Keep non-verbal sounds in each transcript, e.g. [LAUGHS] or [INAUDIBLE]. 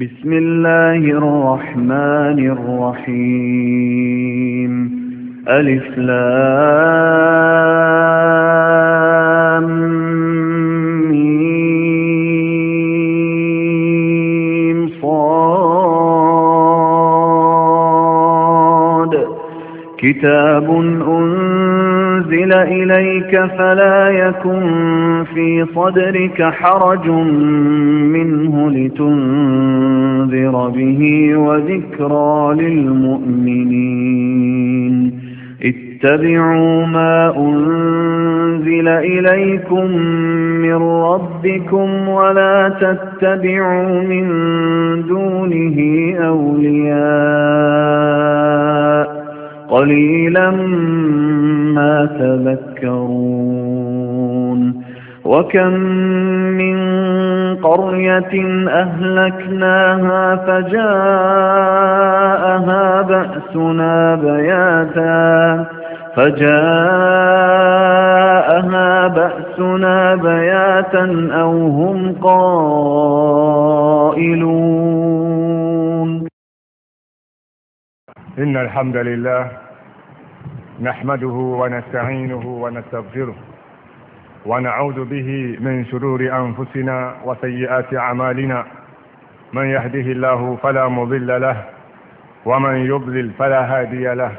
بسم الله الرحمن الرحيم ألف لام ميم صاد كتاب أنزل أنزل إليك فلا يكن في صدرك حرج منه لتنذر به وذكرى للمؤمنين اتبعوا ما أنزل إليكم من ربكم ولا تتبعوا من دونه أولياء قليلا ما تذكرون وكم من قرية أهلكناها فجاءها بأسنا بياتا فجاءها بأسنا بياتا أو هم قائلون إن الحمد لله نحمده ونستعينه ونستغفره ونعوذ به من شرور أنفسنا وسيئات أعمالنا من يهده الله فلا مضل له ومن يضلل فلا هادي له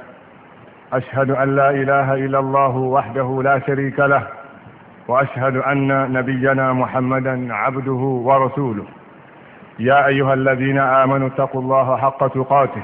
أشهد أن لا إله إلا الله وحده لا شريك له وأشهد أن نبينا محمدا عبده ورسوله يا أيها الذين آمنوا اتقوا الله حق تقاته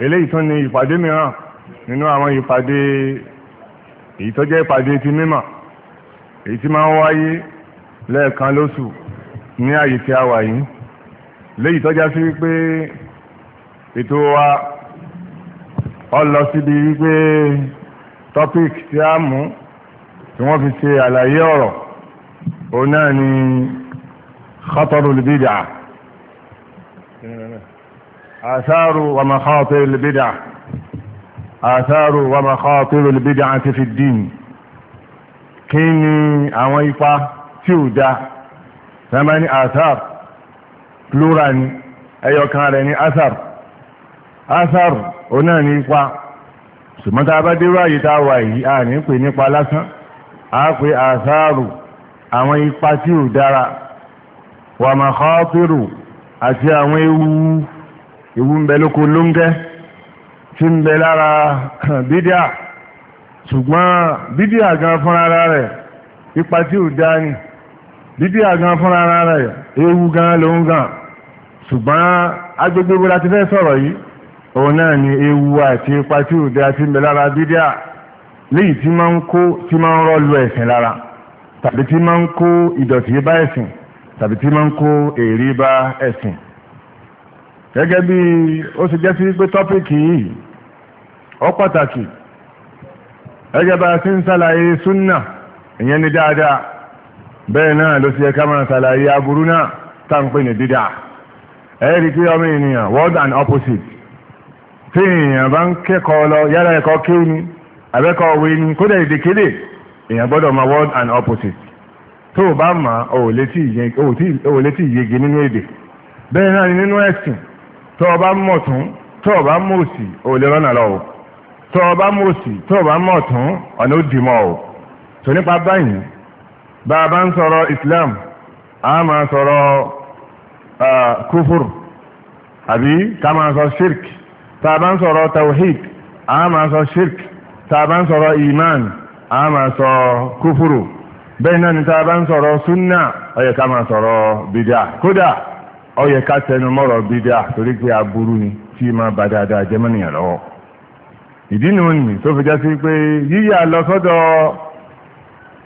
eléyìí tún ni ìpàdé mìíràn nínú àwọn ìpàdé èyí tó jẹ́ ìpàdé ti mímọ̀ èyí tí máa ń wáyé lẹ́ẹ̀kan lóṣù ní àyè tí a wà yìí léyìí tó já sí wípé ètò wa ọ lọ síbi wípé topic tí a mú tí wọ́n fi ṣe àlàyé ọ̀rọ̀ òun náà ni khatarul bid'ah آثار ومخاطر البدع آثار ومخاطر البدع في الدين kí ni àwọn ipa tí ò dá sẹ́mẹ́ ní asar plural ni ẹyọkan rẹ̀ ní asar asar ó náà ní ipa ṣùgbọ́n tá a bá dérò àyè tá a wà yìí a ní pè nípa lásán a pè asaru àwọn ipa tí ò dára wà máa kọ́ pérò àti àwọn ewu ìwú ń bẹ lóko lóńgẹ́ tí ń bẹ lára [CLEARS THROAT] bídíà ṣùgbọ́n bídíà gan fúnra rẹ̀ ipa tí ò dá ni bídíà gan fúnra rẹ̀ ewu gan lòun gan ṣùgbọ́n agbègbè wo la ti fẹ́ sọ̀rọ̀ yìí òun náà ni ewu àti ipa tí ò dá tí ń bẹ lára bídíà léyìí tí máa ń kó tí máa ń rọ́lu ẹ̀sìn lára tàbí tí máa ń kó ìdọ̀tí bá ẹ̀sìn tàbí tí máa ń kó èrè bá ẹ̀sìn gẹ́gẹ́ bí ó ṣe jẹ́ sí pé tọ́pìkì yìí ó pàtàkì gẹ́gẹ́ bá sí ń ṣàlàyé súnnà ìyẹn ni dáadáa bẹ́ẹ̀ náà ló sì yẹ ká máa ṣàlàyé aburú náà táǹpé ní dídá ẹ̀rí pé ọmọ ènìyàn world and opposite tí èèyàn bá ń kẹ́kọ̀ọ́ lọ yálà ẹ̀kọ́ kéwú ni àbẹ́kọ̀ òwe ni kódà èdè kéde èèyàn gbọ́dọ̀ máa world and opposite tó o bá mà ò létí ìyege nínú èdè bẹ́ẹ̀ náà ni nínú ẹ̀sìn tọ́ ọba mọ̀ tún tọ́ ọba mọ̀ òsì ò lè rọ́nà lọ o tọ́ ọba mọ̀ òsì tọ́ ọba mọ̀ tún ọ̀nà ó dì mọ́ o tó nípa báyìí bá a bá ń sọ̀rọ̀ Islam a máa sọ̀rọ̀ kúfùr àbí ká máa sọ shirk tá ń sọ̀rọ̀ tawhid a máa sọ shirk tá ń sọ̀rọ̀ iman a máa sọ kúfùrù bẹ́ẹ̀ náà ni tá ń sọ̀rọ̀ sunna ó ká máa sọ̀rọ̀ bidà kódà ó yẹ ká tẹnu mọ́rọ̀ bídíà torí pé aburú ni tí máa bá dáadáa jẹ́ mọ́nìyàn lọ́wọ́ ìdí nìyí ni tó fi jẹ́ sí pé yíyà lọ sọ́dọ̀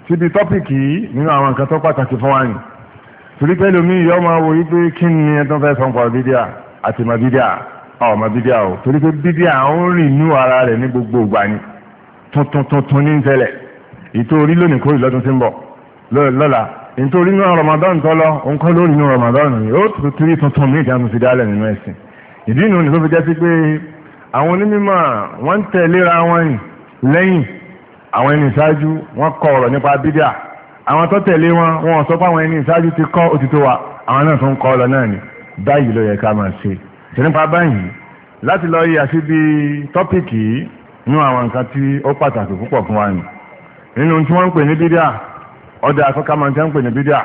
síbi tọ́pìkì yìí nínú àwọn nǹkan tó pàtàkì fún wa ni torí pé lómi yọ máa wo yí pé kí ni ẹ tó fẹ́ sọ pa bídíà àti ma bídíà ọ̀ ma bídíà o torí pé bídíà ń rìn ní ara rẹ̀ ní gbogbo ìgbà ni tuntun tuntun ní ń ṣẹlẹ̀ ìtò orí lónìí kórìí lọ́dún tí ń bọ̀ lọ́la nítorí náà Ramadan tọ́lọ́ nǹkan lórí inú Ramadan yìí ó tún tún tuntun mí ìdáhùn sí dálẹ̀ nínú ẹ̀sìn ìdí inú ni tó fi jẹ́ sí pé àwọn onímọ̀ wọ́n ń tẹ̀léra wọn lẹ́yìn àwọn ẹni ìṣáájú wọ́n kọ ọ̀rọ̀ nípa bídà àwọn tó tẹ̀lé wọn wọn sọ pé àwọn ẹni ìṣáájú ti kọ́ òtítọ́ wa àwọn náà tó ń kọ́ ọ lọ náà ni báyìí ló yẹ ká máa ṣe ṣe nípa báyìí láti lọ yí àṣí bí tọ́pìkì nínú àwọn nǹkan tí ó pàtàkì púpọ̀ fún wa nì nínú tí wọ́n ń pè ní bídà ọdá afọ́ká máa tẹ́ ń pè ní bídíà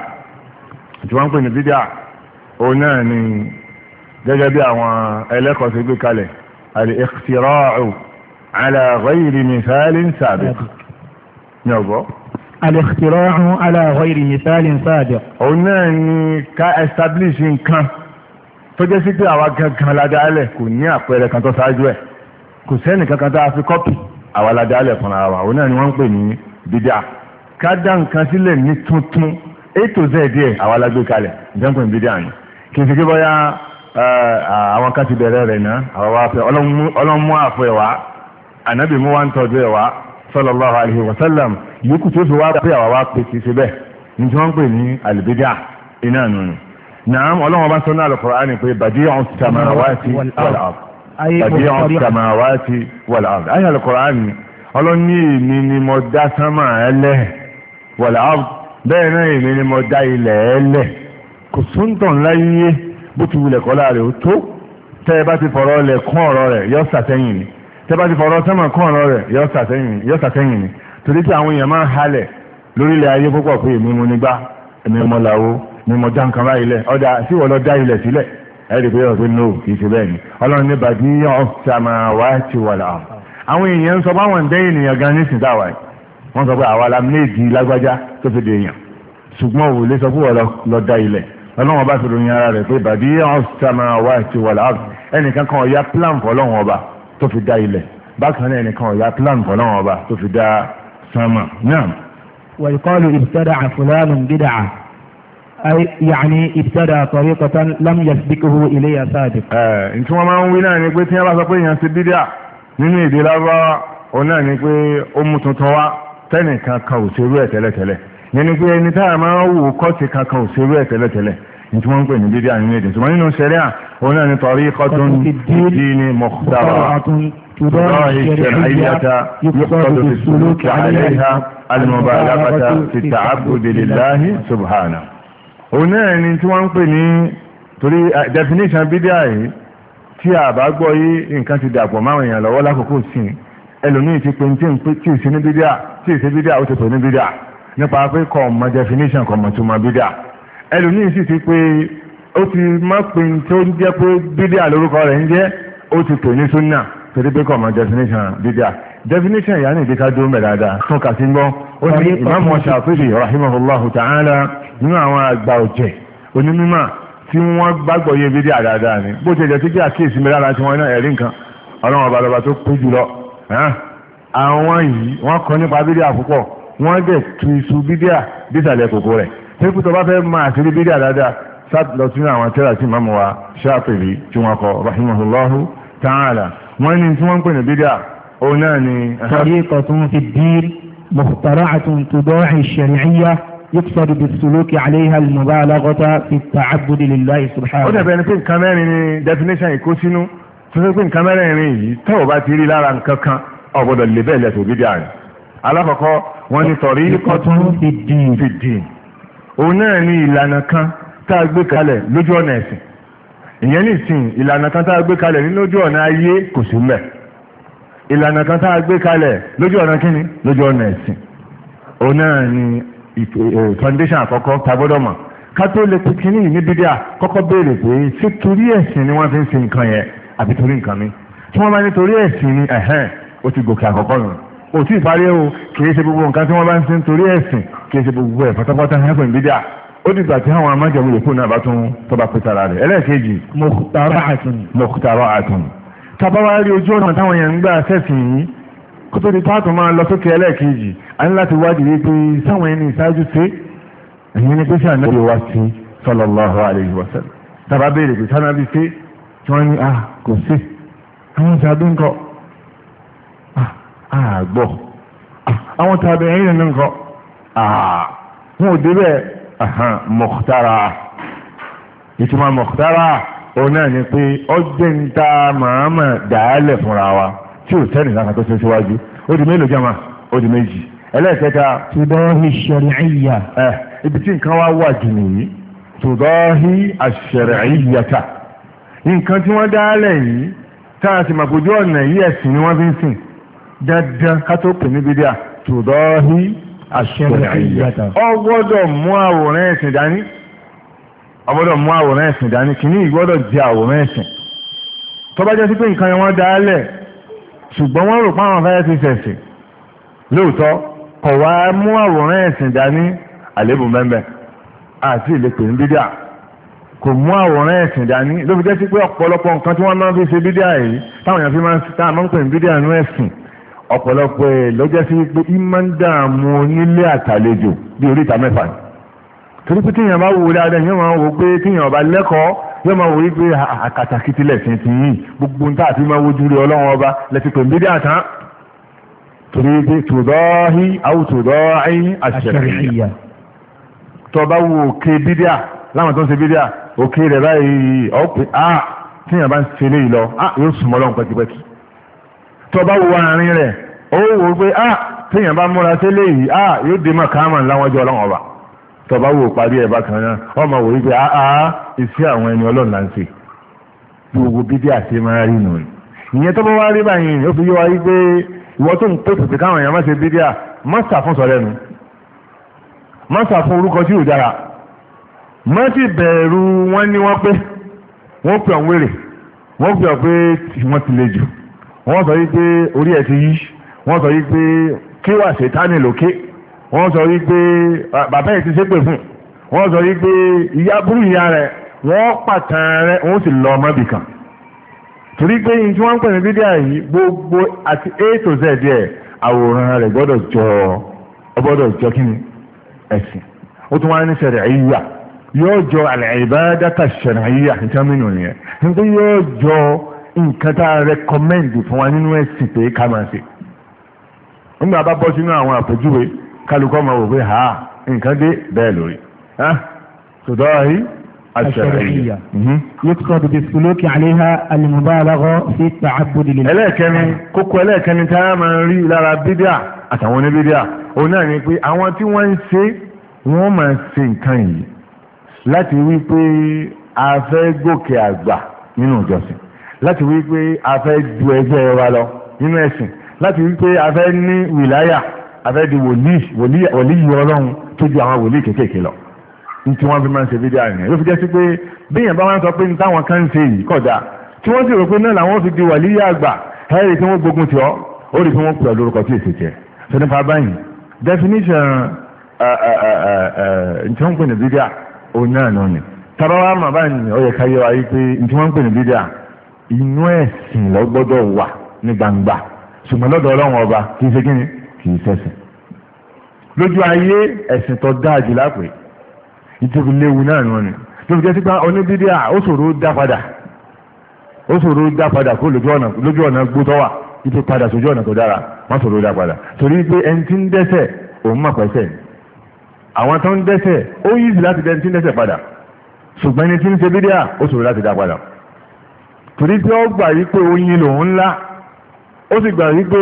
tí wọ́n ń pè ní bídíà òun náà ni gẹ́gẹ́ bí àwọn ẹlẹ́kọ̀ọ́ ti gbé kalẹ̀ al-ikhtira'u ala ghayri mithalin sabiq ní ọ̀bọ̀. al-ikhtira'u ala ghayri mithalin sabiq. òun náà ni ká establish nǹkan tó jẹ́ sí pé àwa gangan ládàálẹ̀ kò ní àpẹẹrẹ kan tó ṣáájú ẹ̀ kò sẹ́nì kankan tá a fi kọ́pì àwa ládàálẹ̀ fúnra wa òun náà ni wọ́n ń pè ní bídíà ká dá nǹkan sílẹ̀ ní tuntun ètò zẹ́ẹ̀díẹ̀ àwọn alágbé kalẹ̀ jẹ́ǹkù ìbídí àná kì í fi kí bọ́yá àwọn ká ti bẹ̀rẹ̀ rẹ̀ náà àwọn wa fẹ́ ọlọ́mú àfọ ẹ̀ wá ànábì mú wa ń tọ́jú ẹ̀ wá sallallahu alaihi wasallam yòókù tó fi wá pé àwọn wa pè kì í ṣe bẹ́ẹ̀ ní tí wọ́n ń pè ní àlùbídà iná nù náà ọlọ́wọ́n bá sọ́nà al-Qur'ani pé badi'u samawati wal ard badi'u samawati wal ard ayé al-Qur'ani ọlọ́ni èmi ni mo dá wọ̀lá bẹ́ẹ̀ náà èmi ni mo dá ilẹ̀ ẹlẹ̀ kò súntọ̀ ńlá yíyé bó ti wulẹ̀ kọ́lá rẹ̀ ó tó tẹ́ ẹ bá ti fọ̀rọ̀ lẹ̀ kún ọ̀rọ̀ rẹ̀ yọ sàtẹ́yìn ni tẹ́ bá ti fọ̀rọ̀ sẹ́mọ̀ kún ọ̀rọ̀ rẹ̀ yọ sàtẹ́yìn ni torí tí àwọn èèyàn máa ń halẹ̀ lórílẹ̀ ayé púpọ̀ pé èmi wọ́n sọ pé àwa la méjì lágbájá tó fi dèèyàn ṣùgbọ́n òun lè sọ pé wọ́n lọ da ilẹ̀ ọlọ́wọ́n bá fi ròyìn ara rẹ̀ pé bàbí ọ̀hún sàmà wà ti wà láàbù ẹnìkan kan ọ̀ya plan fọlọ́wọ́n ọba tó fi da ilẹ̀ bákan náà ẹnìkan ọ̀ya plan fọlọ́wọ́n ọba tó fi da sàmà náà. ويقال ابتدع فلان بدعة أي يعني ابتدع طريقة لم يسبقه إليها سابق انت ما tẹ́nìkan kan ò ṣerú ẹ̀ tẹ́lẹ̀tẹ́lẹ̀ yẹn ni pé ẹni tá a máa wò kọ́ọ̀tì kankan ò ṣerú ẹ̀ tẹ́lẹ̀tẹ́lẹ̀ ní tí wọ́n ń pè ní bídíà nínú èdè ṣùgbọ́n nínú ṣẹlẹ̀ à òun náà ni tọ̀rí kọ́tún dídí ń pè ní torí definition bídíà yìí tí a bá gbọ́ yí nǹkan ti dàpọ̀ máwọn èèyàn lọ́wọ́ lákòókò sí i ẹlòmíì ti pe tí ì sí ní bídíà tí ì sí bídíà ó ti pè ní bídíà nípa pé kò mọ definition kò mọ túmọ̀ bídíà ẹlòmíì sì ti pé ó ti má pe tó ń jẹ́ pé bídíà lórúkọ rẹ̀ ń jẹ́ ó ti pè ní súnà torí pé kò mọ definition bídíà definition ìyá nìdí ká dúró mẹ́ dáadáa tún kà sí ń gbọ́ ó ní Imam Shafi'i rahimahullahu ta'ala nínú àwọn àgbà ọ̀jẹ̀ onímọ̀ tí wọ́n gbàgbọ́ yé bídíà dáadáa ni bó ti jẹ́ sí kí àkíyèsí mi rárá tí náà ẹ̀rí nǹkan ọlọ́run ọba lọba tó pé jùlọ àwọn yìí wọ́n kọ́ nípa bídíà púpọ̀ wọ́n dẹ̀ tu iṣu bídíà dísàlẹ̀ kòkó rẹ̀ tẹ́kù tó bá fẹ́ máa àṣírí bídíà dáadáa sáàtìlọ sínú àwọn tẹ́lá tí màmú wa Ṣáfi'í tí wọ́n kọ rahimahullahu ta'ala wọ́n ní tí wọ́n ń pè ní bídíà òun náà ni. tariqatun fi ddin mukhtara'atun tudahi ash-shar'iyyah يقصد بالسلوك عليها المبالغة في التعبد لله سبحانه. ó dẹ̀ bẹ́ẹ̀ ni pé tó fẹ́ pé nǹkan mẹ́rẹ̀ẹ̀rin yìí tẹ́ ò bá ti rí lára nǹkan kan ọ̀gbọ́dọ̀ lè bẹ́ẹ̀ lẹ́tọ̀ òbí díà rẹ̀ alákọ̀ọ́kọ́ wọ́n ní sọ̀rí kọ́tún fi dìn òun náà ní ìlànà kan tá a gbé kalẹ̀ lójú ọ̀nà ẹ̀sìn ìyẹn ní ìlànà kan tá a gbé kalẹ̀ ní lójú ọ̀nà ayé kò sí mbẹ̀ ìlànà kan tá a gbé kalẹ̀ lójú ọ̀nà kíni lójú ọ̀nà ẹ̀sìn òun náà ní foundation àkọ́kọ́ tagbọ́dọ̀ mọ̀ ká tó lè pe kíní yìí ní bídíà kọ́kọ́ béèrè pé ṣé torí ẹ̀sìn ni wọ́n fi ń ṣe nǹkan yẹn àbí torí nǹkan mi tí wọ́n bá ní torí ẹ̀sìn ni ẹ̀hẹ́n ó ti gòkè àkọ́kọ́ nù ó ti parí o kìí ṣe gbogbo nǹkan tí wọ́n bá ń sin torí ẹ̀sìn kìí ṣe gbogbo ẹ̀ pátápátá ẹ̀sìn bídíà ó di ìgbà tí àwọn amájẹmú yòókù náà bá tún tọ́ba pété ara rẹ̀ ẹlẹ́ẹ̀kejì mọ̀kútàrọ̀ àtùn tabawa rí ojú ọ̀nà táwọn èèyàn ń gbà sẹ́sìn yìí kó tó di páàtó máa lọ sókè ẹlẹ́ẹ̀kejì a ní láti wádìí wípé sáwọn ẹni ìṣáájú ṣe ẹ̀yìn ni pé sí ànábì tí wọ́n ní ah kò sí àwọn sàbí ńkọ́ ah gbọ́ àwọn tàbí ẹ̀yìn nínú ńkọ́ ah wọn ò débẹ̀ mọ̀kútàrà ìtumọ̀ mọ̀kútàrà òun náà ni pé ọjọ́ ń ta màámà dàálẹ̀ fúnra wa tí ò sẹ́ni láti tó ṣe síwájú ó di mélòó jama ó di méjì ẹlẹ́ẹ̀kẹta. tùdọ́hì ṣẹ̀rìíyà. ẹ ibi tí nǹkan wá wà jù nìyí tùdọ́hì àṣẹ̀rìíyàta nǹkan tí wọ́n dálẹ̀ yìí tá sì màgbójú ọ̀nà yìí ẹ̀sìn ni wọ́n fi ń sìn dandan ká tó pè ní bídíà tòdọ́hí àṣẹ̀rẹ̀ẹ́yà ọgbọ́dọ̀ mú àwòrán ẹ̀sìn dání ọgbọ́dọ̀ mú àwòrán ẹ̀sìn dání kìíní ìgbọ́dọ̀ jẹ àwòrán ẹ̀sìn tó bá jẹ́ sí pé nǹkan yẹn wọ́n dálẹ̀ ṣùgbọ́n wọ́n rò páwọn fẹ́ ti ṣẹ̀sìn lóòótọ́ kọ̀ mú àwòrán ẹ̀sìn dání àlébù mẹ́mẹ́ àti ìlépè ní bídíà kò mú àwòrán ẹ̀sìn dání ló fi jẹ́ sí pé ọ̀pọ̀lọpọ̀ nǹkan tí wọ́n máa ń fi ṣe bídíà yìí táwọn èèyàn fi máa ń tá a máa ń pè ní bídíà nú ẹ̀sìn ọ̀pọ̀lọpọ̀ ẹ̀ ló jẹ́ sí pé í máa ń dààmú onílé àtàlejò bí oríta mẹ́fà ni torí pé tíyàn bá wò dáadáa yóò máa wò pé tíyàn bá lẹ́kọ̀ọ́ yóò máa wò yí pé àkàtàkì tilẹ̀ sí ti yìí gbogbo nta àti máa wojú rí ọlọ́run ọba lẹ́tí pé bídíà tán torí pé tòdọ́hí àwòtòdọ́ àyín àṣẹ̀ríyà tó bá ké bídíà láwọn tó ń ṣe bídíà òkè rẹ̀ báyìí ọ̀pẹ̀ á ah, tíyàn bá ń se lé ìlọ á ah, yóò súnmọ́ lọ́n pẹ́kipẹ́ki tó bá wo àárín rẹ̀ ó wò pé á ah, tíyàn bá múra sí lé yìí á yóò dé mọ̀ káàmà láwọn ọjọ́ ọlọ́run ọba tó bá wo parí ẹ̀ bákan náà ọmọ wò wípé á á iṣẹ́ àwọn ẹni ọlọ́run là ń se gbogbo bídíà ṣe máa rí nù ìyẹn tó bá wá rí báyìí ó fi yé wa wípé ìwọ tó ń pè pèpè káwọn èèyàn má ṣe bídíà má ṣàfúnṣọ lẹ́nu má ṣàfún orúkọ tí ò má ti bẹ̀rù wọn ní wọ́n pé wọ́n pè ọ̀hún wèrè wọ́n pè ọ̀ pé wọ́n ti le jù wọ́n sọ wípé orí ẹ̀ ti yí wọ́n sọ wípé kí wà ṣètánì lókè wọ́n sọ wípé bàbá ẹ̀ ti ṣépè fún wọ́n sọ wípé ìyá burú ìyá rẹ̀ wọ́n pàtàn rẹ̀ wọ́n sì lọ ọmọ bìkan torí pé ní tí wọ́n ń pè ní fídíà yìí gbogbo àti a to z díẹ̀ àwòrán rẹ̀ gbọ́dọ̀ jọ ọ gbọ́dọ̀ jọ kí ni ẹ̀sìn ó tún wá ní sẹ̀rẹ̀ ayé yóò jọ al-ibadata ash-shar'iyyah nǹkan mìíràn nìyẹn nítorí yóò jọ nǹkan tá a rẹkọmẹ́ǹdì fún wa nínú ẹ̀sìn pé ká máa ṣe nígbà bá bọ́ sínú àwọn àpèjúwe kálukọ́ máa wò pé ha nǹkan dé bẹ́ẹ̀ lórí tòdọ́rí ash-shar'iyyah mhm. yuqsadu bis-suluki 'alayha al-mubalagha fi at-ta'abbud lillah ẹlẹ́ẹ̀kẹ́ni kókó ẹlẹ́ẹ̀kẹ́ni tá a máa rí lára bídíà àtàwọn oníbídíà òun náà ni pé àwọn tí wọ́n ń ṣe wọ́n máa ṣe nǹkan yìí láti wí pé a fẹ́ gòkè àgbà nínú ìjọsìn láti wí pé a fẹ́ ju ẹgbẹ́ wa lọ nínú ẹ̀sìn láti wí pé a fẹ́ ní wìláyà a fẹ́ di wòlíì ọlọ́run tó ju àwọn wòlíì kéékèèké lọ tí wọ́n fi máa ń ṣe fídíò àrìnrìn ló fi jẹ́ sí pé bí èèyàn bá wá ń sọ pé ní táwọn kan ń ṣe yìí kódà tí wọ́n sì rò pé náà làwọn fi di wàlíyà àgbà ẹ̀rì tí wọ́n gbógun tì ọ́ ó rí i pé wọ́n pè ọ́ lórúkọ tí èsì jẹ́ sọ nípa báyìí definition ǹjẹ́ ń pè ní fídíò òun náà nù ni tábà wà má báyìí pé ntí ń pè ní inú gbọdọ wà ní gbangba ọba kì í ṣe kíni kì í lójú ayé tó dáa jù lápè ìtòkù léwu náà ni tó fi jẹ́ sípa oníbídíà ó ṣòro dá padà ó ṣòro dá padà kó lójú ọ̀nà gbótọ́ wà padà sójú ọ̀nà tó dára ṣòro dá padà torí pé ẹni tí ń òun mọ̀ ni àwọn tó ń dẹ́ṣẹ̀ ó lati láti dẹ́ni tí ń dẹ́ṣẹ̀ padà ṣùgbọ́n ẹni tí ń ṣe bídíà ó ṣòro láti dá padà torí tí ó gbà oyin lòun ńlá ó sì gbà wípé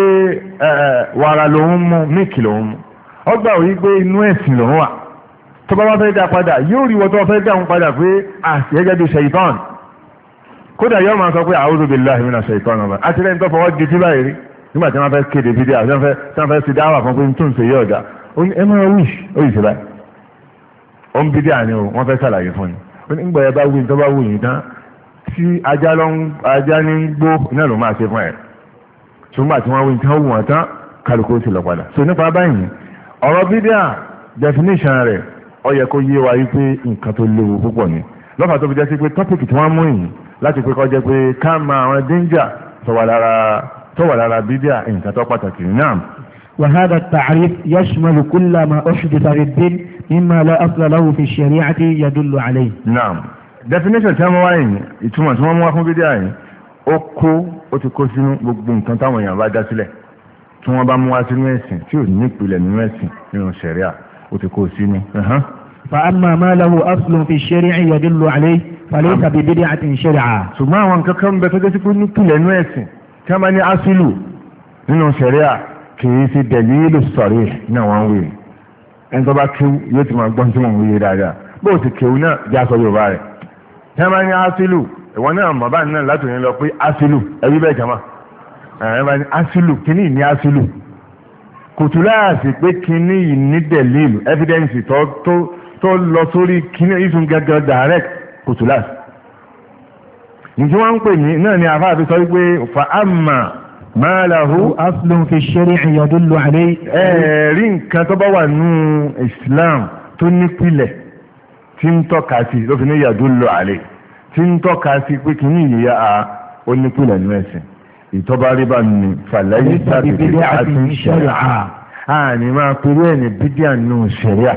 wàrà lòun mú míìkì lòun mú ó gbà wípé inú ẹ̀sìn lòun wà tó bá wá fẹ́ dá padà yóò rí wọ́tọ́ fẹ́ dáhùn padà pé àṣẹ́gẹ́ bí ṣèyítán kódà yóò máa sọ pé àti tó fọwọ́ di tí báyìí nígbà tí wọ́n fẹ́ kéde fídíò àti wọ́n fẹ́ ṣe dáwà fún pé tó ń ṣe yí ọ̀dà ó ní ẹ máa wíṣ ó yìí ṣe báyìí ó ń bídíò àní o wọ́n fẹ́ ṣàlàyé fún ni ó ní gbọ̀yẹ bá wí tó bá wù yìí tán tí ajá ní gbó náà ló máa ṣe fún ẹ̀ ṣùgbọ́n àti wọ́n wí tán wù wọ́n tán kálukú ti lọ padà so nípa báyìí ọ̀rọ̀ bídíà definition rẹ̀ ó yẹ kó yé wa wípé pé tó wà lára bídíà nǹkan tó pàtàkì náà. وهذا التعريف يشمل كل ما أحدث في الدين مما لا أصل له في الشريعة يدل عليه نعم definition tí wọ́n wá yìí ìtumọ̀ tí wọ́n mú wá fún bídíà yìí ó kó ó ti kó sínú gbogbo nǹkan táwọn èèyàn bá dá sílẹ̀ tí wọ́n bá mú wá sínú ẹ̀sìn tí ò ní ìpìlẹ̀ nínú ẹ̀sìn nínú ṣẹ̀ríà ó ti kó sínú. فأما ما له أصل في الشريعة يدل عليه فليس ببدعة شرعا. ثم àwọn nǹkan kan bẹ tó dé kama ni asilu, nínú sẹ̀ríà kìí sí dẹ̀lílù sọ̀rí náà wọ́n wí ẹni tó bá kíw yóò ti máa gbọ́n tí mò ń wí dáadáa bó ti kíw náà já sọ yorùbá rẹ̀ kama ni asilu, ìwọ náà bàbá náà láti òyìn lọ pé asìlù ẹbí bẹ́ẹ̀ jama ẹ̀rọ ní asìlù kíní ní asìlù kòtù láàsì pé kíní yìí ní dẹ̀lílù evidence tó lọ sórí kíní ìsún gẹ́gẹ́ direct kòtù láàsì nítí wọ́n ń pè ní náà ni àfáà fi sọ wípé fa'amma ma lahu aslun fi shari'i yadullu alayhi ẹ̀ẹ̀rí nǹkan tó bá wà nú islam tó nípìlẹ̀ tí ń tọ́ka sí ló fi ní yadullu alayhi tí ń tọ́ka sí pé kì ní ìyá a ó nípìlẹ̀ nú ẹ̀sìn ìtọ́ba rí bá ní fàlàyé sábìbí àti ṣẹ́rìà a máa pẹ̀lú ẹ̀ ní bídíà nù ṣẹ́rìà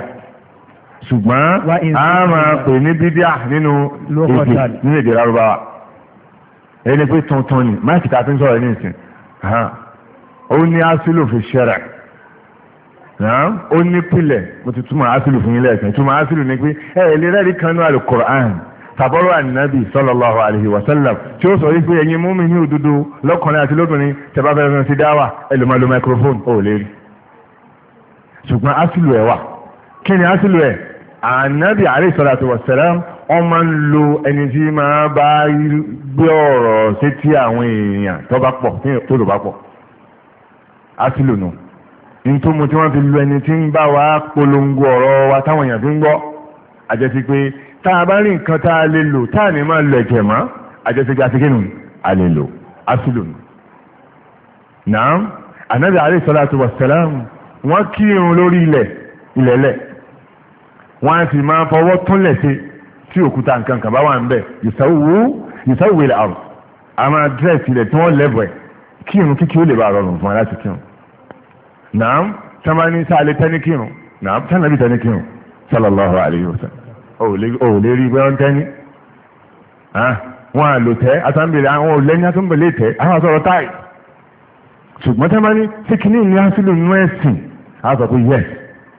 ṣùgbọ́n a máa pè ní bídíà nínú èdè lárúbáwá ẹni pé tuntun ni máìkì tá a ti ń sọ̀rọ̀ ní ìsìn ó ní asílù fi ṣẹ́rà ó ní pilẹ̀ mo ti túmọ̀ asílù fún yín lẹ́ẹ̀kan túmọ̀ asílù ni pé ẹ ẹ lè rẹ́ẹ̀rí kan ní alukur'an tàbọ̀rọ̀ ànábì sallallahu alaihi wa sallam tí ó sọ wípé ẹ̀yin mú mi ní òdodo lọ́kùnrin àti lóbìnrin tẹ́bá fẹ́ fẹ́ sí dáwà ẹlòmọ́lò microphone ó lè rí ṣùgbọ́n asílù ẹ̀ wà kí ni asílù ẹ̀ ànábì alayhi salatu wa wọ́n máa ń lo ẹni tí máa bá gbé ọ̀rọ̀ sétí àwọn èèyàn tó bá pọ̀ tó lò bá pọ̀ á sì lònà nítorí tí wọ́n fi lo ẹni tí ń bá wa polongo ọ̀rọ̀ wa táwọn èèyàn fi ń gbọ́ àjẹsí pé tá a bá rí nǹkan tá a lè lò tá a ní máa lo ẹ̀jẹ̀ mọ́ àjẹsí pé àti kínú a lè lò á sì lònà. náà ànábì alayhi salatu wassalam wọ́n kírun lórí ilẹ̀ ilẹ̀lẹ̀ wọ́n á sì máa fọwọ́ túnlẹ̀ sí i tí òkúta nǹkan kan bá wà ń bẹ̀ ìsáwò ilẹ̀ àrùn a máa dírẹ́sì ilẹ̀ tí wọ́n lẹ́bọ̀ ẹ̀ kí irun kíkí ó lè bá rọrùn fún wa láti kírun nàám tí wọ́n bá ní sáà lè tẹ́ni kírun nàám tí wọ́n lè tẹ́ni kírun sallallahu alayhi wa sallam ò lè rí bẹ́ẹ̀ ń tẹ́ni wọn à lò tẹ́ àtàǹbẹ̀lẹ̀ àwọn ò lẹ́ni àtàǹbẹ̀lẹ̀ tẹ́ àwọn àsọ̀rọ̀ táì ṣùgbọ́n tí wọ́n bá ní sí kìnnìún ní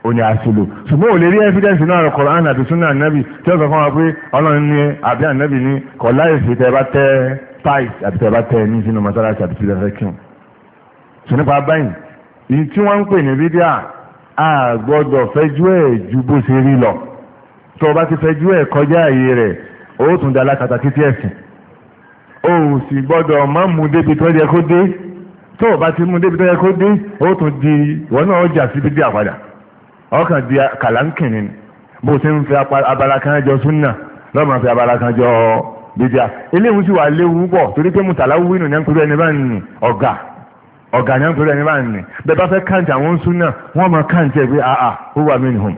ó ní àṣìlò ṣùgbọ́n ò lè rí evidence náà rẹ̀ Kùránì àti súnà ànábì tí ó sọ fún wa pé ọlọ́run ní àbí ànábì ní kọ̀ láìsí tẹ bá tẹ pipe àti tẹ bá tẹ ní sínú mọ́sálásí àti tẹ fẹ́ kíun. báyìí ìyí tí wọ́n ń pè ní bídíà a gbọ́dọ̀ fẹjú ẹ̀ ju bó ṣe rí lọ tó o bá ti fẹjú ẹ̀ kọjá àyè rẹ̀ ó tún da alákatà títí ẹ̀sìn o ò sì gbọ́dọ̀ má mú débi tó yẹ kó dé tó o bá ti mú débi tó yẹ kó dé ó tún di ìwọ náà jà sí bídíà padà ọkàn di kàlánkìnrin bó ṣe ń fi abala kan jọ súnà lọ́mọ fi abala kan jọ bídíà eléwu sì wà léwu pọ̀ torí pé mùtàlá wínú ní à ń pèrè ẹni bá ń nì ọ̀gá ọ̀gá ní à ń pèrè ẹni bá ń nì bẹ́ẹ̀ bá fẹ́ káǹtì àwọn súnà wọ́n máa káǹtì ẹ̀ pé àà ó wà mí nìhùn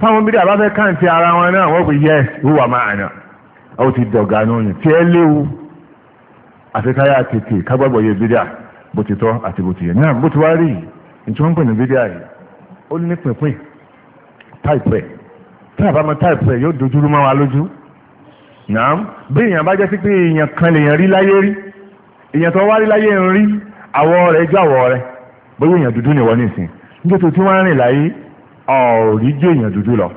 fáwọn bídíà bá fẹ́ káǹtì ara wọn náà wọ́n pè yẹ́s ó wà máa ó ti dọ̀gá náà nì tí léwu àti káyà tètè kágbàgbọ̀ yẹ bídíà bó ti tọ́ àti bó ti yẹ náà bó ti wá rí ìtúwọ́n pè ní bídíà yìí ó ní pínpín táìpù ẹ̀ tí a bá mọ táìpù ẹ̀ yóò dojúrú mọ́ wa lójú náà bí èèyàn bá jẹ́ sí pé èèyàn kan lèèyàn rí láyé rí èèyàn tó wá rí láyé ń rí àwọ̀ rẹ̀ jọ àwọ̀ rẹ̀ bóyá èèyàn dúdú nìwọ nìsín nítorí tí wọ́n rìn láyé ọ̀rí jẹ́ èèyàn dúdú lọ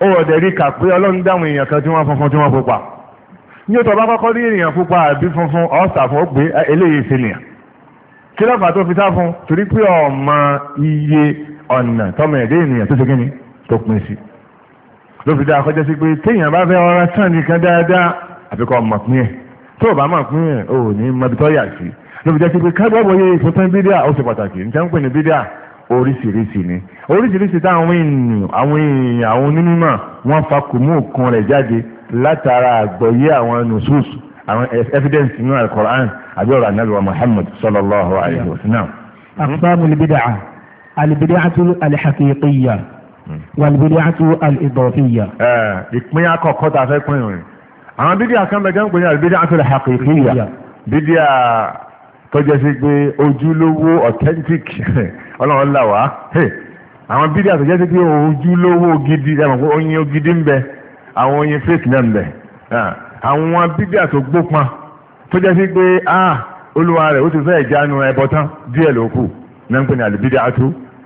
ó ọ̀dẹ̀ rí kà pé ọlọ́run dáhùn èèyàn kan tí wọ́n funfun tí wọ́n pupa ní ó tọ́ bá kọ́kọ́ rí èèyàn pupa àbí funfun ọ̀sà fún ó gbé eléyìí sí kí lọ́fà tó fi sá fún torí pé ọmọ iye ọ̀nà tọmọ ẹ̀dẹ́ ènìyàn tó ṣe kí ni tó pin sí ló fi dáa kọjá sí pé téèyàn bá fẹ́ ọ̀rọ̀ tán nìkan dáadáa àfikọ́ ọmọ pín ẹ̀ tó o bá mọ̀ pín ẹ̀ o ò ní mọbi tó yà sí ló fi dáa sí pé kábàbọ̀ yẹ ìfúntán bídíà ó ṣe pàtàkì níta ń pè ní bídíà oríṣiríṣi ni oríṣiríṣi táwọn èèyàn àwọn èèyàn àwọn onímọ̀ wọ́n fa kùmú òkun rẹ̀ jáde látara àgbọ̀yé àwọn nusus àwọn evidence nínú alukoran àbí ọ̀rọ̀ anábìwá alìbìdíàtú alìhàkìkìyà hmm. wàlìbìdíàtú alìdọ̀fìyà. ìpín àkọ́kọ́ tá a fẹ́ pín rìn àwọn bídíà kan bẹ gẹ́gẹ́ pé alìbìdíàtú alìhàkìkìyà bídíà tó jẹ́ sí pé ojúlówó authentic [LAUGHS] ọlọ́run là wá àwọn bídíà tó jẹ́ sí pé ojúlówó gidi ẹ̀mọ̀ oyin gidi ń bẹ àwọn oyin fake náà ń bẹ àwọn bídíà tó gbópọn tó jẹ́ sí pé ah, olúwa rẹ̀ ó ti fẹ́ ìjánu ẹbọ tán díẹ̀ ló náà ń pè ní àlùbídíà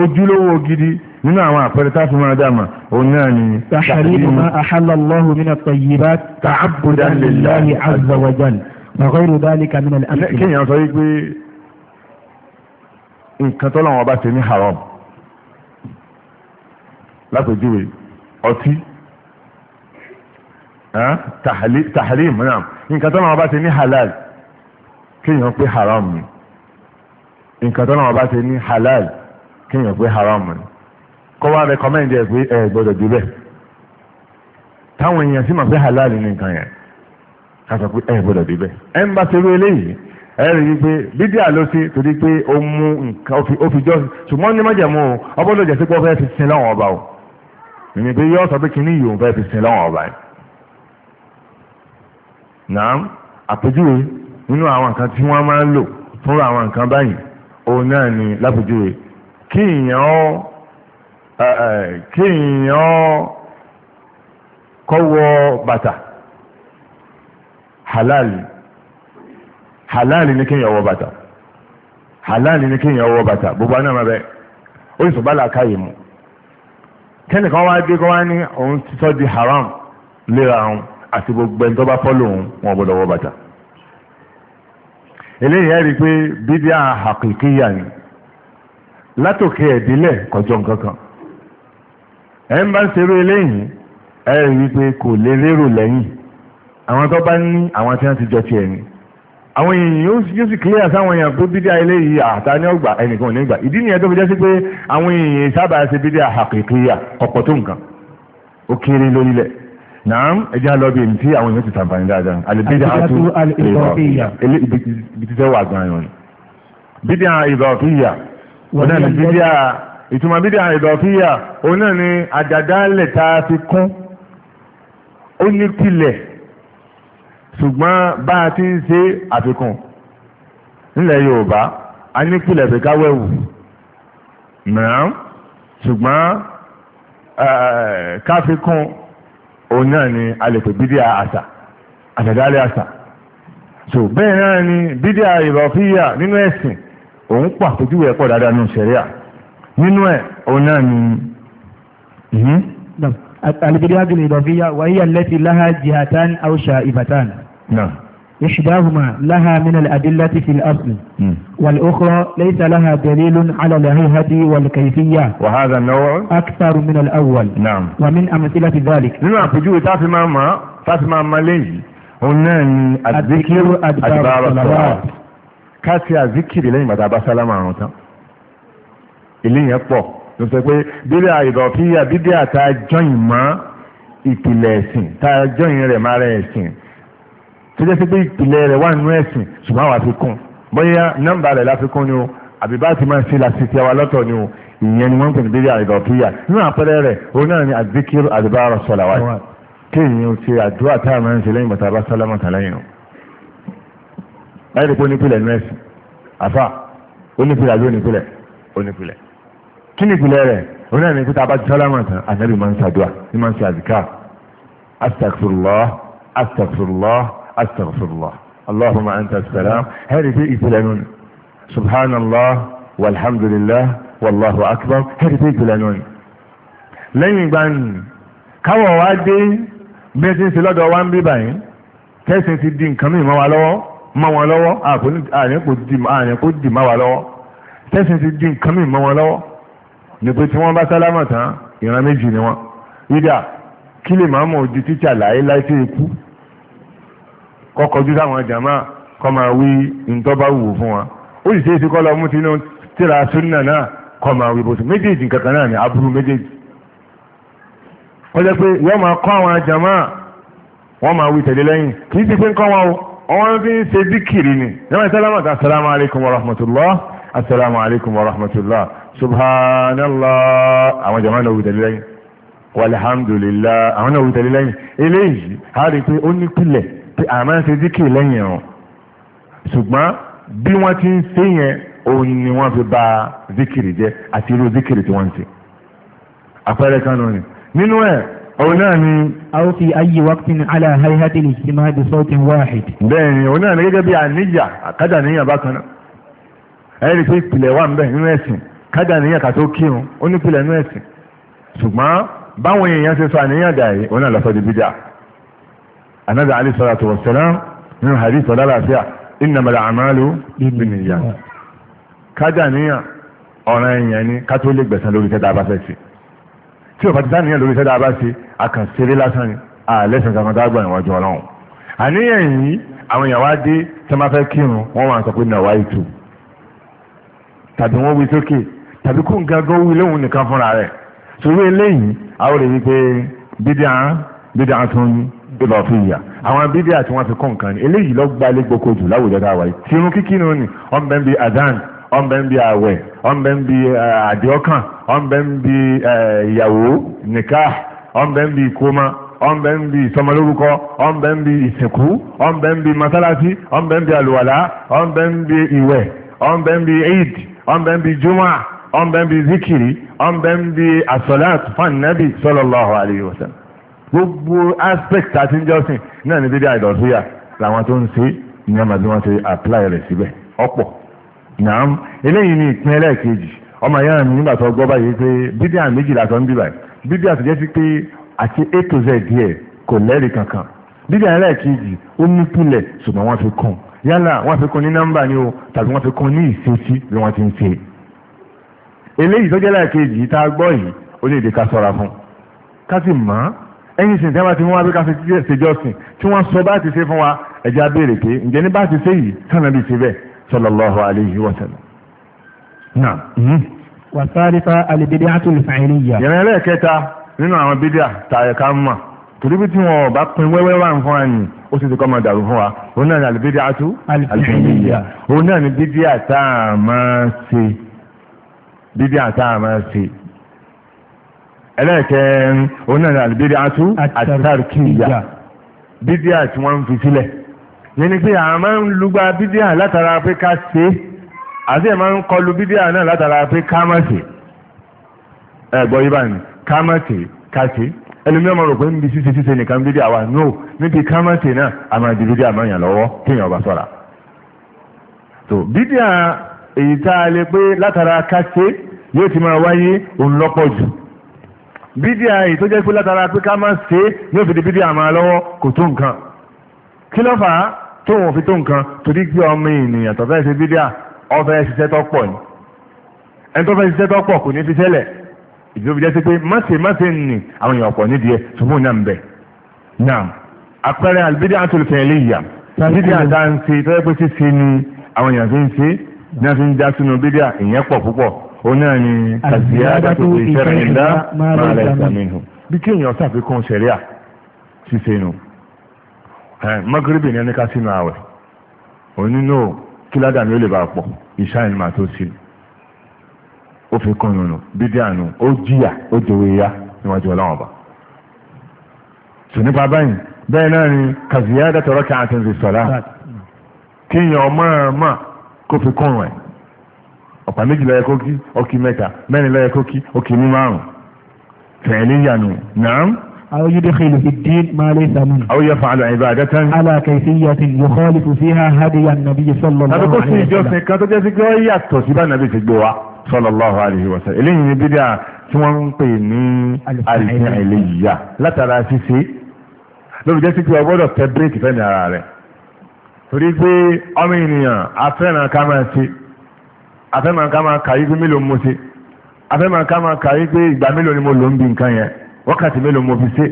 ojúlówó gidi nínú àwọn àpẹẹrẹ tá a fi máa dáàmà òun náà ni. tahrimu ma ahalla Allahu min at-tayyibat ta'abbudan lillahi azza wa jalla wa ghayru dhalika min al-amthila. kéèyàn sọ wípé nǹkan tó lọ́wọ́ bá ṣe ní haram lápèjúwe ọtí tahrim náà nǹkan tó lọ́wọ́ bá ní halal kéèyàn pé haram ni nǹkan tó lọ́wọ́ bá ní halal. kéèyàn pé haram ni kọ́ wá rẹkọmẹ́ndì ẹ̀ pé ẹ gbọ́dọ̀ jù bẹ́ẹ̀ táwọn èèyàn sì mọ̀ pé halal ní nǹkan yẹn ká sọ pé ẹ gbọ́dọ̀ jù bẹ́ẹ̀ ẹ ń bá ti eléyìí ẹ rí i pé bídíà ló torí pé ó mú nǹkan ó fi jọ́ ṣùgbọ́n ní o jẹ́ sí pé ó fẹ́ fi ọba o ìní pé yóò sọ pé kí ní ìyóò fẹ́ fi sin lọ́wọ́ ọba yìí àpèjúwe nínú àwọn nǹkan tí wọ́n máa ń lò àwọn nǹkan báyìí kí èèyàn kọ́wọ́ bàtà halali halali ní kí èèyàn wọ bàtà halali ní kí èèyàn wọ bàtà gbogbo aná ma bẹ ó sì sọ̀bá làákàyè mu kẹ́nìkan wá dé kọ́ wá ní òun ti sọ di haram léra òun àti gbogbo ẹni bá fọ́ lòun wọn gbọ́dọ̀ wọ bàtà eléyìí ẹ̀ pé bídíà àkìkíyà ni látòkè ẹ̀dílẹ̀ kọjọ nkankan. kan ń bá ń ṣeré eléyìí ẹ̀ rí pé kò lè lérò lẹ́yìn àwọn tó ní àwọn tí wọ́n ti jọ ti ni àwọn èèyàn yóò sì clear sáwọn èèyàn pé bídíà eléyìí àtà ní ọgbà ẹnìkan ò ìdí nìyẹn tó fi jẹ́ sí pé àwọn èèyàn sábà ṣe bídíà àkèkéyà ọ̀pọ̀ tó nǹkan ó kéré lórílẹ̀ naam ẹja lọ bí ntí àwọn èèyàn ti tàǹfààní dáadáa àlèbídíà òun náà ní bídíà ìtumọ̀ bídíà ìdọ̀fíyà òun náà ní àjàdálẹ̀ tá a fi kún ó ní pilẹ̀ ṣùgbọ́n bá a ti ń ṣe àfikún nílẹ̀ Yorùbá a ní pilẹ̀ fi káwẹ́wù mìíràn ṣùgbọ́n káfíkún òun náà ni a lè pè bídíà àṣà àjàdálẹ̀ àṣà so bẹ́ẹ̀ náà ni bídíà ìdọ̀fíyà nínú ẹ̀sìn òun pọ̀ àpèjúwe ẹ̀pọ̀ dáadáa nù sẹ̀ríà nínú ẹ̀ òun náà ni. البلاد الإضافية وهي التي لها جهتان أو شائبتان نعم إحداهما لها من الأدلة في الأصل م. والأخرى ليس لها دليل على الهيئة والكيفية وهذا النوع أكثر من الأول نعم ومن أمثلة ذلك نعم بجوء تافي ماما تافي ماما ليه هنا الذكر أدبار الصلاة ká ṣe àzíkìrì lẹ́yìn bàtà bá sálámà àrùn tán ilé yẹn pọ̀ ló sọ pé bíbí àìdọ̀kíyà bíbí àtà jọyìn mọ́ ìpìlẹ̀ ẹ̀sìn tá a jọyìn rẹ̀ má rẹ̀ ẹ̀sìn tó jẹ́ sí pé ìpìlẹ̀ rẹ̀ wà nínú ẹ̀sìn ṣùgbọ́n àwa fi kún bóyá nọ́mbà rẹ̀ la fi kún ni o àbí bá ti máa ṣe la ṣe ti àwa lọ́tọ̀ ni o ìyẹn ni wọ́n ń pè ní bíbí àìdọ̀kíyà nínú àpẹẹrẹ rẹ̀ òun náà ni àdìkírù àdìbárọ̀ sọ̀làwáyé kéèyàn ṣe àdúrà táwọn máa ń ṣe lẹ́yìn bàtà bá sálámà tàlẹ́yìn o ẹ̀rí pé onípìlẹ̀ ní ẹ̀sìn àfà onípìlẹ̀ àbí onípìlẹ̀ onípìlẹ̀ kí ni ìpìlẹ̀ rẹ̀ òun náà ní pé tá a bá ti sálámà tán ànábì máa ń ṣàdúà ní máa ń ṣe àzìká astagfirullah astagfirullah astagfirullah allahumma anta salam ẹ̀rí pé ìpìlẹ̀ nù subhanallah walhamdulillah wallahu akbar ẹ̀rí pé ìpìlẹ̀ nù lẹ́yìn ìgbà nù káwọ̀ wá dé bí ẹ ti ń ṣe lọ́dọ̀ wá ń bí báyìí tẹ́sìn ti di nǹkan mìíràn wá lọ́wọ́ mọ́ wọn lọ́wọ́ àníkò dì má wa lọ́wọ́ tẹ́sìn ti di nǹkan mìíràn mọ́ wọn lọ́wọ́ nípe tí wọ́n bá sálámà tán ìran méjì ni wọ́n yídà kí lè máa mọ̀ ojú títà láyé láì tí ikú kọkọjú sáwọn jàmá kọ máa wí ntọ́ba wù fún wa ó sì ṣeéṣe kọ́ lọ mú tinú tíra súnà náà kọ máa wí bòsùn méjèèjì kankan náà ní aburú méjèèjì wọ́n jẹ́ pé yọ́ máa kọ́ àwọn jàmá wọ́n máa wí tẹ̀lé lẹ́yìn kì í sì pé ń kọ́ wọn o wọ́n fi ń ṣe díkìrì ni níwọ̀n sálámà ta sálámà alaikum wa rahmatullah assalamu alaikum wa rahmatullah subhanallah àwọn jama náà wùtẹ̀lẹ́ lẹ́yìn walhamdulillah àwọn náà wùtẹ̀lẹ́ lẹ́yìn eléyìí a rí pé ó nípìlẹ̀ pé a máa ń ṣe díkìrì lẹ́yìn ẹ̀rùn ṣùgbọ́n bí wọ́n ti òun náà ni. a ó fi ayé wákìtì ní ala hayhati lè ṣe máa di sọ́ọ̀tìn wáhid. bẹ́ẹ̀ ni òun náà ni gẹ́gẹ́ bí àníyà kájà níyàn bá kan náà ẹ̀rí pé ìpìlẹ̀ wà nbẹ̀ nínú ẹ̀sìn kájà níyàn kà tó kírun ó ní ìpìlẹ̀ nínú ẹ̀sìn ṣùgbọ́n báwọn èèyàn ṣe sọ àníyàn dà yìí òun náà lọ́sọ̀ di bídà. anabi ali salatu wa salam nínú hadith ọ̀dà làáfíà innamal a'malu binniyat kájà níyàn ọ̀ràn èèyàn ni ká lè gbẹ̀san lórí tẹ́ tí o bá ti sáníyàn lórí sẹ́dá bá ṣe àkànṣeré lásán ni àlẹ́sìn kankan tá a gbà níwájú ọlọ́run àníyàn yìí àwọn èèyàn wá dé tí wọ́n bá fẹ́ kírun wọ́n máa sọ pé nàwa ètò tàbí wọ́n wí sókè tàbí kó nǹkan gan wí lóhun nìkan fúnra rẹ̀ sórí eléyìí àwọn rèé wípé bídíà bídíà tó ń bíbá fún ìyà àwọn bídíà tí wọ́n fi kó nǹkan ni eléyìí lọ́gbàlẹ́ gboko jù láwùjọ dáwà yìí tìrún kíkí ni ó ní ọ̀nbẹ́ńbí adan ọ̀nbẹ ń bi àwẹ̀ ọ̀nbẹ ń bi àdìọ́kàn ọ̀nbẹ ń bi ìyàwó nìka ọ̀nbẹ ń bi ìkómà ọ̀nbẹ ń bi ìsọmọlórúkọ ọ̀nbẹ ń bi ìsìnkú ọ̀nbẹ ń bi mọ́sálásí ọ̀nbẹ ń bi àlùwàlá ọ̀nbẹ ń bi ìwẹ̀ ọ̀nbẹ ń bi eid ọ̀nbẹ ń bi juma ọ̀nbẹ ń bi zikiri ọ̀nbẹ ń bi asọ́láàt fún nabi sallallahu alayhi wa sallam gbogbo aspect àti ìjọsìn náà ní dídí àìdọ̀túyà làwọn tó ń ṣe ìyẹn màdúrà ṣe apply rẹ̀ síbẹ̀ ọ̀pọ̀ nàám eléyìí ni ìpín ẹlẹ́ẹ̀kejì ọmọ ìyá mi nígbà tó gbọ́ báyìí pé bídíà méjìlá tó ń bí báyìí bídíà tó jẹ́ sí pé àti a to z díẹ̀ kò lẹ́rìí kankan bídíà ẹlẹ́ẹ̀kejì ó ní pilẹ̀ ṣùgbọ́n wọ́n fi kún yálà wọ́n fi kún ní nọ́mbà ni o tàbí wọ́n fi kún ní ìṣesí bí wọ́n ti ń ṣe eléyìí tó jẹ́ ẹlẹ́ẹ̀kejì tá a gbọ́ yìí ó lè dé ká sọ́ra fún ká sì mọ̀ ọ́ wọ́n wá bí ká ṣe jọ́sìn tí wọ́n sọ bá ti ṣe fún wa ẹ̀jẹ̀ á pé ǹjẹ́ ní bá ti ṣe yìí sànà bí ṣe bẹ́ẹ̀ sallallahu alayhi wa sallam. náà wàsárífà alìbídíà tó lè fàáyé níyà. yẹn ẹlẹ́ẹ̀kẹta nínú àwọn bídíà tààyè ká mọ̀ torí bí tí wọn bá pin wẹ́wẹ́ wà fún wa ni ó sì ti kọ́ máa dàrú fún wa òun náà ni alìbídíà tó alìbídíà òun náà ni bídíà tá a máa ṣe bídíà tá a máa ṣe ẹlẹ́ẹ̀kẹrin òun náà ni alìbídíà tó àtàrkìyà bídíà tí wọ́n ń fi sílẹ̀ nínú pé àwọn máa ń lúgbà bídíà látara pé ká ṣe àti ẹ̀ máa ń kọlu bídíà náà látara pé ká má ṣe ẹ̀gbọ́ yìí báyìí ká má ṣe ká ṣe ẹlòmíràn máa rò pé níbi ṣíṣe ṣíṣe nìkan bídíà wà no níbi ká má ṣe náà a máa di bídíà máa yàn lọ́wọ́ kéèyàn ọba sọ̀ra tó bídíà èyí tá a lè pé látara ká ṣe yóò ti máa wáyé òun lọ́pọ̀ jù bídíà èyí tó jẹ́ pé látara pé ká má ṣe yóò fi di bídíà máa lọ́wọ́ kò tó nǹkan kí ló fà á tó wọn fi tó nǹkan torí pé ọmọ ènìyàn tó fẹ́ ṣe bídíà ó fẹ́ ṣiṣẹ́ tó pọ̀ ni ẹni tó fẹ́ ṣiṣẹ́ tó pọ̀ kò ní ti tẹ́lẹ̀ ìdúró fi jẹ́ sí pé máṣe máṣe nì àwọn èèyàn pọ̀ nídìí ẹ̀ ṣùgbọ́n náà ń bẹ̀ náà àpẹẹrẹ àlùbídíà tó lè fẹ́ lè yà ń ṣe tó yẹ pé ṣíṣe ni àwọn èèyàn fi ń ṣe náà fi ń já sínú bídíà ìyẹn pọ̀ púpọ̀ ó náà ni kàṣíyàdá tó ìṣẹ́rẹ̀ ìdá máa lẹ́sàmínú bí kéèyàn ṣàfikún ṣẹ̀ríà ṣíṣe nù magrebi ní ẹni sínú àwẹ̀ onínú ni ó lè bá pọ̀ ìṣáyìn máa tó sí ó fi kún nínú bídí àánú ó jìyà ó ya níwájú ọlọ́wọ́n nípa báyìí bẹ́ẹ̀ náà ni kàzíyá dátọ̀rọ̀ kí a ti ń kíyàn ọmọ ọmọ kó fi kún rẹ̀ ọ̀pá méjì lọ́yẹ kó ọkì mẹ́ta mẹ́rin lọ́yẹ kó ọkì أو يدخل في الدين ما ليس منه أو يفعل عبادة على كيفية يخالف فيها هدي النبي صلى الله عليه وسلم هذا كل جوسن كاتو جاسي كوياتو سيبا النبي سيبوا صلى الله عليه وسلم إليه بدأ تون قيني الفعلية لا ترى سيسي lórí jẹ́ títí ọgbọ́dọ̀ tẹ bíréèkì fẹ́ ní ara rẹ̀ torí pé ọmọ ènìyàn afẹ́ràn ká máa ṣe afẹ́ràn ká máa kàyí pé mélòó mo ṣe wákàtí mélòó mo fi ṣe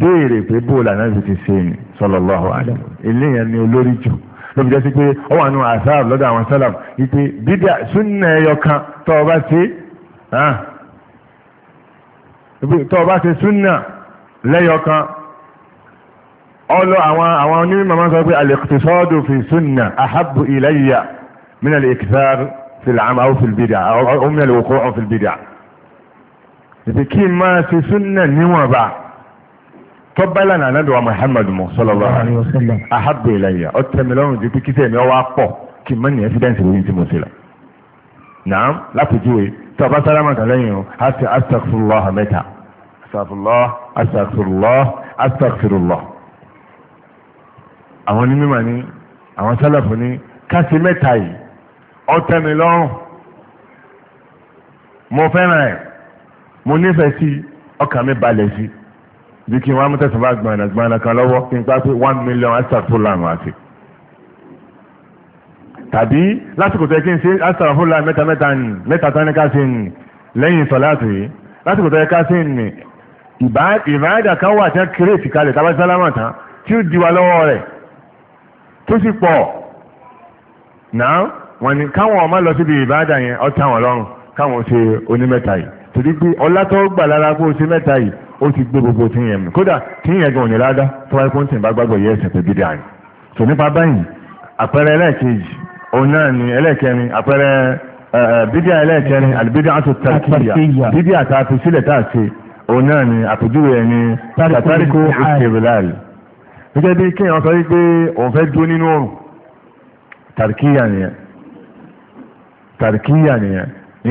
béèrè pé bóòlù ànábì ti ṣe ni sallallahu alaihi ilé yẹn ni olórí jù lóbi jẹ́ sí pé ó wà nù àṣàb lọ́dọ̀ àwọn sálàm ìpè bídà súnà ẹyọ kan tọ́ ọ bá ṣe tọ́ ọ bá ṣe súnà lẹ́yọ kan ọlọ àwọn àwọn onímọ̀ máa ń sọ pé al-iqtisadu fi súnà ahabbu ilayya min al-ikthar fil 'amal aw fil bid'a aw min al-wuqu' ìpè kí n máa ṣe súnà níwọ̀nba tọ́bálà náà nàdọ̀wà Muhammadu mu sallallahu alaihi wasallam ahabbu ilayya ọ̀tẹ̀mílọ́rùn ju pé kí sẹ́mi ọwọ́ apọ̀ kí n má ní ẹ́fídẹ́ǹsì lórí tí mo ṣe lọ. nàám lápèjúwe tí ọba sálámà kan lẹ́yìn o a ṣe astaghfirullah mẹ́ta astaghfirullah astaghfirullah astaghfirullah. àwọn ni àwọn sálàfù ni ká mẹ́ta yìí ọ̀tẹ̀mílọ́rùn mo fẹ́ràn ẹ̀ mo nífẹ̀ẹ́ sí ọkàn mi balẹ̀ sí bí kí n wá mú tẹ̀sán bá gbọ̀nà gbọ̀nà kan lọ́wọ́ kí n gbá pé one million astagfirullah àti tàbí lásìkò tẹ́ kí n ṣe astagfirullah mẹ́ta mẹ́ta nì mẹ́ta tán ní ká ṣe nì lẹ́yìn sọ̀láàtì yìí lásìkò tẹ́ ká ṣe nì ìbáàdà kan wà tí wọ́n kírètì kalẹ̀ tábà sálámà tán tí ó di wa lọ́wọ́ rẹ̀ tó sì pọ̀ náà wọ́n ní káwọn ọmọ lọ síbi ìbáàdà yẹn ọ̀tá wọn lọ́rùn káwọn ṣe onímẹ́ta yìí torí pé ọlá tó gbà lára kó o ṣe mẹ́ta yìí ó ti gbé gbogbo tí yẹn mú kódà tí yẹn gan òyìnbá dá tó wáyé pọ́ńtì bá gbàgbọ́ yẹ ẹsẹ̀ pẹ̀lú dídá ni. tò nípa báyìí àpẹẹrẹ ẹlẹ́ẹ̀kejì òun náà ni ẹlẹ́ẹ̀kẹrin àpẹẹrẹ bídíà ẹlẹ́ẹ̀kẹrin àlùbídíà àti tàkìyà bídíà tá a fi sílẹ̀ tá a ṣe òun náà ni àpèjúwe ẹ̀ ni tàtàríkò ìṣèlélàlì.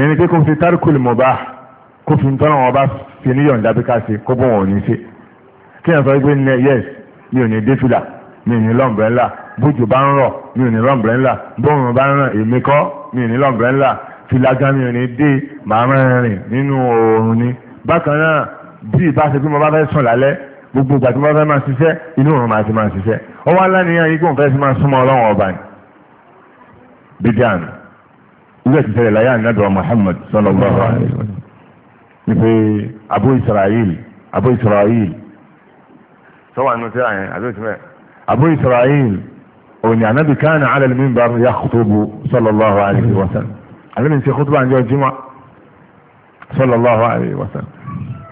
gẹ́gẹ́ bí kó fi ń tọ́nà wọn bá fi níyọ̀ ń dábí ká ṣe kó bọ̀ wọn ò ní ṣe kí ẹ̀ sọ pé ní yes mi ò ní dé fìlà mi ò ní lọ́mbrẹ́là bójú bá ń rọ̀ mi ò ní lọ́mbrẹ́là bóòrùn bá ń ràn èmi kọ́ mi ò ní lọ́mbrẹ́là fìlà gan mi ò ní dé màá rìn nínú oòrùn ni bákan náà bí ìbá ṣe pé mo bá fẹ́ sùn lálẹ́ gbogbo ìgbà tí mo fẹ́ máa ṣiṣẹ́ inú òun máa ti máa ṣiṣẹ́ ó wá láníyàn yìí kó n fẹ́ sí máa súnmọ́ ọlọ́run ọba ni bídíàn ilé ìtìsẹ̀lẹ̀ láyé ànádọ́ Muhammad sallallahu alaihi wípé abu israel abu israel sọ́wọ́ àánú tí a yẹn àbí òtún ẹ̀ abu israel òní ànábì kana ala al-minbar yakhutubu sallallahu alayhi wa sallam àlẹ́bí ti khutuba àjọ jimá sallallahu alayhi wa sallam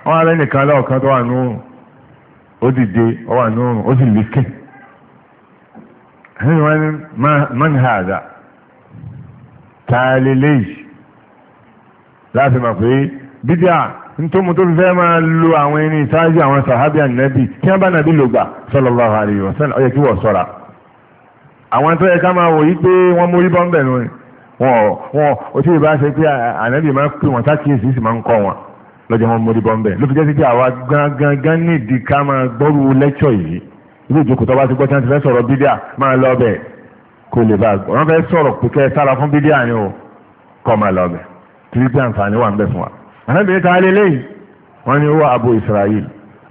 wọ́n alẹ́ nìkan lọ́ọ̀kan tó wà nù ó dìde ó wà nù ó sì lékè ẹni wọ́n ní man hadha tààlélẹ́yì láti mọ̀ pé bídíà nítorí tó fẹ́ máa lo àwọn ẹni ìsáájú àwọn sàhábì ànábì kí wọ́n bá nàbí lò gbà sallallahu alaihi wasallam ó yẹ kí wọ́n sọ́ra àwọn tó yẹ ká máa wò yí pé wọ́n mórí bọ́m̀bẹ̀ lónìí wọn wọn o tí ìbá ṣe pé ànábì máa pè wọn sákìyèsí sì máa ń kọ́ wọn lọ́jọ́ wọn mórí bọ́m̀bẹ̀ ló fi jẹ́ sí pé àwa gangan nídìí ká máa gbọ́rù lẹ́kṣọ̀ yìí ilé ìjókòó tó bá ti gbọ́ ànábìyẹ ta lé léyìí wọ́n ní ó wà abu israel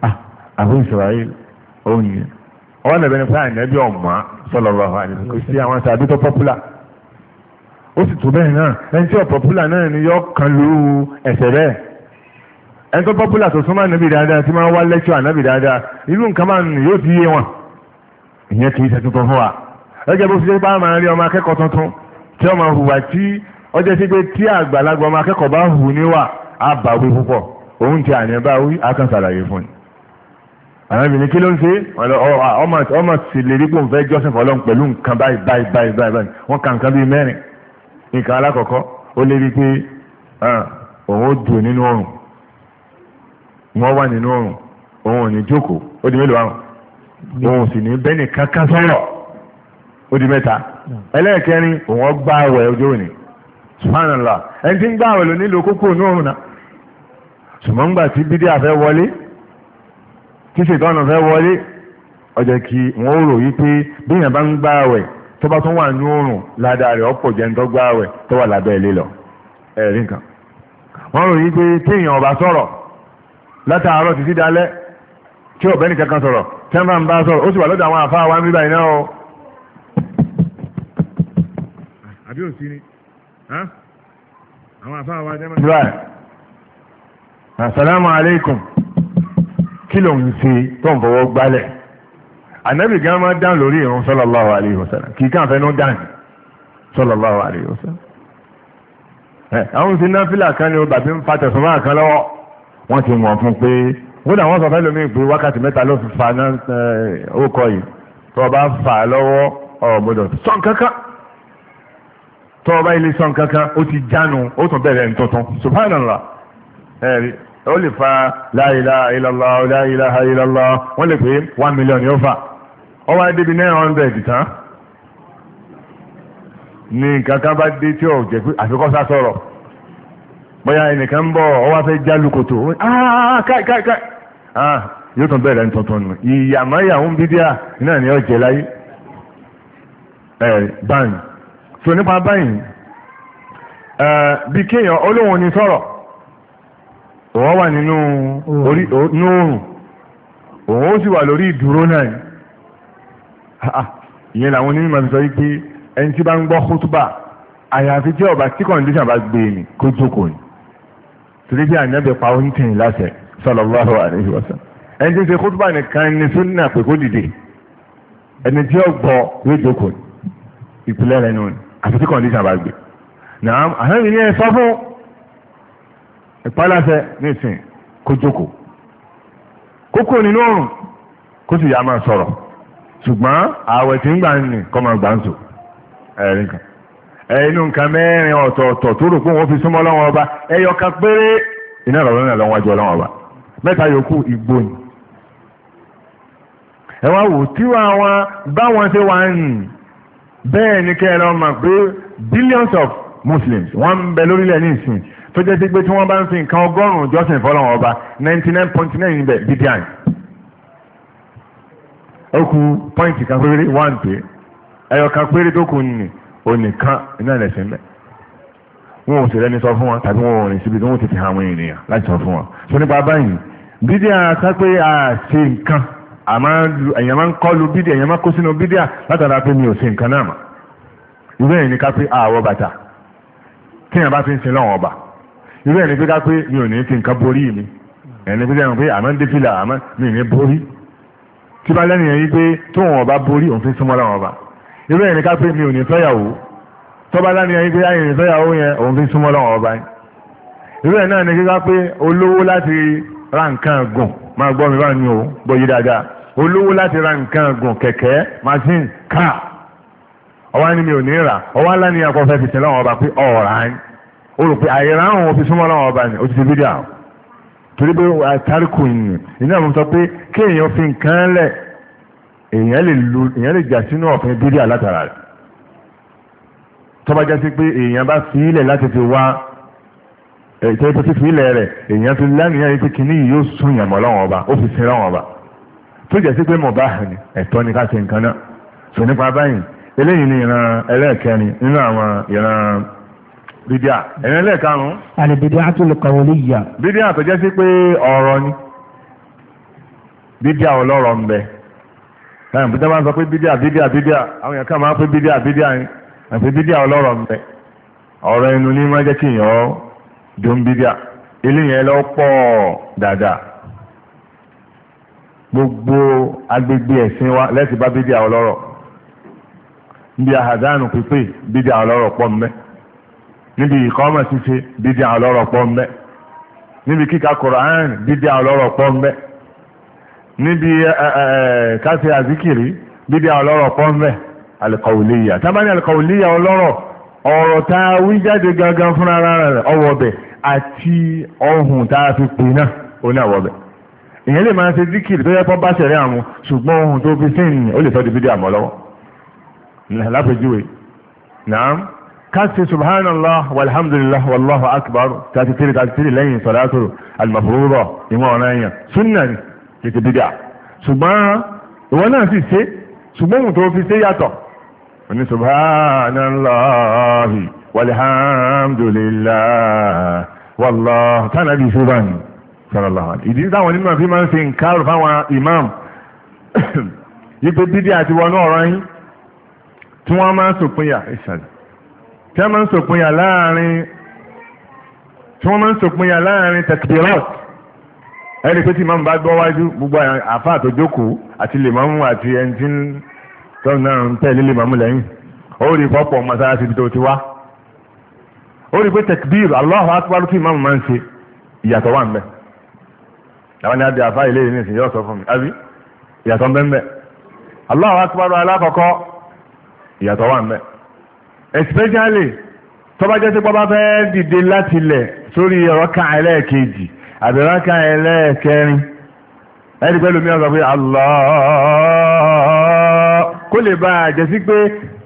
ah abu israel òun yẹn ọwọ́ nàbẹ́ ni pé ànábì ọ̀mà sallallahu alaihi wasallam kò sí àwọn sàbí tó pọ́pùlà ó sì tó bẹ́ẹ̀ náà ẹni tí ó pọ́pùlà náà ni yọ kan lu ẹsẹ̀ bẹ́ẹ̀ ẹni tó pọ́pùlà tó súnmọ́ ànábì dáadáa tí máa wá lẹ́kṣọ̀ ànábì dáadáa irú nǹkan máa nù yóò ti yé wọn ìyẹn kì í ṣe tuntun fún wa ẹgbẹ́ bó fi ṣe bá máa rí ọmọ akẹ́kọ̀ọ́ tuntun tí ọmọ hùwà tí ọjọ́ sí pé tí àgbàlagbà ọmọ akẹ́kọ̀ọ́ bá hù níwà àbáwí púpọ̀ òun ti àní báwí akàn sàlàyé fún ni àwọn ìbìnrin kí ló ń ṣe ọmọ sì lè rí pòun fẹ́ jọ́sìn fọlọ́n pẹ̀lú nǹkan báyìí báyìí báyìí báyìí wọ́n kà nǹkan bíi mẹ́rin nǹkan alákọ̀ọ́kọ́ ó lè rí pé òun ó dùn nínú ọrùn wọ́n wà nínú ọrùn òun ò ní jókòó ó di mélòó àrùn òun sì ní bẹ́ẹ̀ nìkan kan sọ̀rọ̀ ó di mẹ́ta ẹlẹ́ẹ̀kẹrin òun ó gbá àwẹ̀ ọjọ́ òní subhanallah ẹni tí ń gbá àwẹ̀ lónìí lókókó ní ọrùn náà ṣùgbọ́n gbà tí bídíà fẹ́ wọlé tí ṣètọ́nà fẹ́ wọlé ọjọ́ kí wọ́n rò yí pé bí èèyàn bá ń gbá àwẹ̀ tó bá tún wà ní oòrùn ládàá rẹ̀ ọ̀pọ̀ jẹ́ ń tó gbá àwẹ̀ tó wà lábẹ́ ilé lọ ẹ̀rí nǹkan wọ́n rò yí pé tí èèyàn ọba sọ̀rọ̀ látàárọ̀ títí dalẹ́ tí ọ̀bẹ nìkan kan sọ̀rọ̀ tí wọ́n bá ń bá sọ̀rọ̀ ó sì wà lọ́dọ̀ àwọn àfáà wa ń iná o. àbí òsì ni àwọn àfáà wa jẹ́ máa assalamu alaikum kí ló ń ṣe tó ń fọwọ́ gbálẹ̀ ànábì gan máa dán lórí ìrun sallallahu alaihi wasallam kì í kàn fẹ́nu dán sallallahu alaihi wasallam àwọn ti náfìlà kan ni ó bàbí ń fa tẹ̀sán máa kan lọ́wọ́ wọ́n ti wọ̀n fún pé wọ́n àwọn sọ fẹ́ lómi pé wákàtí mẹ́ta ló fi fa náà ó kọ yìí tó bá fà lọ́wọ́ ọ̀gbọ́dọ̀ sọ̀n kankan tó bá ilé sọ̀n kankan ó ti jánu ó tún bẹ̀rẹ̀ ntuntun subhanallah ó lè fa la ilaha illallah la ilaha illallah wọ́n lè pé one million yóò fà ọ wá débi nine hundred tán ní nǹkan kan bá dé tí ò jẹ́ pé O sọ̀rọ̀ bóyá ẹnìkan ń bọ̀ ọ wá fẹ́ já lukoto káìkáìkáì ah, ah, yóò tún bẹ̀rẹ̀ tuntun nù ìyàmáyàwó ń bídíà náà ni ó jẹ láyé báyìí so nípa báyìí bí kéèyàn olóhùn ni sọ̀rọ̀ òun wà nínú oòrùn òun ó sì wà lórí ìdúró náà ìyẹn làwọn onímọ̀ fi sọ wípé ẹni tí bá ń gbọ́ kútúbà àyàfi tí ọba tí kọ̀ǹdíṣàn bá gbé ni kó jókòó ni torí bí ànábẹ́ pa oúnjẹ yìí láṣẹ sallallahu alaihi wasallam ẹni tí ń ṣe kútúbà nìkan ni súnà pé kó dìde ẹni tí ó gbọ́ yóò jókòó ni ìpìlẹ̀ rẹ̀ nù ni tí kọ̀ǹdíṣàn bá gbé. nàá àhẹ́rì ìpálásẹ nísìn kó jókòó kókó nínú ọrùn kó sì yá máa sọ̀rọ̀ ṣùgbọ́n ààwẹ̀ tí ń gbà ń nì kọ́ máa gbà ń sò ẹ̀rín kan ẹ̀yinú nǹkan mẹ́rin ọ̀tọ̀ọ̀tọ̀ tó rò pé wọ́n fi súnmọ́ lọ́wọ́ ọba ẹyọ kan péré iná ìrọ̀lọ́ náà lọ́wọ́ ajọ́ lọ́wọ́ ọba mẹ́ta yòókù igbó ni ẹ wá wò tí àwọn báwọn ṣe wà ń bẹ́ẹ̀ ni kẹ́ ẹ lọ́ mọ̀ pé billions of Muslims wọ́n ń bẹ lórílẹ̀ ní ìsìn tó jẹ́ sí pé tí wọ́n bá ń fi nǹkan ọgọ́rùn-ún jọ́sìn fọ́lọ́wọ́n ọba ninety nine point nine níbẹ̀ bíbíàn ó kù pọ́ìntì kan péré one pé ẹyọ kan péré tó kù nì onìkan iná ẹ̀sìn mẹ́ wọn ò sì rẹ́ni sọ fún wọn tàbí wọn ò rìn síbi tí wọn ò ti fi hàn àwọn ènìyàn láti sọ fún wọn sọ nípa báyìí bídíà ká pé a ṣe nǹkan èèyàn máa ń kọlu bídíà èèyàn máa kó sínú bídíà látara pé mi ò ṣe nǹkan náà mọ̀ ìwé ẹ̀yìn ni ká pé àwọ̀ bàtà kéèyàn bá fi ń sin lọ́wọ́ ọba irú ẹni pé ká pé mi ò ní fi nǹkan borí mi ẹni pé sẹ́yìn pé àmọ́ ń dé fìlà àmọ́ mi ò ní borí tí bá lẹ́nu yẹn yí pé tóun ọba borí òun fi súnmọ́ láwọn ọba irú ẹni ká pé mi ò ní fẹ́yàwó tọ́ba lẹ́nu yẹn yí pé àyìn ní fẹ́yàwó yẹn òun fi súnmọ́ láwọn ọba irú ẹ̀ náà ni kíkà pé olówó láti ra nǹkan gùn máa gbọ́ mi bá ní o gbọ́ yí dáadáa olówó láti ra nǹkan gùn kẹ̀kẹ́ machine car ọwọ́ ni mi ò ní rà ọwọ́ o rò pé àìrán àwọn òfin súnmọ́ náà ọba ni ó ti ti bídà o torí pé àtàríkù yìnyín iná mo sọ pé kí èèyàn fi nǹkan lẹ̀ èèyàn lè lu èèyàn lè jà sínú ọ̀fin bídà látara rẹ̀ tọ́ba jásí pé èèyàn bá fi ilẹ̀ láti fi wá ètò tó ti fi ilẹ̀ rẹ̀ èèyàn ti lánìyàn yìí ti kìíní yìí yóò sún ìyàmọ̀ lọ́wọ́n ọba ó fi sin lọ́wọ́n ọba tó jẹ́ sí pé mo bá hàn ẹ̀tọ́ ni ká ṣe nǹkan náà sọ nípa báyìí eléyìí ni ìran ẹlẹ́ẹ̀kẹrin nínú àwọn ìran bìdíà ẹ̀yẹn lẹ́ẹ̀karùn-ún. àlè bìdíà tó lè kọ̀wé Bidia yà. bìdíà tó jẹ́ sí pé ọ̀rọ̀ ni bìdíà ọlọ́rọ̀ táyà bìdíà ń sọ pé bìdíà bìdíà bìdíà àwọn èèyàn kan máa ń pè bìdíà bìdíà àti bìdíà ọ̀rọ̀ ẹnu ní jẹ́ kí dùn ilé lọ pọ̀ dáadáa. gbogbo agbègbè ẹ̀sìn wa lẹ́sìn bá bìdíà pípé bìdíà pọ̀ níbi ìkọ́mọ̀ ṣíṣe dídí àlọ́rọ̀ pọ̀ mbẹ́ níbi kíka Quran dídí àlọ́rọ̀ pọ̀ mbẹ́ níbi kásì àzíkìrí dídí àlọ́rọ̀ pọ̀ mbẹ́ alikawuliya tábàní alikawuliya ọlọ́rọ̀ ọ̀rọ̀ tá a wí jáde gangan fúnra rẹ̀ ọwọ́ bẹ̀ àti ọ̀hún tá a fi pè náà ó ní àwọ̀ bẹ̀ ìyẹn lè máa ṣe díkìrì tó yẹ kó bá ṣẹ̀rẹ̀ àwọn ṣùgbọ́n ohun tó fi sí ìyìn ó lè sọ di fídíò àmọ́ lọ́wọ́ lápèjúwe náà كاتي سبحان الله والحمد لله والله اكبر تاتي تري تاتي تري لين صلاته المفروضة يمونايا سنة يتبدع سبحان وانا في سي سبحان تو في سي ياتو ان سبحان الله والحمد لله والله كان ابي سبحان صلى الله عليه وسلم اذا وانا في من سين كار فوا امام [COUGHS] يتبدع تي وانا راي تو ما سوبيا اسال tí wọ́n máa ń sòpinya láàrin tí wọ́n máa ń sòpinya láàrin tẹ̀kìdìrọ́t ẹni pé tí màmú bá gbọ́ wájú gbogbo àfa àtòjókòó àti lèmọ́mù àti ẹni tí ń tọ́nu náà ń tẹ̀lé lèmọ́mù lẹ́yìn ó rí pọ́pọ̀ mọ́sálásí tó ti wá ó rí pé tẹ̀kìdìr Allahu akbar tí màmú máa ń ṣe ìyàtọ̀ wà ń bẹ̀ àwọn ni a di àfa ilé yìí nìsín yóò sọ fún mi àbí ìyàtọ̀ ń bẹ́ ń bẹ́ ìyàtọ̀ wà ń especially tọ́bá jẹ́ sípọ́ bá fẹ́ dìde láti lẹ̀ sórí ọ̀rọ̀ká ẹlẹ́ẹ̀kejì àbẹ̀rọ̀ká ẹlẹ́ẹ̀kẹrin ẹni pẹ́lú mi ọ̀sọ̀ pé Allah kó lè bá àjẹ́ sí pé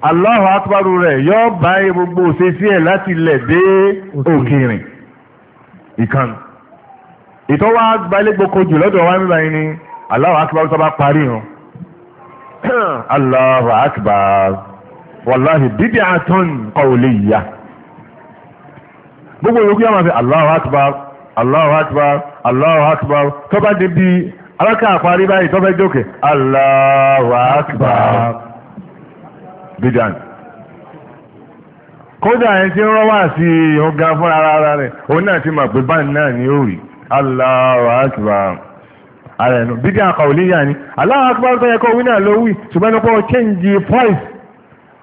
Allahu akbaru rẹ̀ yọ́ bá gbogbo òṣèṣí ẹ̀ láti lẹ̀ dé òkèrìn ìkan ìtọ́wà gbalẹ́gboko jù lọ́dọ̀ wa mímọ̀ yìí ni Allahu akbaru tọ́bá parí hàn [CLEARS THROAT] Allahu akbar wàláhì bídí àtọ́n kọ́ ò lè yá gbogbo yòókù yà máa fi Allahu Akbar Allahu Akbar Allahu Akbar tó bá dé bí alákà àparí báyìí tó bá jókè Allahu Akbar bídí àná kódà ẹni tí ń rọ́ wá sí ọgá fún ara rẹ̀ òun náà ti mọ̀ pé báyìí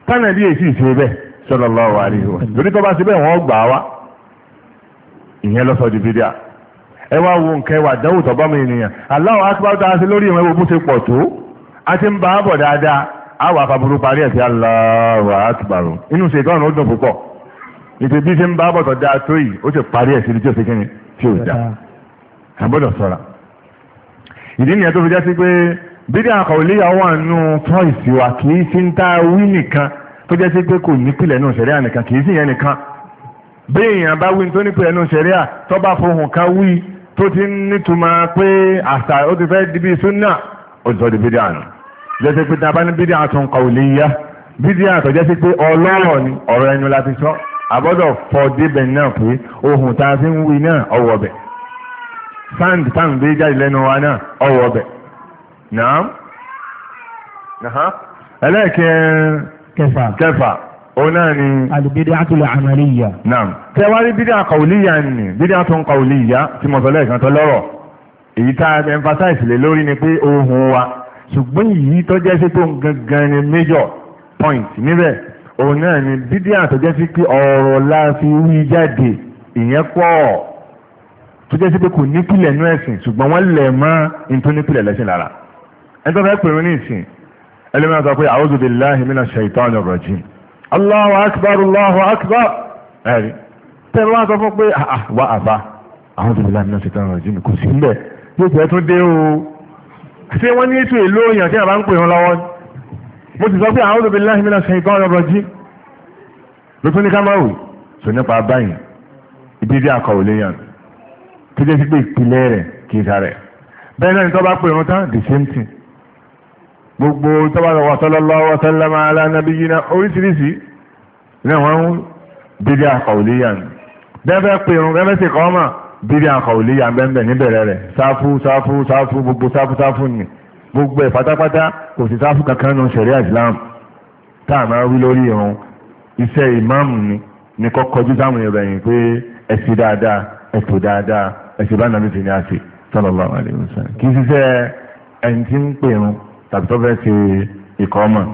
kánà bí èsì ìṣe bẹ́ẹ̀ sallallahu alaihi wa lórí tó bá ṣe bẹ́ẹ̀ wọ́n gbà wá ìyẹn lọ́sọ̀ di fídíà ẹ wá wo nǹkan ẹwà àdánwò tó bá mi ènìyàn Allahu akbar tá a ṣe lórí ìwọ̀n ẹwọ́ bó ṣe pọ̀ tó a ti ń bá a bọ̀ dáadáa a wà fàbúrú parí ẹ̀ sí Allahu akbar inú ṣe ìtọ́nà ó dùn púpọ̀ ètò bí ṣe ń bá a bọ̀ tó dáa tó yìí ó ṣe parí ẹ̀ sí ibi tí ó ṣe kíni tí ó dáa àbọ̀dọ̀ sọ̀ra ìdí nìyẹn tó fi já pé bídí àkọ̀wéléyà wà nù choice wa kì í sí ń tá a wí nìkan tó jẹ́ sí pé kò nípìlẹ̀ nù sẹ̀ríà nìkan kì í sí yẹn nìkan bí èèyàn bá wí tó nípìlẹ̀ nù sẹ̀ríà tó bá fohùn ká wí tó ti nítumọ̀ pé àṣà ó ti fẹ́ di bí súnà ó ti sọ di bídí àná jẹ́ sí pé tábà ní bídí àtún kọ̀wéléyà bídí àtọ̀ jẹ́ sí pé ọlọ́rọ̀ ni ọ̀rọ̀ ẹnu la ti sọ àbọ̀dọ̀ fọ débẹ̀ náà pé ohun tá a fi ń wí náà ọwọ́ bẹ̀ sáǹdì táǹdì jáde lẹ́nu wa náà ọwọ́ bẹ̀ naam ẹlẹ́ẹ̀kẹ́ kẹfà kẹfà ó náà ni al-bid'atu al-amaliyya naam tẹwárí bídà qawliyya ni bídà tó ń qawliyya tí mo sọ lẹ́ẹ̀kan tó lọ́rọ̀ èyí tá a emphasize lé lórí ni pé ohun wa ṣùgbọ́n yìí tó jẹ́ sí tó ń gangan ni major point níbẹ̀ òun náà ni bídíà tó jẹ́ sí pé ọ̀rọ̀ la fi wí jáde ìyẹn pọ̀ tó jẹ́ sí pé kò nípìlẹ̀ nú ẹ̀sìn ṣùgbọ́n wọ́n lẹ̀ mọ́ nítorí nípìlẹ̀ lẹ́sìn lára ẹni tó fẹ́ pèrò ní ìsìn ẹlẹ́mìí sọ pé a'udhu billahi minash shaitani rrajim Allahu akbar Allahu akbar ẹ̀rí tẹ́lẹ̀ wá sọ fún pé ah, ah, wà àbá a'udhu billahi minash shaitani rrajim kò sí mbẹ̀ yóò tẹ́ tún dé o ṣé wọ́n ní ètò èlò èèyàn tí a bá ń pè wọn lọ́wọ́ mo ti sọ pé a'udhu billahi minash shaitani rrajim ló tún ní ká máa wù sọ nípa báyìí ibi bí akọ̀ òlé yàn jẹ́ sí pé ìpìlẹ̀ rẹ̀ kì sáré bẹ́ẹ̀ náà ní tó bá pè wọn tán the same thing gbogbo tọ́bàtọ̀ wàtọ́lọ́lọ́ wàtọ́lọ́mà alánàbí yína oríṣiríṣi náà wọ́n ń bídí àkọ̀ọ̀lẹ́yàn bẹ́ẹ̀ pẹ̀rún bẹ́ẹ̀ sì kọ́ mà bídí àkọ̀ọ̀lẹ́yàn bẹ́ẹ̀ níbẹ̀rẹ̀ rẹ̀ sáfù sáfù sáfù gbogbo sáfù sáfù ni gbogbo ẹ̀ pátápátá kò sí sáfù kankan nù sẹ̀rí islam tá a máa wí lórí irun iṣẹ́ ìmáàmù ni ni kọ́ kọjú tí ń pèrún tàbí tó fẹ́ ṣe ìkọ́mọ̀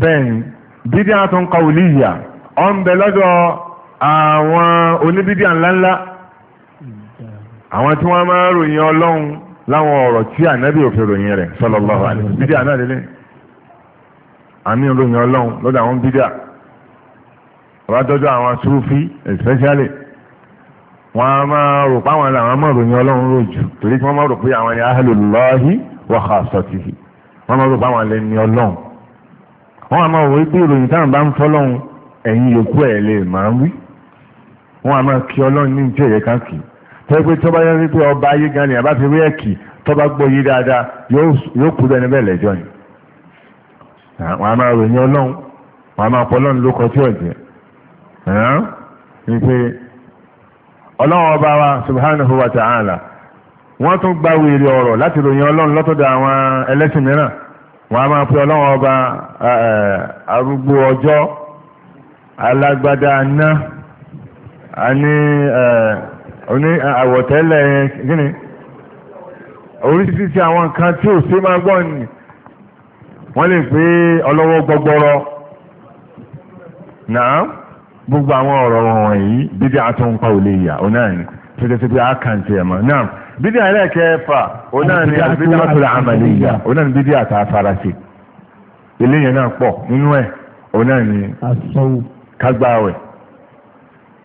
bẹ́ẹ̀ bídí àti ń kọwù líyà ọ ń bẹ lọ́dọ̀ àwọn oníbídí ńláńlá àwọn tí wọ́n máa ròyìn ọlọ́run láwọn ọ̀rọ̀ tí ànábì òfin ròyìn rẹ̀ sallallahu alaihi bídí àná lélẹ̀ àmì ròyìn ọlọ́run lọ́dọ̀ àwọn bídí à àwọn súfí especially wọ́n a máa rò pé àwọn làwọn máa ròyìn ọlọ́run rò jù torí kí wọ́n máa rò pé àwọn ni ahlullahi wa khassatihi wọ́n máa rò pé àwọn alẹ́ ni ọlọ́run wọ́n á máa wọ pé ìròyìn táwọn bá ń fọ́lọ́run ẹ̀yin yòókù ẹ̀ lè máa ń wí wọ́n á máa kí ọlọ́run ní ìjẹ́ ìyẹ́ká kì í tẹ́ pé tọ́ba yẹn wípé ọba ayé gan ni àbá fi rí ẹ̀kì tọ́ba gbọ́ yí dáadáa yóò kú bẹ́ẹ̀ níbẹ̀ lẹ́jọ́ yìí wọ́n á máa ròyìn ọlọ́run wọ́n máa pọ́ ọlọ́run ló kọ tí ọ̀jẹ̀ wípé ọlọ́run ọba wa subhanahu wa ta'ala wọ́n tún gba wèrè ọ̀rọ̀ láti ròyìn ọlọ́run lọ́tọ̀dọ̀ àwọn ẹlẹ́sìn mìíràn wọ́n a máa ọlọ́run ọba arúgbó ọjọ́ alágbádá aná àní àwọ̀tẹ́lẹ̀ gíní oríṣiríṣi àwọn nǹkan tí ò sí máa ni wọ́n lè pé ọlọ́wọ́ gbọgbọrọ náà gbogbo àwọn ọ̀rọ̀ wọ̀nyí yi àtúnpa ò lè yà bídí ẹlẹ́kẹ̀ẹ́fà onáà ni bídí àmàlẹ́yà onáà ni bídí àtàfàràṣe eléyẹn náà pọ̀ nínú ẹ̀ onáà ni kágbáwẹ̀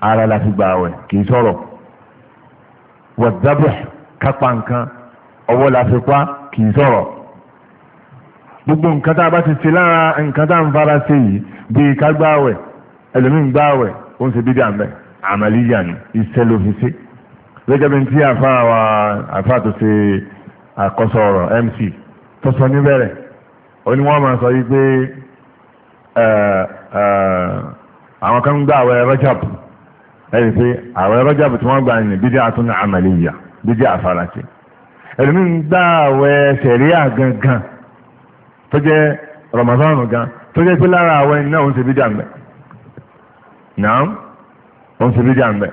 ara láti gbàwẹ̀ kì í sọ̀rọ̀ wọ̀dábẹ̀ kápá nǹkan ọwọ́ láti pa kì í sọ̀rọ̀ gbogbo nǹkan tá a bá ti ṣe lára nǹkan tá a ń fara ṣe yìí bíi kágbáwẹ̀ ẹlòmíì ń gbáwẹ̀ ó ń ṣe bídí àmàlẹ́yà ni iṣẹ́ ló fi gẹ́gẹ́ bí tí àfáà wa àfáà tó ṣe àkọsọ ọ̀rọ̀ mc tó sọ níbẹ̀rẹ̀ ó ní wọ́n máa sọ yí pé àwọn kan ń gbà àwẹ̀ rajab ẹni pé àwẹ̀ rajab tí wọ́n gbà ní bídí àtúnà àmàlẹ́yà bídí àfarasí ẹ̀lùmí ń gbà àwẹ̀ sẹ̀ríà gangan tó jẹ́ Ramadan gan tó jẹ́ pé lára àwẹ̀ náà ń ṣe bídí àmbẹ̀ náà ń ṣe bídí àmbẹ̀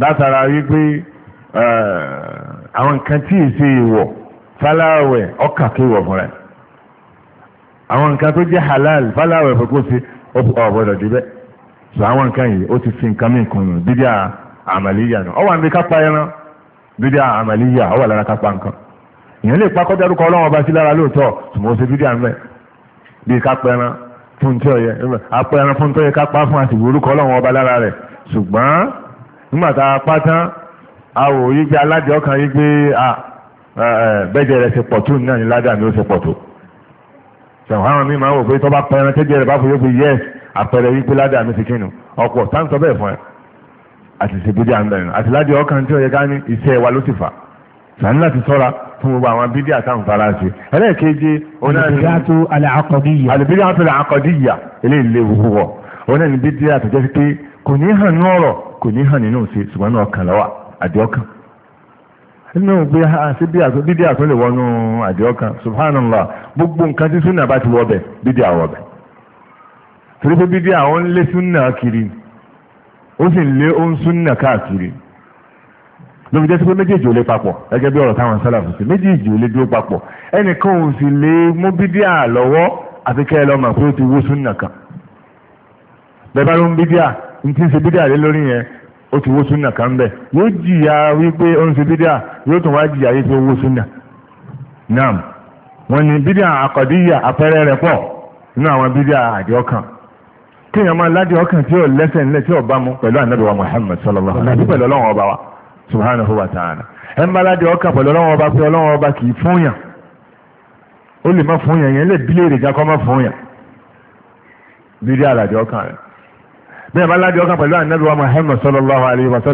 látara wípé àwọn nǹkan tí èsì ìwọ̀ fáláwẹ̀ ọkà kí ìwọ̀ fúnra ẹ̀ àwọn nǹkan tó jẹ́ halal fáláwẹ̀ fẹ́ kó sí ọ̀bọ̀dọ̀ débẹ̀ so àwọn nǹkan yìí ó ti fi nǹkan mí kùn nù dídí àmàlíyà nù ọwọ́ àmì kápá ẹran dídí àmàlíyà ọwọ́ lára kápá nǹkan ìyẹn lè pa kọ́dárúkọ ọlọ́run ọba sí lára lóòótọ́ ṣùgbọ́n ó ṣe dídí àmì bíi kápá ẹran fún tí ọ̀yẹ apá ẹran fún tí ọ̀yẹ kápá fún àtìwé orúkọ ọlọ́run ọba lára rẹ̀ ṣùgbọ́n nígbàtà pátán àwò yígbé alájọ kan yígbé bẹ́jẹ̀ rẹ̀ ṣe pọ̀ náà ní ládàá ni ó ṣe pọ̀ tó ṣẹ̀wọ̀n àwọn míì máa ń wò pé tó bá pẹran tẹ́jẹ̀ rẹ̀ bá fòye pé yẹ́ àpẹẹrẹ wípé ládàá mi ti kínu ọ̀pọ̀ táǹsọ bẹ́ẹ̀ fún ẹ àti ṣèbídí àmì àti ládìí ọkàn tí ó yẹ ká ní iṣẹ́ wa ló ti fà sàní láti sọ́ra fún gbogbo àwọn bídí àtàwọn fara ṣe ẹlẹ́ẹ̀kejì onídìíyàtò alàkọ̀díyà alìbídíyàtò alàkọ̀díyà eléyìí léwu púpọ̀ onídìíyàtò jẹ́ pé kò ní hàn nínú ọ̀rọ̀ kò ní hàn nínú ṣe ṣùgbọ́n náà ọkàn lọ́wọ́ àdìọ́kàn nínú wọnú subhanallah gbogbo nǹkan tí súnà bá ti torí pé bídí àwọn ń lé súnà kiri ó sì ń lé ohun súnà káàkiri jẹ́ sí pé papọ̀ gẹ́gẹ́ bí ọ̀rọ̀ táwọn sálàfù lè dúró papọ̀ ẹnìkan ò sì lè mú bídí àti kẹ́ ẹ lọ́mọ pé ó ti wó súnà kan bẹ́ẹ̀ n'ti ti ń ṣe bídíà lé lórí yẹn ó ti wó súnà kan bẹ̀ yóò jìyà wípé ó ń ṣe bídíà yóò tún wá jìyà yìí tó wó súnà naam wọ́n ní bídíà àkọ́díyà àpẹẹrẹ rẹ̀ pọ̀ nínú àwọn bídíà kéèyàn máa ọkàn tí ó lẹ́sẹ̀ nílẹ̀ tí ó bá mu pẹ̀lú ànábì wa sallallahu pẹ̀lú ọba wa subhanahu wa ta'ala ẹ ọkàn pẹ̀lú ọba pé ọba kì í ó lè má yẹn lè má bẹ́ẹ̀ bá ládìí ọkàn pẹ̀lú ànábì wa Muhammad sallallahu alayhi wa pé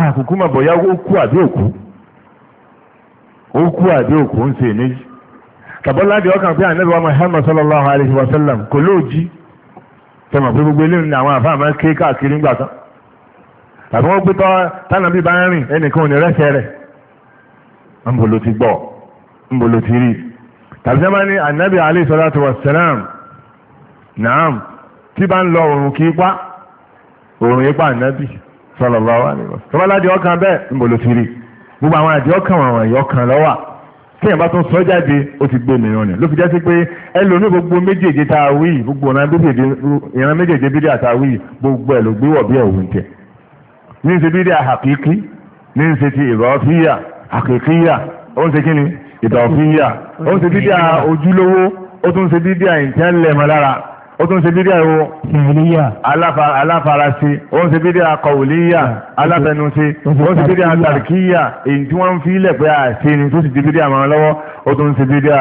àkùkù ah, mà bọ̀yá ó àbí òkú ó oku àbí òkú ń ṣe méjì tàbọ́ ọkàn pé ànábì wa Muhammad sallallahu alayhi wa kò lóòjì tẹmọ̀ pé gbogbo eléyìí ni àwọn ké káàkiri ńgbà tàbí wọ́n gbé tọ́ bá ń rìn ẹnìkan ò ní rẹ́sẹ̀ rẹ̀ ti gbọ́ òrùn ipa ànábì sallallahu alaihi wasallam tó bá ládìí ọkàn bẹ́ẹ̀ ń bò ló ti rí gbogbo àwọn àdìí ọkàn àwọn àyè ọkàn lọ́wà tí èèyàn bá tún sọ jáde ó ti gbé mìíràn ni ló fi jẹ́ sí pé gbogbo méjèèjì tá a wí gbogbo ìran méjèèjì bídí gbogbo ẹ̀ ló gbé wọ̀ bí ẹ̀wù ń tẹ̀ ní ṣe àhàkíkí ní ṣe ti ìrọ̀fíyà àkíkíyà ó ń ṣe kí ni ìdọ̀fíyà ó ń ṣe ojúlówó ó tún ṣe bídíà ìwò aláfarasí ó ń ṣe bídíà kọ̀wòlíyà aláfẹnusí ó ń ṣe bídíà tàríkíyà èyí tí wọ́n ń fi ilẹ̀ pé àti ẹni tó sì di bídíà máa lọ́wọ́ ó tún ṣe bídíà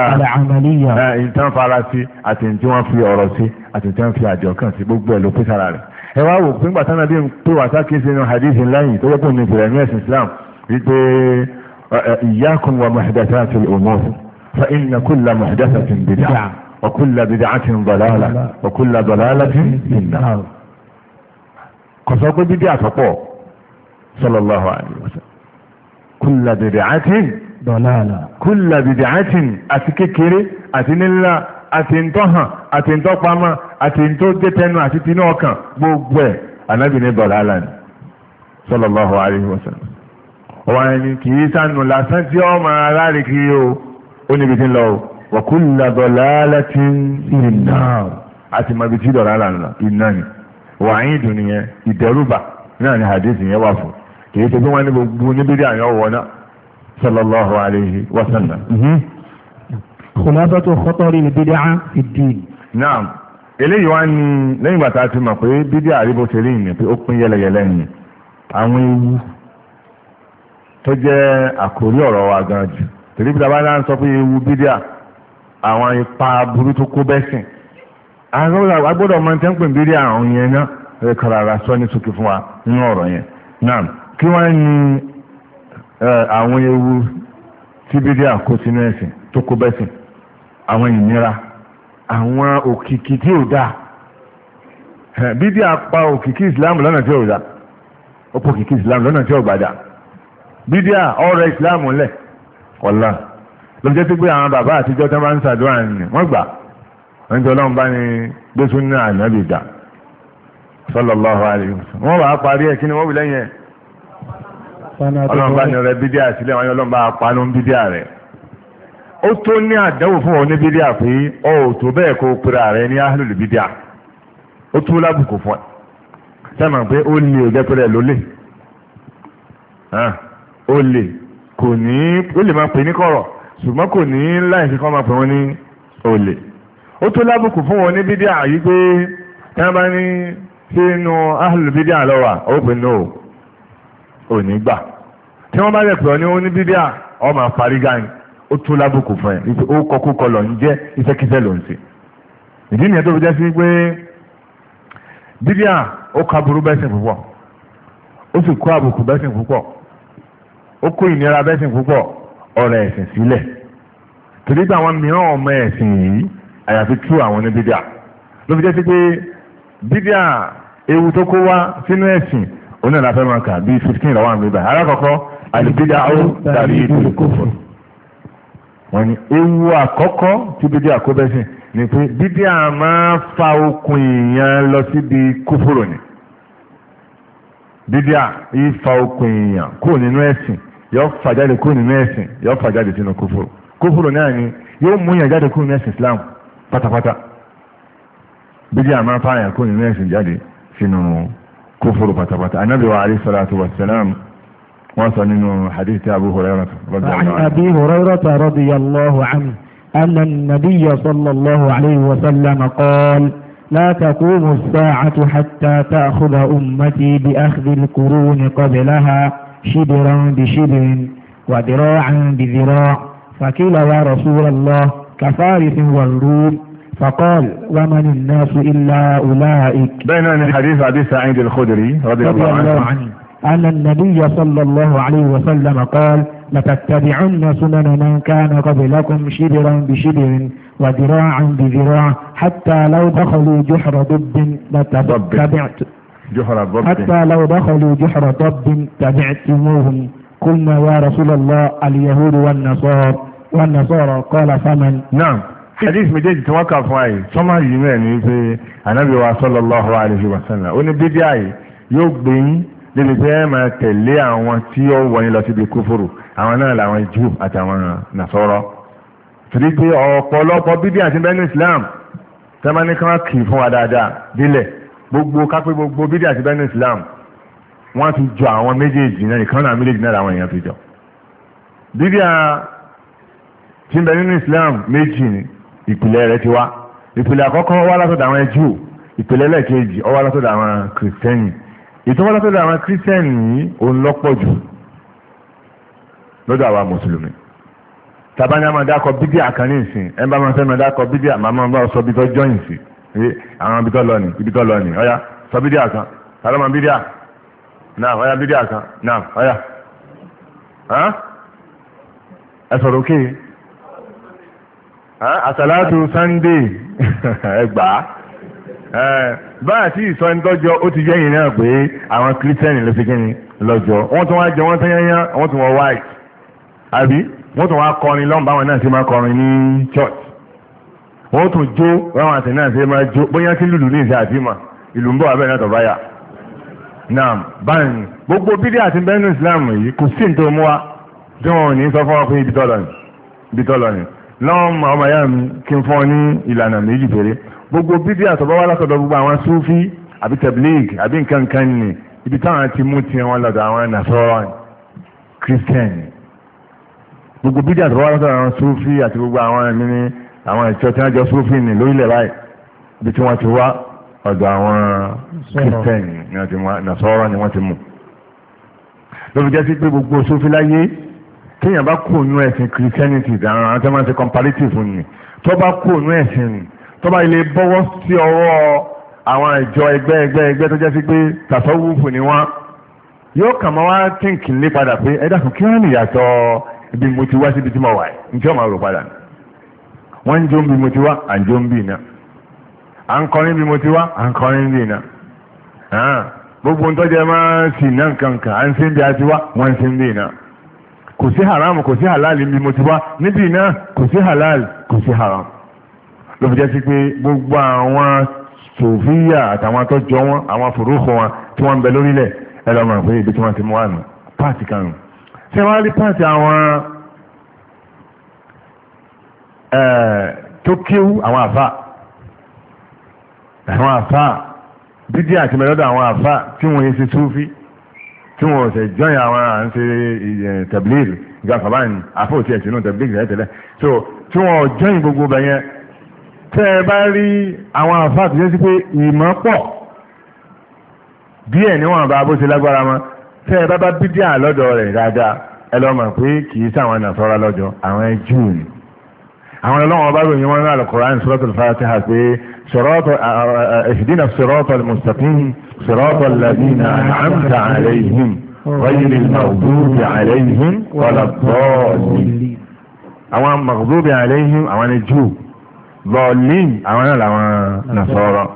ìtàn farasí àti tí wọ́n fi ọ̀rọ̀ sí àti tí wọ́n fi àjọ kan sí gbogbo ẹ̀ ló pèsè ara rẹ̀ ẹ wá wò pé ńgbà bí n pé wàsá kí fa inna kulla muhdathatin bid'ah وكل بدعة ضلالة وكل ضلالة في النار قصوا بدعة فوق صلى الله عليه وسلم كل بدعة ضلالة كل بدعة أتككري أتنلا أتنتها أتنتقما أتنتجتن أتنوكا بوبوه النبي ضلالة صلى الله عليه وسلم وأن كيسان لسان يوم على ذلك يو ونبتن له wa kullu dalalatin fin nar àti mọ̀bí tí dọ̀lá lànà iná ni wàáyìn dùn nìyẹn ìdẹ́rùbà náà ni hadith yẹn wà fún kìí ṣe bí wọ́n ní gbogbo níbi dí àyàn wọ̀ náà sallallahu alayhi wa sallam. kùnàbàtò mhm. kọ́tọ́rì ni bídí á fi dì. náà eléyìí wá ní lẹ́yìn bàtà ti mọ̀ pé bídí àríbó ṣe rí ìyẹn pé ó pín yẹlẹyẹlẹ ni àwọn ewu tó jẹ́ àkórí ọ̀rọ̀ wa gan jù tèmi bí ta náà sọ pé ewu bídí à àwọn ipa burú tó kó bẹ́sìn agbọ́dọ̀ máa tẹ́ ń pè bírí àrùn yẹn náà rẹ̀ kàràrà sọ ní sókè fún wa nínú ọ̀rọ̀ yẹn náà kí wọ́n ní àwọn ewu tí bírí àkó sínú ẹ̀sìn tó kó bẹ́sìn àwọn ìnira àwọn òkìkí tí ò dáa bíbí apá òkìkí ìsìlámù lọ́nà tí ò dáa ó pọ̀ òkìkí ìsìlámù lọ́nà tí ò gbàdá bíbí ọ̀rọ̀ ìsìlámù lẹ̀ ọ̀la ló jẹ́ sí pé àwọn bàbá àtijọ́ tó máa ń ṣàdúrà ni wọ́n gbà wọ́n jọ ọlọ́run bá ní gbé súnà ànábì dà sallallahu alaihi wasallam wọ́n wàá parí ẹ̀ kí ni wọ́n wí lẹ́yìn ẹ̀ ọlọ́run bá ní ọrẹ bídíà sílẹ̀ wọ́n ní ọlọ́run bá pa ló ń bídíà rẹ̀ ó tó ní àdánwò fún ọ ní bídíà pé ọ ò tó bẹ́ẹ̀ kó pera rẹ ní áhùlù bídíà ó tó lábùkù fún ẹ sẹ́mọ̀ pé ó lè ò jẹ́ ló lè ó lè kò ní ó lè máa pè ní kọ̀rọ̀ ṣùgbọ́n kò ní láì fi kọ́ máa pè wọ́n ní olè ó tó lábùkù fún wọn ní bídíà yìí pé tí wọ́n bá ní inú ahlù ó pè ní ò ní gbà tí wọ́n bá lè pè ní máa parí gáyìn ó fún ó kọ lọ ń jẹ́ ló ń ìdí nìyẹn tó fi jẹ́ sí pé ka burú bẹ́sìn púpọ̀ ó sì kó àbùkù bẹ́sìn púpọ̀ ó kó ìnira bẹ́sìn púpọ̀ ọ̀rọ̀ ẹ̀sìn sílẹ̀ torí pé àwọn mìíràn ọmọ ẹ̀sìn yìí àyàfi tú àwọn ní bídíà ló fi jẹ́ sí pé bídíà ewu tó kó wá sínú ẹ̀sìn oní ọ̀la fẹ́ máa kà bíi fifteen lọ́wọ́ àmì báyìí alákọ̀ọ́kọ́ àlùbídíà ó dàbí ìlú kófò wọ́n ní ewu àkọ́kọ́ tí bídíà kó bẹ́ sìn ni pé bídíà máa fa okùn èèyàn lọ síbi kófòrò ni bídíà yìí okùn èèyàn kúrò nínú ẹ̀sìn yóò fà jáde kúrò nínú ẹ̀sìn yóò fà jáde sínú kúfúrú kúfúrú náà ni yóò mú yàn jáde kúrò nínú ẹ̀sìn Islam pátápátá bídí àmà fààyàn kúrò nínú ẹ̀sìn jáde sínú kúfúrú pátápátá anábì wa alayhi salatu wa salam wọ́n sọ nínú hadith tí Abu Hurairah radiyallahu anhu. Abi Hurairah radiyallahu anhu أن النبي صلى الله عليه وسلم قال لا تقوم الساعة حتى تأخذ أمتي بأخذ القرون قبلها شبرا بشبر وذراعا بذراع فقيل يا رسول الله كفارس والروم فقال ومن الناس إلا أولئك بين الحديث حديث أبي سعيد الخدري رضي, رضي الله, الله عنه أن النبي صلى الله عليه وسلم قال لتتبعن سنن من كان قبلكم شبرا بشبر وذراعا بذراع حتى لو دخلوا جحر ضب لتتبعت جحر ضب حتى لو دخلوا جحر ضب تبعتموهم قلنا يا رسول الله اليهود والنصارى والنصارى قال فمن نعم hadith méjèèjì tí wọ́n kà fún àyè sọ́mà yìí náà ní pé anábì wa sallallahu alaihi wa sallam ó ní bídí àyè yóò gbé yín débi pé ẹ máa tẹ̀lé àwọn tí ó wọ̀ yín lọ síbi kúfòrò àwọn náà làwọn jù àtàwọn nàṣọ́rọ́ torí pé ọ̀pọ̀lọpọ̀ bídí àti bẹ́ẹ̀ ní Islam tẹ́mánìkan kì í fún wa dáadáa délẹ̀ gbogbo kápẹ́ gbogbo bídí àti bẹ́ẹ̀ ní Islam wọ́n ti jọ àwọn méjèèjì náà nìkan náà méjèèjì náà làwọn èèyàn ti jọ bídí à ti ń bẹ nínú Islam méjì ni ìpìlẹ̀ rẹ̀ ti wá ìpìlẹ̀ àkọ́kọ́ wá látọ̀dọ̀ àwọn ẹjú ìpìlẹ̀ lẹ́ẹ̀kejì ó wá látọ̀dọ̀ àwọn kìrìsìtẹ́nì ìtọ́wọ́ látọ̀dọ̀ àwọn kìrìsìtẹ́nì yìí òun lọ́pọ̀ jù lọ́dọ̀ àwa mùsùlùmí tabani àmàdákọ̀ bídí àkànní ìsìn ẹ bá máa fẹ́ máa dákọ̀ bídí àmàmọ́ bá sọ bí tọ́jọ́ ìsìn àwọn ibi tó lọ ní ibi tó lọ ní ọ̀yá sọ bídíà kan sàlọ́mọ bídíà náà ọ̀yá bídíà kan náà ọ̀yá ẹ sọ̀rọ̀ òkè àsàlátù sunday [LAUGHS] ẹgbàá báyà tí ìsọ ẹni ó ti yẹ́yìn náà pé àwọn kírísítẹ́nì ló fi kíni lọ́jọ́ wọ́n tún wá jẹ wọ́n tún yányán wọ́n tún wọ white àbí wọ́n tún wá kọrin lọ́nà báwọn náà ti máa kọrin ní church wọ́n tún jó ráwọn àti náà ṣe máa jó bóyá kí lùlù ní ìṣe àti mà ìlú ń bọ̀ abẹ́ náà tọ̀bá yà náà báyìí gbogbo bídí àti bẹ́ẹ̀nù ìsìláàmù yìí kò sí nítorí mú wa tí wọn ò ní sọ fún ọkùnrin ibi tọ́lọ ni lọ́wọ́n ma ọmọ ya mi kí n fún ní ìlànà méjì péré gbogbo bídí àtọ̀bá látọ̀dọ̀ gbogbo àwọn súfí àbí tẹ̀blíg àbí nkankan ni ibi táwọn ti mú tiẹ̀ wọn lọ́dọ̀ àwọn nàṣọ́rọ̀ kírísítẹ́nì gbogbo bídí àtọ̀bá látọ̀dọ̀ àwọn súfí àti gbogbo àwọn ẹ̀mí àwọn ìjọ tí wọ́n jọ sófin ní lórílẹ̀ láì bí tí wọ́n ti wá ọ̀dọ̀ àwọn kírísítẹ́nì nàṣọ́rọ́ ni wọ́n ti mú ló fi jẹ́ sí pé gbogbo sófin láyé téèyàn bá kó nú ẹ̀sìn christianity àwọn àwọn tó máa ń ṣe comparative ni tó bá kó nú ẹ̀sìn ni tó bá ilé bọ́wọ́ sí ọwọ́ àwọn ìjọ ẹgbẹ́ ẹgbẹ́ ẹgbẹ́ tó jẹ́ sí pé tàṣọ́wùfù ni wọ́n yóò kàn máa wá tíǹkì lé padà pé ẹ dákun kí wọ́n lè yàtọ̀ ibi mo ti wá síbi tí mo wà ní tí wọ́n máa rò padà ni wọ́n ń jó ń bí mo ti wá à ń jó ń bí iná à ń kọrin bí mo ti wá à ń kọrin bí iná gbogbo ń tọ́jà máa ń sì náà nǹkankan à ń sí bí a ti wá wọ́n ń sí bí iná kò sí haram kò sí halal bí mo ti wá níbi iná kò sí halal kò sí haram ló fi jẹ́ sí pé gbogbo àwọn sòfíà àtàwọn atọ́jọ́ wọn àwọn fòrókò wọn tí wọ́n ń bẹ lórílẹ̀ ẹ lọ́mọ àgbẹ̀ ibi tí wọ́n ti mú wà nù páàtì kanù ṣé wọ́n rí páàtì àwọn tó kéwú àwọn àfà àwọn àfà dídí àti mẹ́lọ́dọ̀ àwọn àfà tí wọ́n yẹn ṣe súfí tí wọ́n ṣe jọ́yìn àwọn à ń ṣe tẹ̀blìrì gàfàbá ní òtí ẹ̀sìn náà tẹ̀blìrì rẹ̀ so tí wọ́n jọ́yìn gbogbo bẹ̀ yẹn tẹ́ ẹ bá rí àwọn àfà tó yẹ sí pé ìmọ̀ pọ̀ díẹ̀ níwọ̀n bá bó ṣe lágbára mọ́ tẹ́ ẹ bá bá bídíà lọ́dọ̀ rẹ̀ dáadáa ẹ lọ́ mọ̀ pé kì í sáwọn nàfọ́rọ́ lọ́jọ́ àwọn ẹjú ni àwọn ọlọ́wọ́n ọba ròyìn wọn ní alukoran suratul fatiha pé ihdina siratal mustaqim siratal ladina an'amta alayhim ghayril maghdubi alayhim waladdallin àwọn maghdubi alayhim àwọn ni jù bọ́ọ̀lìn àwọn náà làwọn nàṣọ́rọ̀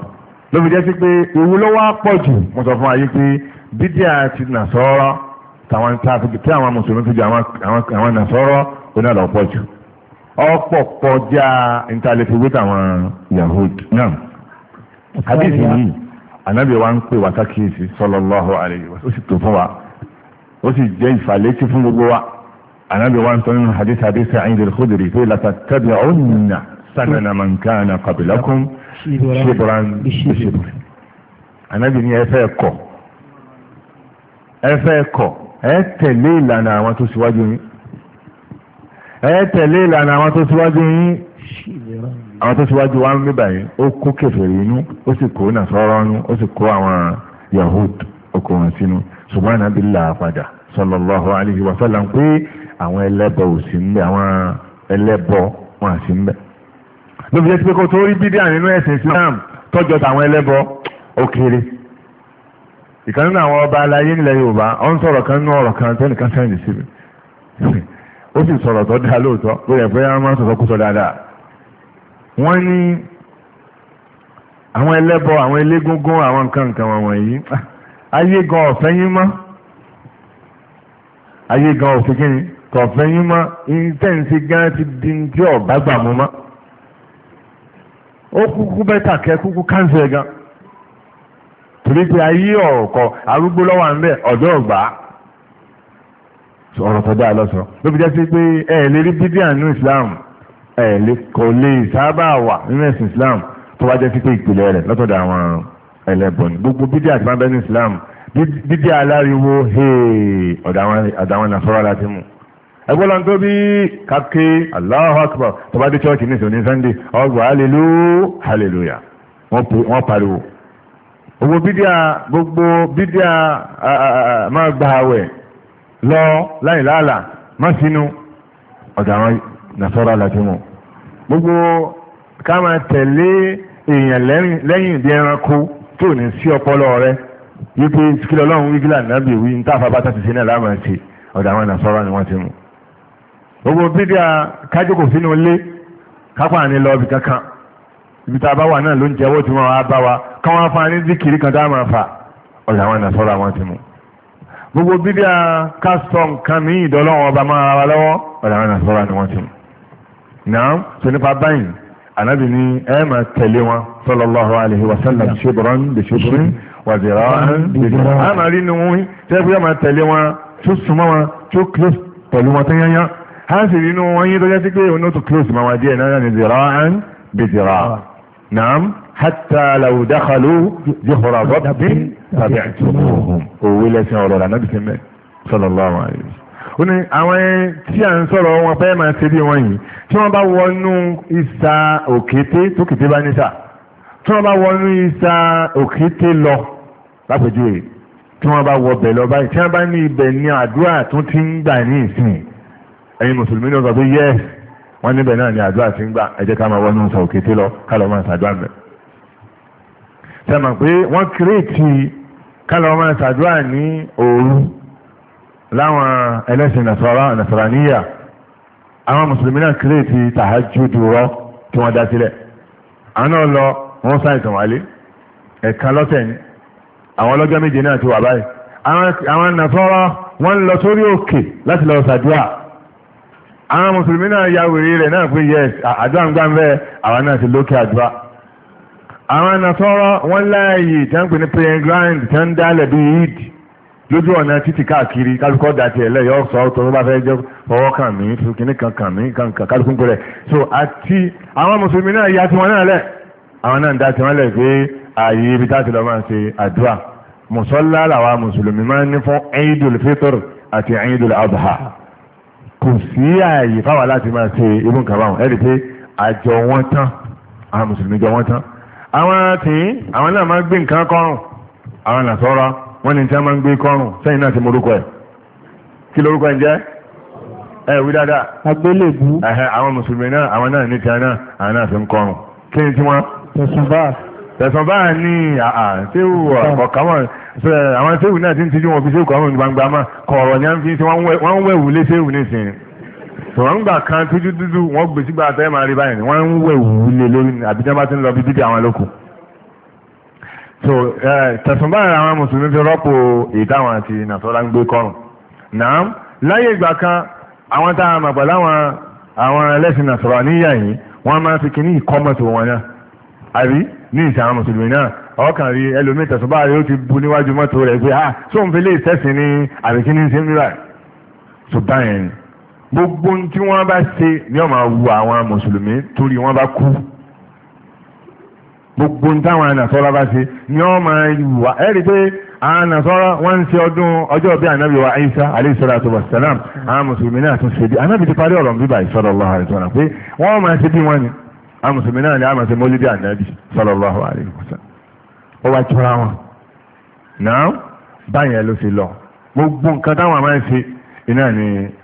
ló fi jẹ́ sí pé ewu ló wá pọ̀ jù mo sọ fún ayé pé àwọn náà ọ̀pọ̀ kọjá ìtàlẹ́fẹ̀wé tàwọn yahood náà hadith yìí anabi wa ń pè wá sákìyèsí sallallahu alayhi wa ó sì tó fún wa ó sì jẹ́ ìfàlétí fún gbogbo wa anabi wa ń sọ nínú hadith hadith Sa'id al-Khudri pé latattabi'unna sanana man kana qablakum shibran bishibrin anabi ní ẹfẹ́ kọ̀ ẹfẹ́ kọ̀ ẹ tẹ̀lé ìlànà àwọn tó síwájú yín ẹ tẹ̀lé ìlànà àwọn tó síwájú yín àwọn tó síwájú wa ń mí báyìí ó kó inú ó sì kó nàṣọ́rọ́ inú ó sì kó àwọn yahood okò sínú ṣùgbọ́n ànábì padà sallallahu alaihi wa sallam pé àwọn ẹlẹ́bọ ò sí ń bẹ àwọn ẹlẹ́bọ wọn à ń bẹ. jẹ́ ọba Yorùbá kan nínú ọ̀rọ̀ kan tẹ́nìkan ó sì sọ̀rọ̀ tó dá lóòótọ́ tó a pé wọ́n máa sọ̀rọ̀ kú sọ dáadáa wọ́n ní àwọn ẹlẹ́bọ àwọn elégúngún àwọn nǹkan nǹkan wọn wọ̀nyí ayé gan ọ̀fẹ́ yín mọ́ ayé gan ọ̀fẹ́ kí ni yín mọ́ ti di tí ọ̀bá gbà mú mọ́ ó kúkú bẹ́tà kẹ́ kúkú gan torí pé ayé ọ̀kọ̀ arúgbó ọ̀rọ̀ tó dáa lọ́sọ̀ ló fi jẹ́ sí pé ẹ̀ lè rí bídíà nínú Islam ẹ̀ lè kò lè sábà wà nínú ẹ̀sìn Islam tó wá jẹ́ sí pé ìpìlẹ̀ rẹ̀ lọ́tọ̀dọ̀ àwọn ẹlẹ́bọ̀n gbogbo bídíà ti máa bẹ́ ní Islam bídíà aláriwo ọ̀dọ̀ àwọn nàfọ́rọ́ láti mú ẹgbọ́n lọ́n tó bí káké Allahu Akbar tó bá dé chọ́ọ̀kì ní ìsòní Sunday ọgbà hallelu hallelujah wọ́n pariwo gbogbo bídíà gbogbo bídíà máa gbà wẹ̀ lọ láì láàlà má sínú ọ̀dà àwọn nàṣọ́rọ̀ gbogbo ká máa tẹ̀lé èèyàn lẹ́yìn ìdí ẹranko tó ní sí ọpọlọ rẹ wípé kílọ̀ ọlọ́run wí nàbì wí ní bá sí náà láàmà ṣe ni gbogbo bídíà sínú ilé kápá ní lọ ibì kankan ibi tá a bá wà náà ló ń jẹ́wọ́ tí wọ́n wá bá wa káwọn afáàní díkìrí kan tá a máa fà gbogbo bíbí a kásítọ̀ nǹkan ní ìdọ́lọ́wọ́ ọba máa wa lọ́wọ́ ọ̀dà àwọn àṣọ́ra ni wọ́n ti mú náà tó nípa báyìí ànábì ní ẹ máa tẹ̀lé wọn sallallahu alaihi wa sallam shibran bi shibrin wa zira'an rí nu wọn tẹ́ máa tẹ̀lé wọn tó súnmọ́ wọn tó close pẹ̀lú wọn tó yányá sì rí nu wọn tó yẹ sí pé òun náà tó close máa wá díẹ̀ náà ní zira'an bi náà حتى لو دخلوا zuhra rabbin tabi'tumuhum òwe lẹ́sìn ọ̀rọ̀ rà nábìsí mẹ́ sallallahu alaihi wasallam ó ní àwọn tí à ń sọ̀rọ̀ wọn pẹ́ máa ṣe bí wọ́n yìí tí wọ́n bá wọnú ìsà òkété tó kété bá níta tí wọ́n bá wọnú ìsà òkété lọ lápèjúwe tí wọ́n bá wọ bẹ̀ lọ báyìí tí wọ́n bá ní ibẹ̀ ní àdúrà tó ti ń gbà ní ìsìn ẹ̀yin mùsùlùmí náà sọ pé yẹ́ẹ̀ wọ́n níbẹ̀ náà ní àdúrà ti ń gbà ẹ ká máa wọnú ìsà òkété lọ ká lọ máa ṣàdúrà mẹ́rin sẹ́mọ̀ pé wọ́n kírètì kálọ̀ ọmọ ṣàdúrà ní òru láwọn ẹlẹ́sìn nàṣàrà níyà àwọn mùsùlùmí náà kírètì tàhájúdù rọ tí wọ́n dá sílẹ̀ àwọn náà lọ wọ́n sáìsàn wálé ẹ̀ka lọ́sẹ̀ ni àwọn ọlọ́jọ́ méje náà ti wà báyìí àwọn nàṣàrà wọ́n lọ sórí òkè láti lọ ṣàdúrà ya wèrè rẹ̀ náà pé yes àdúrà ń àwọn nasọ́rọ́ wọ́n láàyè tí wọ́n pè ní prayer ground tí wọ́n dálẹ̀ bí yìí lójú ọ̀nà títì káàkiri kálukọ́ da tiẹ̀ lẹ̀ yọ sọ tó bá fẹ́ jẹ́ fọwọ́ kàn mí kìíní kan kàn mí kan kàn kálukú ń so àti àwọn mùsùlùmí náà ya tiwọn náà lẹ̀ àwọn náà ń da tiwọn lẹ̀ pé ààyè ibi táti lọ́ máa ń ṣe àdúrà mùsọ́lá làwa mùsùlùmí máa ń ní fún Eidul Fitr àti Eidul Adha kò sí ààyè fáwa láti máa ṣe irú nǹkan báwọn ẹ̀ rí pé àjọ wọn tán àwọn àwọn tí àwọn náà máa ń gbé nǹkan kọrùn àwọn nàṣọ́ra wọ́n ní tí a máa ń gbé kọrùn sẹ́yìn náà ti morúkọ ẹ̀ kí lórúkọ ẹ̀ jẹ́ ẹ wí dáadáa agbélébú àwọn mùsùlùmí náà àwọn náà ní tí a náà àwọn náà fi ń kọrùn kí ni tí wọ́n. tẹ̀sán báà tẹ̀sán báà ní àtẹ́wù ọ̀kọ̀kọ̀mọ̀ àwọn tẹ́wù náà ti ń tijú wọn fi ṣéwù kọ́mọ̀ gbangba máa tọ̀wọ́n gbà kan tójú dúdú wọ́n gbé sígbà àtẹ́yẹ́ máa rí báyìí ni wọ́n ń wẹ̀ wù ú lé lórí àbí tí wọ́n bá ti ń lọ bí bíbí àwọn lóko. so tẹ̀sán báyìí àwọn mùsùlùmí fi rọ́pò ìdáwọn àti nàtọ́lá ń gbé kọ́rùn. náà láyé ìgbà kan àwọn tá a mọ̀ pẹ̀lú àwọn àwọn ẹlẹ́sìn nàtọ́lá níyà yìí wọ́n máa fi kíní ìkọ́mọ̀tò wọn náà àbí ní ìsìn àwọn mùsùlùmí náà ọkàn rí ẹlòmíì tẹ̀sán báyìí ó ti bu níwájú mọ́tò rẹ̀ pé ah sóun fi lè sẹ́sìn ní àbíkíní sí mìíràn ṣùgbọ́n yẹn ni gbogbo ohun tí wọ́n bá ṣe ni ó máa wu àwọn mùsùlùmí torí wọ́n bá kú gbogbo ohun táwọn ànàsọ́rọ́ bá ṣe ni ó máa wu wa pé ànàsọ́rọ́ wọ́n ń ṣe ọdún ọjọ́ bí wa Isa alayhi salatu na salam àwọn mùsùlùmí náà tún ṣe bí ti parí ọ̀rọ̀ bíbà sallallahu alayhi wa sallam pé wọ́n máa ṣe bí wọ́n a máa ṣe ó wá tura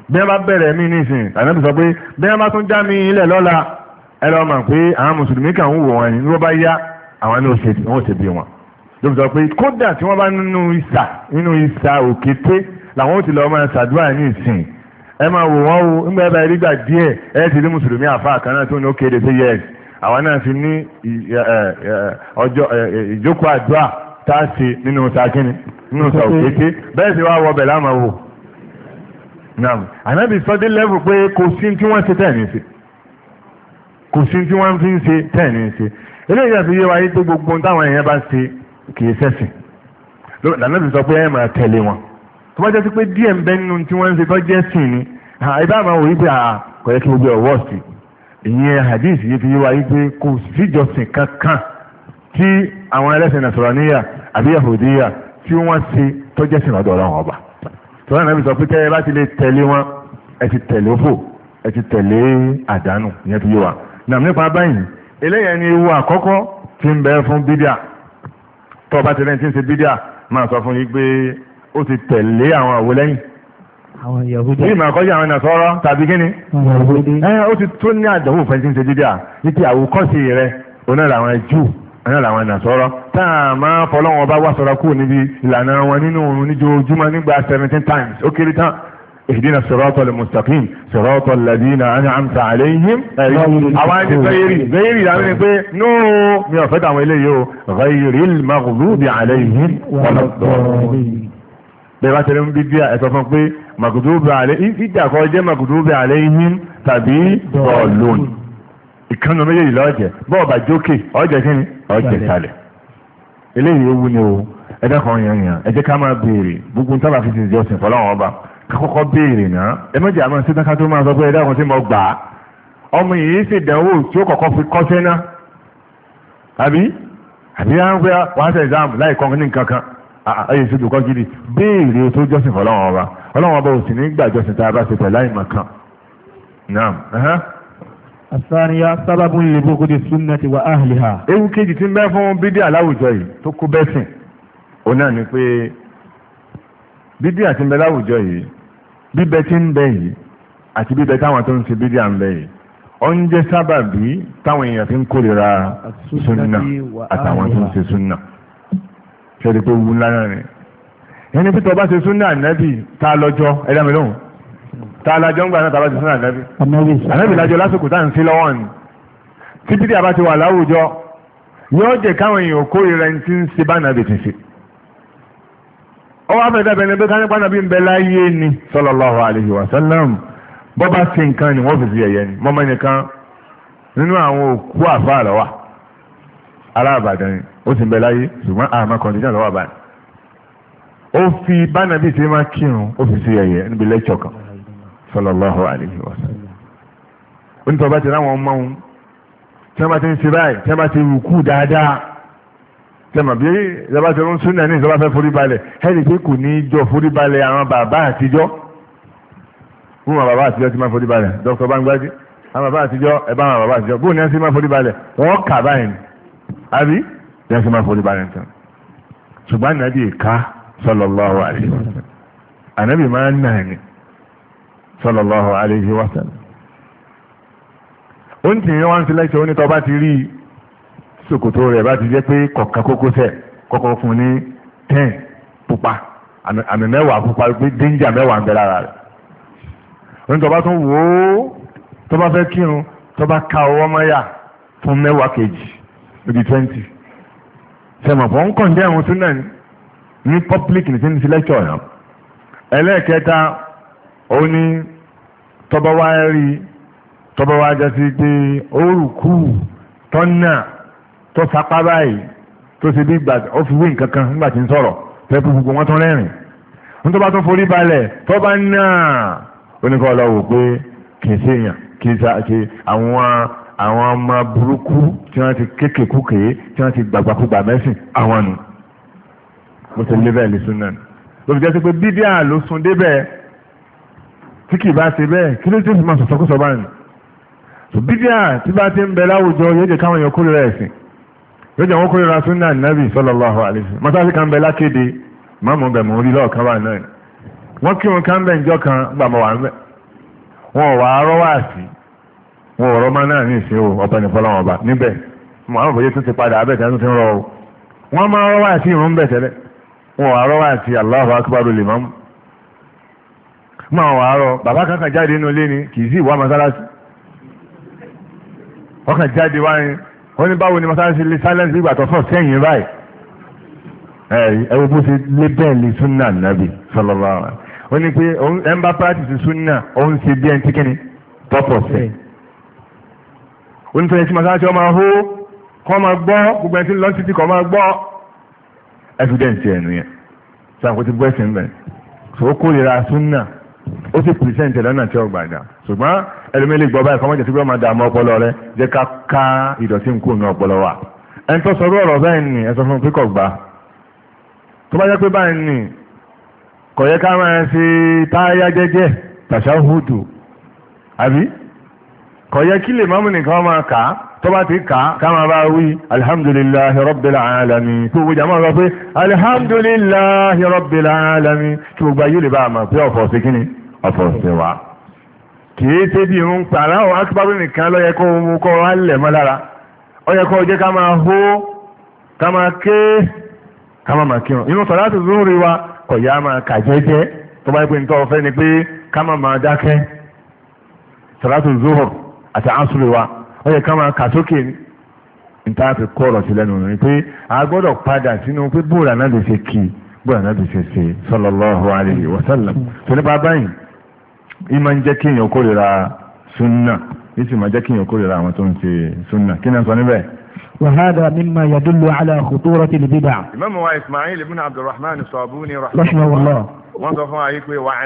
bí wọ́n bá bẹ̀rẹ̀ mí nísìn ànábì sọ pé bí wọ́n bá tún já mi ilẹ̀ lọ́la ẹ lọ mọ̀ pé àwọn mùsùlùmí kan ń wò wọ́n yìí ló bá yá àwọn ní wọ́n ṣe bí wọn ló sọ pé kódà tí wọ́n bá nínú ìsà nínú ìsà òkété làwọn ó ti lọ́ọ́ máa ṣàdúrà ní ìsìn ẹ máa wò wọ́n o nígbà bá rí gbà díẹ̀ ẹ ti rí mùsùlùmí àfáà kan náà tó ní ó kéde sí yẹ àwọn náà fi ní ọjọ́ ìjókòó àdúrà tá a ṣe nínú ìsà kíni nínú ìsà òkété bẹ́ẹ̀ sì wá wọ náà ànábì sọdí lẹ́bù pé kò sí tí wọ́n ṣe tẹ̀lé ṣe kò sí tí wọ́n fi ń ṣe tẹ̀lé ṣe eléyìí àti yé wa yé tó gbogbo táwọn èèyàn bá ṣe kì í ṣẹ̀sìn ànábì sọ pé ẹ máa tẹ̀lé wọn tó bá jẹ́ sí pé díẹ̀ ń bẹ nínú tí wọ́n ń ṣe tó jẹ́ ni ìbá àmà wò wípé kò yẹ kí gbogbo ẹ̀ wọ́ sí ìyẹn hadith yìí fi yé wa yé pé kò síjọsìn kankan tí àwọn ẹlẹ́sìn nàṣọ̀rọ̀ níyà àbí yahudiya tí wọ́n ṣe tó jẹ́ ọ̀dọ̀ ọ̀rọ̀ ọba tó náà nàbí sọ pé tẹ́ ẹ bá ti lè tẹ̀lé wọn ẹ ti tẹ̀lé òfò ẹ ti tẹ̀lé àdánù ìyẹn fi yé wa nàmú nípa báyìí eléyẹn ni ewu àkọ́kọ́ ti ń bẹ fún bídíà tó bá ti lẹ́yìn tí ń ṣe bídíà máa sọ fún yín pé ó ti tẹ̀lé àwọn àwo lẹ́yìn ní ìmọ̀ àkọ́jú àwọn nàṣọ́rọ́ tàbí kíni ó ti tún ní àdánwò fẹ́ tí ń ṣe bídíà ní ti àwòkọ́sí rẹ̀ onára àwọn Júù náà làwọn nàṣọ́rọ́ tá a máa fọlọ́wọn bá wá sọ́ra kúrò níbi ìlànà wọn nínú òun níjojúmọ́ nígbà seventeen times ó kéré tán اهدنا الصراط المستقيم صراط الذين انعمت عليهم اوان غير غير يعني بي نو مي فتا ويليو غير المغضوب عليهم ولا الضالين bẹ́ẹ̀ bá tẹ̀lé ń bí díà ẹ̀sọ́ fún pé màgùdúbẹ̀ àlẹ́ ìjà kọ́ jẹ́ màgùdúbẹ̀ àlẹ́ yìí tàbí ìkànnà méjèèjì lọ́jẹ̀ bọ́ọ̀bà jókè ọ̀jẹ̀ kí ni ọ̀jẹ̀ kalẹ̀ eléyìí ewu ni o ẹ̀dá kan yàn yàn ẹ jẹ́ ká máa béèrè gbogbo tábà fi ṣe ìjọsìn fọlọ́wọ́n ọba kakọ́kọ́ béèrè náà ẹ méjì àmọ́ sí dáká tó máa sọ pé ẹ̀dá kan tí mo gbà á ọmọ yìí ṣe ìdánwò tí ó kọ́kọ́ fi kọ́ṣẹ́ náà àbí àbí á ń pẹ́ wàá ṣe exam láì kọ́ ní nǹkan kan ayé ìṣèjú kọ́ gidi béèrè tó jọ́sìn fọlọ́wọ́n ọba ọlọ́wọ́n ọba ò sì ní gbà jọ́sìn tá a bá ṣe pẹ̀lú àìmọ̀ kan náà àsáníyá sábàbù ń lè bókó de súnnàtì wa áhìlìhà. ewu kejì tí ń bẹ fún bídíà láwùjọ yìí tó kó bẹ́sìn òun náà ni pé bídíà tí ń bẹ láwùjọ yìí bíbẹ tí ń bẹ yìí àti bíbẹ táwọn tó ń ṣe bídíà ń bẹ yìí ó ń jẹ́ sábàbí táwọn èèyàn fi ń kórìíra súnnà àtàwọn tó ń ṣe súnnà ṣe é di pé wu ńlá ni ẹni pé tó bá ṣe súnnà ànábì tá a lọ́jọ́ ẹ̀dá mi lóhùn tààlájọ́ ń gbà náà tàbá ti sún ànábì ànábì lájọ lásìkò tá à ń sí lọ́wọ́ ni títí tí a bá ti wà láwùjọ yóò jẹ káwọn èèyàn ń bá ànábì ti ṣe ọwọ́ afẹ́dá bẹni pé kánípa ànábì ń bẹ láyé ni sallallahu alaihi wa sallam bọ́ bá nǹkan ni wọ́n fi ẹ̀yẹ ni mọ́mọ́ nìkan nínú àwọn òkú àfa àlọ́wà aláàbàdàn ni ó sì ń bẹ láyé ṣùgbọ́n lọ́wọ́ ó fi bá ànábì ti máa kírun ó fi ẹ̀yẹ níbi sallallahu alayhi wa sallam onítọ̀ bá ti ráwọn ọmọ wọn tí wọ́n bá ti ń ṣe báyìí tí wọ́n bá ti rùkú dáadáa tẹmọ̀ bí ìjọba ti rún súnà ní ìjọba fẹ́ forí balẹ̀ ẹni pé kò ní í jọ forí balẹ̀ àwọn bàbá àtijọ́ fún àwọn bàbá àtijọ́ ti máa forí balẹ̀ dr bangbadi àwọn bàbá àtijọ́ ẹ bá àwọn bàbá àtijọ́ bóun ni wọ́n ti máa forí balẹ̀ wọ́n kà báyìí ni àbí ni wọ́n ti máa forí balẹ̀ ṣùgbọ́n ànábì ìka sallallahu alaihi wasallam ànábì máa ń nà ní sallallahu alayhi wa sallam ó ń tì í wọ́n fi lẹ́sẹ̀ ó ní tọ́ bá ti rí ṣòkòtò rẹ̀ bá ti jẹ́ pé kọ̀ọ̀kan kókó sẹ̀ kọ́kọ́ fún ní ten pupa àmì mẹ́wàá pupa pé dénjà mẹ́wàá ń bẹ lára rẹ̀ ó ní tọ́ bá tún wò ó tọ́ bá fẹ́ kírun tọ́ bá ka fún mẹ́wàá kejì níbi twenty sẹ̀mọ̀pọ̀ ń kàn jẹ́ ìrun tún ní public ní ti ń fi ẹlẹ́ẹ̀kẹta ó ní tọba wá rí tọba wá jẹ́ sí pé oòrùn kú tọ́nà tó sapá báyìí tó ṣe bí ìgbà ó fi wé nǹkan kan nígbà tí ń sọ̀rọ̀ fẹ́ẹ́ gbogbo wọn tán rẹ́rìn ń tọ́ba tó forí balẹ̀ tọ́ba náà oníkọ́ ọlọ́wọ́ pé kì í ṣèyàn kì í ṣe àwọn àwọn ọmọ burúkú tí wọ́n ti kékèkúkè tí wọ́n ti gbàgbàkúgbà mẹ́sìn àwọn nù mo ti lé bẹ́ẹ̀ lè sún náà ló fi jẹ́ sí pé bídíà ló débẹ̀ tí kì bá ṣe bẹ́ẹ̀ kí ló tí ó fi máa sọ̀sọ́kúsọ bá ní bídíà tí bá ti ń bẹ láwùjọ yóò jẹ káwọn èèyàn kórìíra ẹ̀sìn yóò jẹ wọn kórìíra súnà nàbì sallallahu alaihi wasallam mọ́sáàsì kan bẹ lákéde máàmù kan bẹ̀ kan gbà wà ń bẹ̀ wọn ò rọ́ wá sí wọn ò rọ́ náà ní ìṣe o ọ̀pẹ nìfọ́lá wọn bá níbẹ̀ àwọn òfòye tún ti padà abẹ́ tẹ́lẹ̀ tún ti ń rọ o wọ́n máa rọ́ wá Allahu máa wà á rọ bàbá kankan jáde nínú ilé ni kì í sí ìwà mọ́sálásí wọ́n jáde wá ní wọ́n ní báwo ni mọ́sálásí lè silence ìgbà tó fọ́ sẹ́yìn báyìí ẹ̀rọ bó ṣe lé bẹ́ẹ̀ lè súnà nàbì sallallahu alaihi ó ní pé ẹ̀ ń bá practice súnà òun ṣe bí ẹni tí kìíní tọ́pọ̀ sẹ́yìn onífẹ̀ẹ́ tí masáàtì ọmọ ahó kọ́ máa gbọ́ gbogbo ẹni tí lọ títí kọ́ máa gbọ́ evidence ẹ̀nu yẹn sàkóso gbẹ́sìn bẹ́ẹ̀ so ó kórìíra súnà ó sì pìrìsẹ́ǹtì lọ́nà tí ó gbà dà ṣùgbọ́n ẹlòmílì gbọ́ báyìí kọ́mọ́jẹ̀ sígbọ́n máa dààmú ọpọlọ rẹ jẹ́ ká ká ìdọ̀tí ń kúrò ní ọpọlọ wa ẹni tó sọ ọ̀rọ̀ báyìí ni ẹ sọ fún píkọ̀ gbà tó bá jẹ́ pé báyìí ni kò yẹ ká máa ṣe táyà jẹ́jẹ́ tàṣà tó bá ti kà á ká máa bá wí alhamdulillahi rabbil alamin kí gbogbo jàmọ́ sọ pé alhamdulillahi rabbil alamin kí gbogbo ayé lè bá a mọ̀ pé ọ̀fọ̀ sí kíni ọ̀fọ̀ sí wa kì í ṣe bí irun pa aláwọ̀ akíbábí nìkan ló yẹ kó mú kó wá lẹ̀ mọ́ lára ó yẹ kó jẹ́ ká hó ká ké ká máa kírun inú sọ̀rọ̀ láti zúrí wa kọ̀ yá máa kà jẹ́jẹ́ tó bá yẹ nítorí ọ̀fẹ́ ni pé ká máa dákẹ́ sọ̀rọ̀ láti zúhùr àti àṣùrì wa ó yẹ ká máa kà sókè ní níta fi kọ́ ọ̀rọ̀ sí lẹ́nu ni pé a gbọ́dọ̀ padà sínú pé bóòrà náà lè ṣe kí bóòrà náà lè ṣe ṣe sallallahu alaihi wasallam tó nípa báyìí ìmọ̀ ń jẹ́ kí èèyàn kórìíra súnà ìsì máa jẹ́ kí èèyàn kórìíra àwọn tó ń ṣe súnà kí náà sọ níbẹ̀. وهذا مما يدل على خطورة البدع. إمام إسماعيل بن عبد الرحمن الصابوني رحمه الله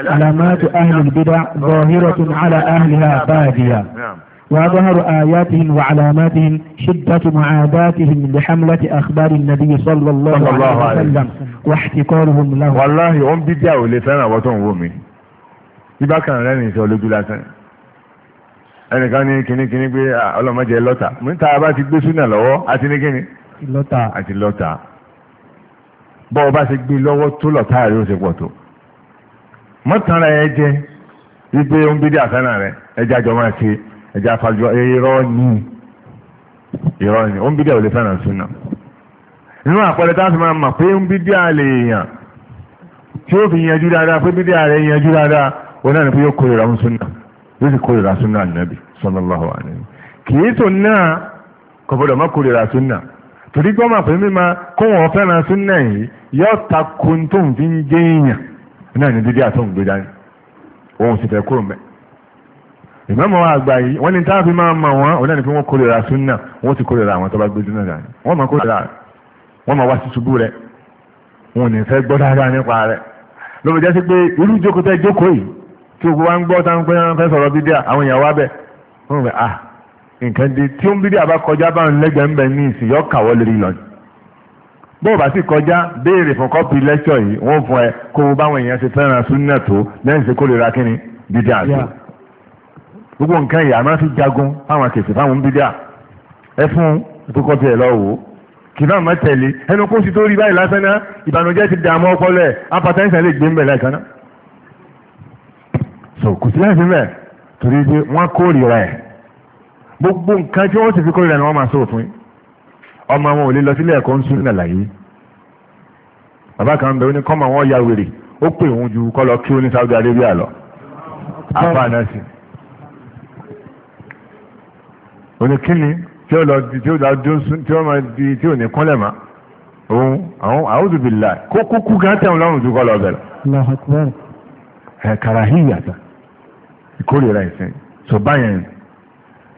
علامات أهل البدع ظاهرة على أهلها بادية. نعم وظهر آياتهم وعلاماتهم شدة معاداتهم لحملة أخبار النبي صلى الله, صلى الله عليه وسلم واحتقارهم له والله هم بدعوا لسنة وطن ومي ibá kan rẹ̀ ní ìṣẹ́ olójú lásán ẹnìkan ní kínníkínní pé ọlọ́mọdé lọ́ta mú ta bá ti gbé súnà lọ́wọ́ àti ní kínní lọ́ta àti lọ́ta bọ́ ọ bá ti gbé lọ́wọ́ tó lọ́ta rẹ̀ ó ṣe pọ̀ tó mọ́tàn rẹ̀ ẹ jẹ́ wípé ó ń bídí àsánà rẹ̀ ẹ jẹ́ àjọ máa ṣe ẹja fàjọ irọ́ ní irọ́ ní ó ń bídíà ò lè fẹ́ràn súnà nínú àpẹẹrẹ tá a fi máa mọ̀ pé ń bídíà lè yàn tí ó fi yanjú dáadáa pé bídíà rẹ̀ yanjú dáadáa ó náà ní pé yóò kórìíra ń súnà yóò sì kórìíra súnà nàbì sallallahu alaihi kìí tó náà kò gbọdọ̀ má kórìíra súnà torí gbọ́n máa pè mí máa kó wọn fẹ́ràn súnà yìí yóò takun tó ń fi ń jẹ́ èèyàn náà ní bídíà tó ń gbé dání òun sì fẹ́ kúrò mẹ́ ìmọ̀mọ̀ wa àgbà yìí wọ́n ní tá a fi máa mọ̀ wọ́n òun náà ni pé wọ́n kórìíra súnà wọ́n ti kórìíra àwọn tó bá gbé súnà dání wọ́n máa kórìíra wọ́n máa wá sí ṣubú rẹ̀ wọn ò ní fẹ́ gbọ́ dáadáa nípa rẹ̀ lóbi jẹ́ sí pé irú ìjókòó tẹ́ jókòó yìí tí o wá ń gbọ́ tá ń pẹ́ fẹ́ sọ̀rọ̀ bídíà àwọn èèyàn wá bẹ̀ wọ́n rẹ̀ ah nǹkan di tí ó ń bídíà bá kọjá bá ń lẹ́gbẹ̀ẹ́ ń bẹ̀ ní ìsìn yọ kàwọ́ lórí lọ́nà bó o bá sì kọjá béèrè fún kọ́pì lẹ́tọ̀ yìí wọ́n fún ẹ kó o báwọn èèyàn ṣe fẹ́ràn súnà tó lẹ́yìn sí kó lè ra kíni bídíà tó gbogbo nǹkan yìí àmọ́ fi jagun fáwọn kèsì fáwọn bídíà ẹ fún ìtòkọ́ tiẹ̀ lọ wò ó kì náà má tẹ̀lé ẹnu kó sì tó rí báyìí lásán náà ìbànújẹ́ ti dààmú ọpọlọ ẹ̀ apatẹ́sán lè gbé ń bẹ̀ lẹ́ẹ̀kan náà so kò sí láti mẹ́ torí pé wọ́n kórìíra ẹ̀ gbogbo nǹkan tí wọ́n sì fi kórìíra ni wọ́n máa sọ òfin ọmọ wọn ò lè lọ sílé ẹ̀kọ́ ń sún nàlàyé bàbá kan bẹ ó ní kọ́mọ wọn ya wèrè ó pè òun ju kọ́ kí ó ní Saudi Arabia lọ àpá náà sí oníkíni tí ó lọ di tí ó lọ dún tí ó máa di tí ò ní kúnlẹ̀ mọ́ òun àwọn a'udhu billahi kó kúkú gan tẹ̀wọ̀n lọ́rùn tó kọ́ lọ bẹ̀rẹ̀. ẹ̀ kàràhìn yàtọ̀ ìkórìíra ìsìn so báyẹn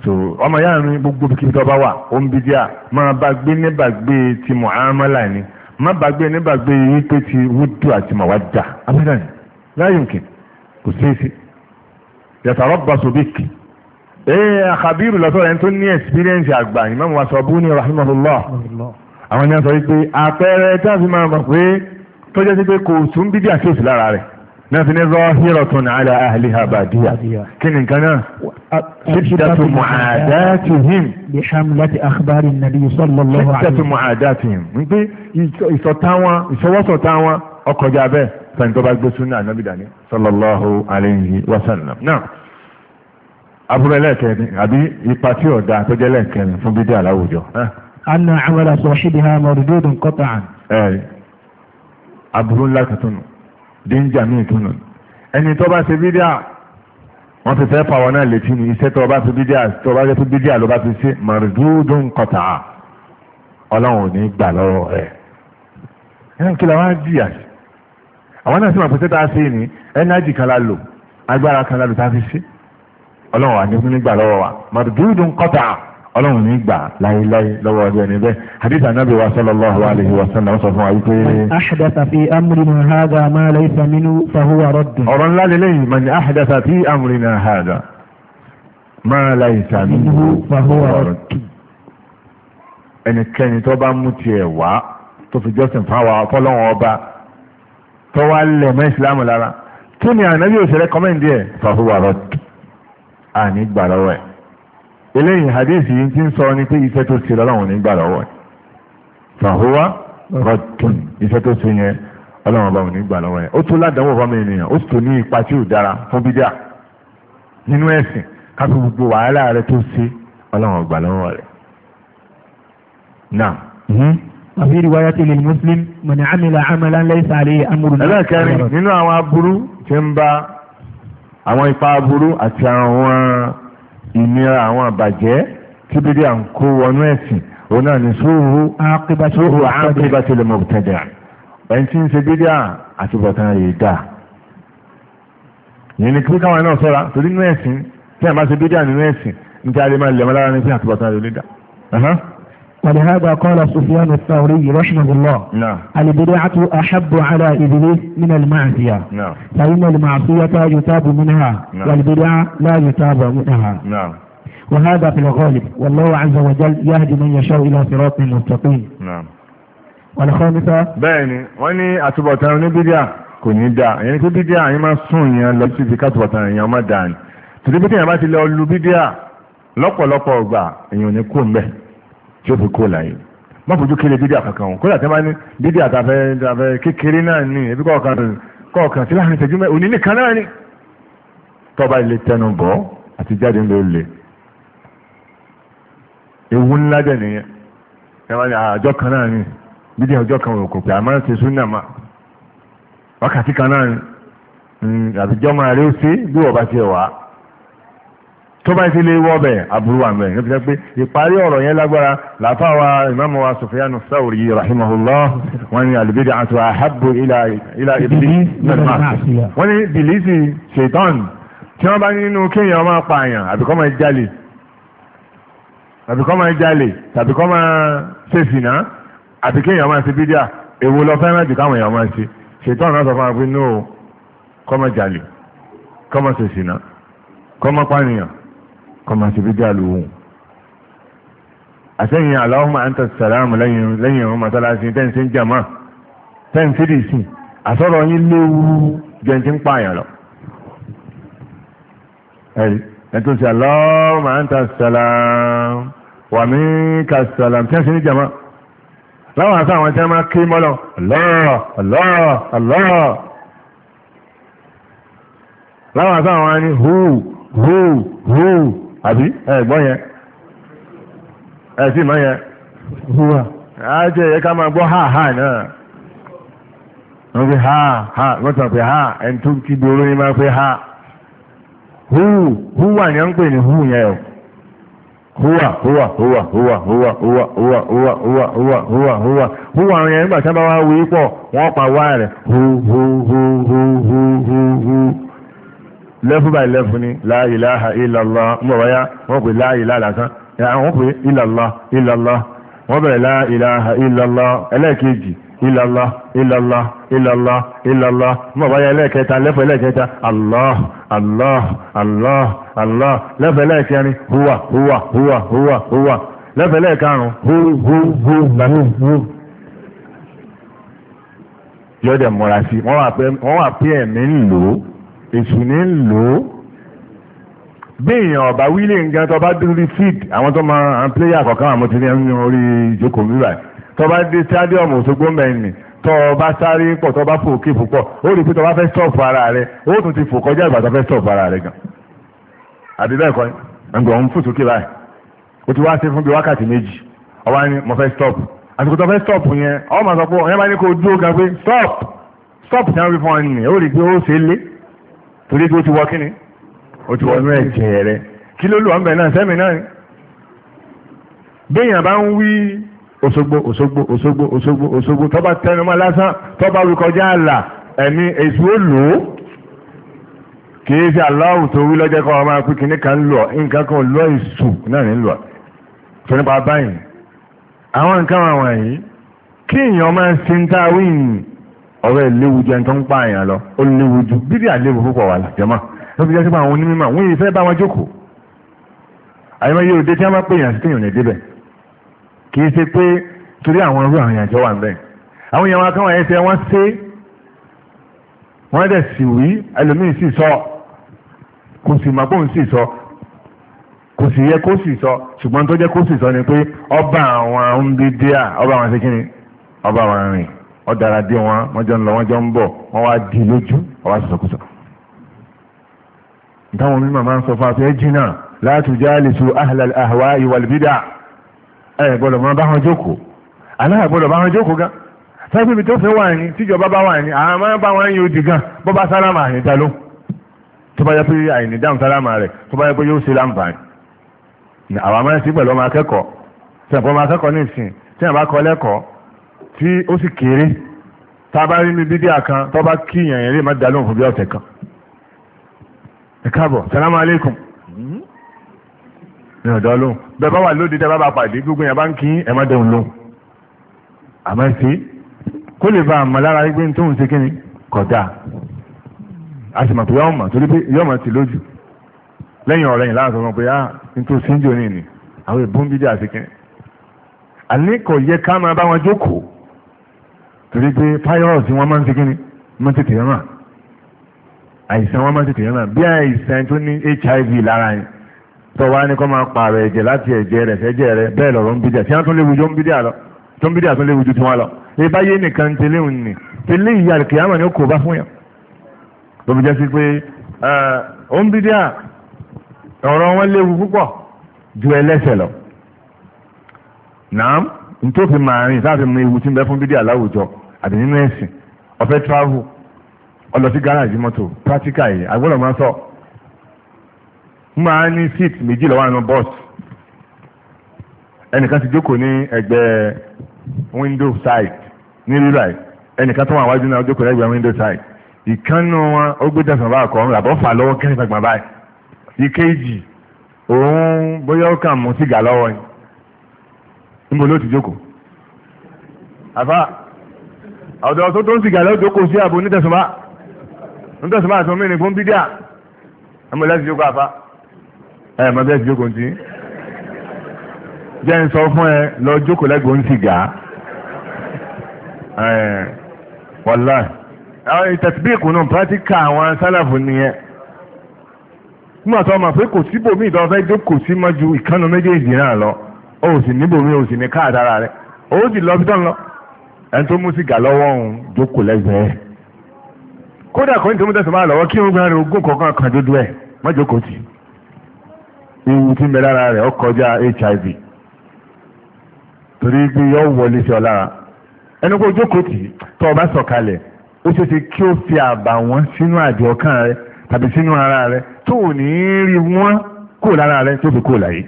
so ọmọ yára ní gbogbo bí kíbi tó bá wà ó ń bí díà máa bá gbé nígbàgbé ti mu'amala ni má bá gbé nígbàgbé wípé ti wúdú àti mawadda abẹ́rẹ́ ni láyé òkè kò sí èsì yàtọ̀ rọ́bà sobíkì ee eh, àkàbírù lọ́sọ̀rọ̀ ẹni tó ní ẹ̀sìpírẹ́ǹsì àgbà ni mọ́mú wa sọ bú ní rahimahullah àwọn ènìyàn sọ wípé àpẹẹrẹ tí a fi máa mọ̀ pé tó jẹ́ sí pé kò sún bíbí àṣeòsì lára rẹ̀ náà fi ní zahiratun ala ahliha badiya kí ni nǹkan náà ṣíṣàtú mu'adatihim bi hamlati akhbari nabi sallallahu aburú ẹlẹ́ẹ̀kẹ́ni àbí ipa tí ọ̀dà tó jẹ́ lẹ́ẹ̀kẹ́ni fún bídí aláwùjọ. Ah. anna amala sahibiha mardudun qat'an. ẹ aburú ńlá tuntun díńjà míì tuntun ẹni tó bá ṣe bídí à wọ́n ti fẹ́ pàwọ́ náà létí ni iṣẹ́ tó bá fi bídí à tó bá jẹ́ tó bídí à ló bá fi ṣe mardudun qat'an ọlọ́run ò ní gbà lọ́wọ́ rẹ̀ ẹni kí la wá jìyà sí àwọn náà sì mọ̀ pé tẹ́tà ṣe ni ẹnájì kan la agbára kan la tá a fi ṣe ọlọ́run wà ní fún nígbà lọ́wọ́ wa màdùdúdùn kọ́tà ọlọ́run ní gbà láéláé lọ́wọ́ ọdún ẹni bẹ́ẹ̀ hadith anabi wa sallallahu alayhi wa sallam sọ fún wa wípé. ahdasa fi amrina hada ma laysa minhu fahuwa raddun. ọ̀rọ̀ ńlá lélẹ́yìn mà ní ahdasa fi amrina hada ma laysa minhu fahuwa raddun. ẹnikẹ́ni tó bá mú tiẹ̀ wá tó fi jọ́sìn fáwa fọlọ́wọ́n ọba tó wá lẹ̀ mọ́ ìsìlámù lára kí ni ànábì òṣèré kọ́mẹ́ndì ẹ̀ fahuwa raddun. àní gbà e. ẹ̀ hadithi yìí ń sọ ni pé iṣẹ́ tó ṣe lọ́wọ́ ní gbà ẹ̀ fàhùwà rọ̀tún iṣẹ́ tó ṣe yẹn ọlọ́wọ́n bá wọn ní ẹ̀ ó tó ènìyàn ó sì tó ní ipa tí ò dára fún bídà nínú ẹ̀sìn káfí gbogbo wàhálà rẹ tó ṣe ọlọ́wọ́n mhm. muslim ẹlẹ́kẹ̀rin nínú àwọn aburú tí ń bá àwọn ipa aburú àti àwọn ìnira àwọn àbàjẹ́ tí bídí à ń kó wọnú ẹ̀sìn òun náà ní sóòhù sóòhù àákébátìlẹ̀ mọ̀tẹ́dẹ̀ ẹni tí ń ṣe bídí à àti bọ̀tán rèé dà yìí ni kí káwọn náà sọ́ra torí nínú ẹ̀sìn tí a máa ṣe bídí à nínú ẹ̀sìn ní kí a lè máa lẹ̀mọ́ lára ní pé àtúbọ̀tán rèé dà. ولهذا قال سفيان الثوري رحمه الله نعم البدعة أحب على إبليس من المعصية نعم فإن المعصية يتاب منها نعم والبدعة لا يتاب منها نعم وهذا في الغالب والله عز وجل يهدي من يشاء إلى صراط مستقيم نعم والخامسة بẹ́ẹ̀ni wọ́n ní àtúbọ̀tán oníbídíà kò ní dáa ẹni tó bídíà yìí máa sún yẹn lọ sí ibi kátùbọ̀tán èèyàn má dáa ni tòdí bí téèyàn bá ti lọ lu bídíà tí ó fi kó láyé má fojú kéré bídíà kankan wọn kódà tí wọn bá ní bídíà tàfẹ tàfẹ kékeré náà ní ebi kọ̀ọ̀kan kọ̀ọ̀kan tí láàrin ìṣẹ́jú mẹ́rin òní nìkan náà ni tọ́ba ilé tẹnu bọ̀ àti jáde ló le ewu ńlá dẹ̀ nìyẹn ẹ wá ní àjọ kan náà ni bídíà ọjọ́ kan kò pé àmọ́ ti sún náà má wákàtí kan náà ni àbíjọ́ máa rí ó sí bí wọ́n bá ti wà á tó bá ti lè wọ bẹ̀ aburú wà mẹ́ nípa pé ìparí ọ̀rọ̀ yẹn lágbára làáfà wa ìmáàmù wa Sufyanu Thawri rahimahullah wọ́n ní al-bid'atu ahabbu ila ila iblis wọ́n ní bìlísì ṣètọ́n tí wọ́n bá ní nínú kéèyàn máa pa àyàn àbí kó máa jalè àbí kó máa jalè tàbí kó máa ṣe kéèyàn máa ṣe bídíà èwo lọ fẹ́ràn jù káwọn èèyàn máa ṣe ṣètọ́n náà sọ fún wa pé no kó máa jalè kó máa ṣe sìnà máa pànìyàn kọmọ sí bí dàlú wọn àsẹ́yìn Allahumma anta sàlámù lẹ́yìn ọmọ mọ́sálásí tẹ́ǹsí jama tẹ́ǹsí dì sí àsọ̀rọ̀ yín léwu jẹ́ǹtí ń pààyàn lọ ẹ̀tún sí Allahumma anta sàlámù wa minka sàlámù tẹ́ǹsí ní jama láwọn àṣà àwọn tí wọ́n máa kí mọ́lọ Allah Allah láwọn àṣà àwọn ni hù hù hù àbí ẹ̀gbọ́n yẹn ẹ̀sìn mọ́ yẹn húwà ààjẹ́ ẹ̀yẹ ká máa gbọ́ ha ha náà wọ́n fi ha ha wọ́n tàn pé ha ẹni tó kí dúró ní máa pé ha húù ni wọ́n ń pè ní húù yẹn o húwà húwà húwà húwà húwà húwà húwà húwà húwà húwà húwà húwà húwà àwọn yẹn nígbà tí wọ́n bá wá wí pọ̀ wọ́n pa wá rẹ̀ lẹ́fún báyìí lẹ́fún ní la ilaha illallah mọ̀wáyá wọ́n pè la ilaha lásán àwọn pè illallah illallah wọ́n bẹ̀rẹ̀ la ilaha illallah ẹlẹ́ẹ̀kejì illallah illallah illallah illallah mọ̀wáyá ẹlẹ́ẹ̀kẹta lẹ́fún ẹlẹ́ẹ̀kẹta allah allah allah allah lẹ́fún ẹlẹ́ẹ̀kẹrin huwa huwa huwa huwa huwa lẹ́fún ẹlẹ́ẹ̀karùn hu hu hu hu yọ́dẹ̀ mọ̀ra sí wọ́n wà pé ẹ̀mí ń lò ó èṣù ní ń lò ó bí èèyàn ọ̀bá wílé nǹkan tó bá dúró fíìd àwọn tó máa àwọn pléyà kọ̀ọ̀kan àmọ́ ti ní ẹnu orí ìjókòó mìíràn tó bá dé stadium Òṣogbo mẹ́rin tó bá sáré pọ̀ tó bá fò òkè púpọ̀ ó rí i pé tó bá fẹ́ stọ̀pù ara rẹ̀ ó tún ti fò kọjá ìgbà tó fẹ́ stọ̀pù ara rẹ̀ gan àbí bẹ́ẹ̀ kọ́ ẹ̀ǹgbọ̀n ń fò sókè báyìí ó ti wá sí fún bí wákàtí méjì ó wá ní mo fẹ́ stọ̀pù àsìkò tó fẹ́ stọ̀pù yẹn ọ máa sọ pé ọ̀yẹ́ máa ní kó dúró gan pé stop. stọ̀pù tí wọ́n fi fún ọ nìyẹn ó rí i pé ó ṣe é lé torí pé ó ti wọ kíni ó ti wọ inú ẹ̀jẹ̀ rẹ kí ló lù ọ́ mbẹ̀ náà sẹ́mi náà ni béèyàn bá ń wí Òṣogbo Òṣogbo Òṣogbo Òṣogbo Òṣogbo tó bá tẹnumọ́ lásán tó bá wí kọjá àlà ẹ̀mí èṣù ó lò ó kìí ṣe aláwù tó wí lọ́jẹ́ kọ́ ọmọ akú kìíní kan lọ nǹkan kan lọ ìṣù náà ní lọ tó nípa báyìí àwọn nǹkan àwọn yìí kí èèyàn máa ń tá a ọ̀rọ̀ ìléwu jẹ́ nǹkan ń pa àyàn lọ ó léwu ju bíbí àléwu púpọ̀ wà lájọ́mọ́ ló fi jẹ́ sí pé àwọn onímọ̀ wọ́n ìfẹ́ bá wọn jókòó àyẹ̀mọ́ yóò dé tí wọ́n bá pè yàn sí kéèyàn lè débẹ̀ kì í ṣe pé torí àwọn irú àwọn àjọ wà bẹ́ẹ̀ àwọn èèyàn wọn káwọn ẹsẹ̀ wọn ṣe wọ́n dẹ̀ sì wí ẹlòmíì sì sọ kò sì mọ̀ bóun sì sọ kò sì yẹ kó sì sọ ṣùgbọ́n tó jẹ́ kó sì sọ ni pé ọba àwọn ń bí díà ọba àwọn ṣe kí ni ọba àwọn rìn ọ̀dàrà dé wọn wọ́n jọ ń lọ wọ́n jọ ń bọ̀ wọ́n wá di lójú ọwá sọ̀sọ̀kùsọ̀ táwọn mímọ̀ máa ń sọ fún afẹ́ jìnnà láti jálìsù ahlal ahwa wal bid'ah ẹ̀ gbọ́dọ̀ máa bá wọn jókòó aláà gbọ́dọ̀ bá wọn jókòó gan sábẹ́ ibi tó fẹ́ wà ní tíjọba bá wà ní àwọn máa bá wọn yóò di gan bọ́ bá sálámà àyíndá ló tó bá yẹ pé àyíní dáhùn bá yẹ lẹ́kọ̀ọ́ tí ó sì kéré tá a bá rí ní bídíà kan tó bá kí yàn yẹn lè má dalóhùn fún bí ọ̀sẹ̀ kan ẹ káàbọ̀ salamu aleykum ní ọ̀dọ́ lóhùn bẹ́ẹ̀ bá wà lóde tẹ́ bá bá pàdé gbogbo yẹn bá ń kín ẹ̀ má dẹ̀hùn lóhùn àmọ́ sí kó lè ba àmọ́ lára gbé tó ń ṣe kí ni kódà a sì mọ̀ pé yọ̀ọ̀mọ̀ torí pé yọ̀ọ̀mọ̀ ti lójú lẹ́yìn ọ̀rẹ́ yìí láàrín ọmọ pé ah, torí pé virus wọn máa ń ṣe kíni máa ń tètè ràn àìsàn wọn máa ń tètè ràn bí àìsàn tó ní HIV lára yẹn tó wá ní kó máa pààrọ̀ ẹ̀jẹ̀ láti ẹ̀jẹ̀ rẹ̀ sẹ́jẹ̀ rẹ̀ bẹ́ẹ̀ lọ̀rọ̀ ń bídíà tí wọ́n tún léwu jọ ń bídíà lọ tó ń bídíà tún léwu ju tiwọn lọ ìbáyé nìkan tẹléhùn ni tẹlé ìyá rẹ̀ kìámà ni ó kò bá fún yàn tó fi jẹ́ sí pé ó ń bídíà ọ̀rọ̀ wọn léwu púpọ̀ ju ẹlẹ́sẹ̀ lọ nàám ntòfin màárín sáà fi ewu tí ń bẹ fún bídíà láwùjọ àbí nínú ẹ̀sìn ọ̀fẹ́ travel ọlọ sí garage mọ́tò practical yìí agbọ́dọ̀ máa sọ máa ní seat méjì lọ́wọ́ àná bus ẹnìkan ti jókòó ní ẹgbẹ́ window side ní rírà ẹnìkan tó wà wájú náà jókòó ní ẹgbẹ́ window side ìkànnù wọn ó gbé dẹ̀sán báà kọ́ ọ́n làbọ́ fà lọ́wọ́ kẹ́rin gbàgbà báyìí ìkejì òun bóyá ó kàn mú sìgá lọ́wọ́ ni níbo ló ti jókòó àfa ọ̀dọ̀ tó tó ń sìgá lọ́dọ̀ kò sí àbò nítẹ̀sùmá nítẹ̀sùmá àti omi nìkún bídíà ẹmọ ilẹ̀ ìjókòó àfá ẹ mọ bí ẹ ti jókòó ti jẹ́ ń sọ fún ẹ lọ jókòó lẹ́gbọ̀ọ́ ń sìgá wọ́lá ìtẹ̀síbíìkù náà pírátíkà àwọn sálàfù nìyẹn nígbà tó ọmọ pé kò síbòmí ìdánwọ́fẹ́ jókòó sí mọ́jú ìkànnì méjèèjì náà lọ ó sì níbòmí ó sì ní káàdára rẹ̀ ó sì lọ bí tán lọ ẹni tó mú sìgá lọ́wọ́ òun jókòó lẹ́gbẹ̀ẹ́ kódà kò ní tó mú tẹ̀sán máa lọ́wọ́ kí wọ́n gbọ́n ogún kọ̀ọ̀kan kan dúdú ẹ̀ má jókòó tì ewu tí ń bẹ lára rẹ̀ ó kọjá HIV torí pé yọ wọlé sí ọ lára ẹni kó jókòó tì tó o bá sọ̀kalẹ̀ ó ṣe ṣe kí ó fi àbàwọ́n sínú àjọ ọkàn rẹ tàbí sínú ara rẹ tó ò ní rí wọ́n kó lára rẹ tó fi kó láyé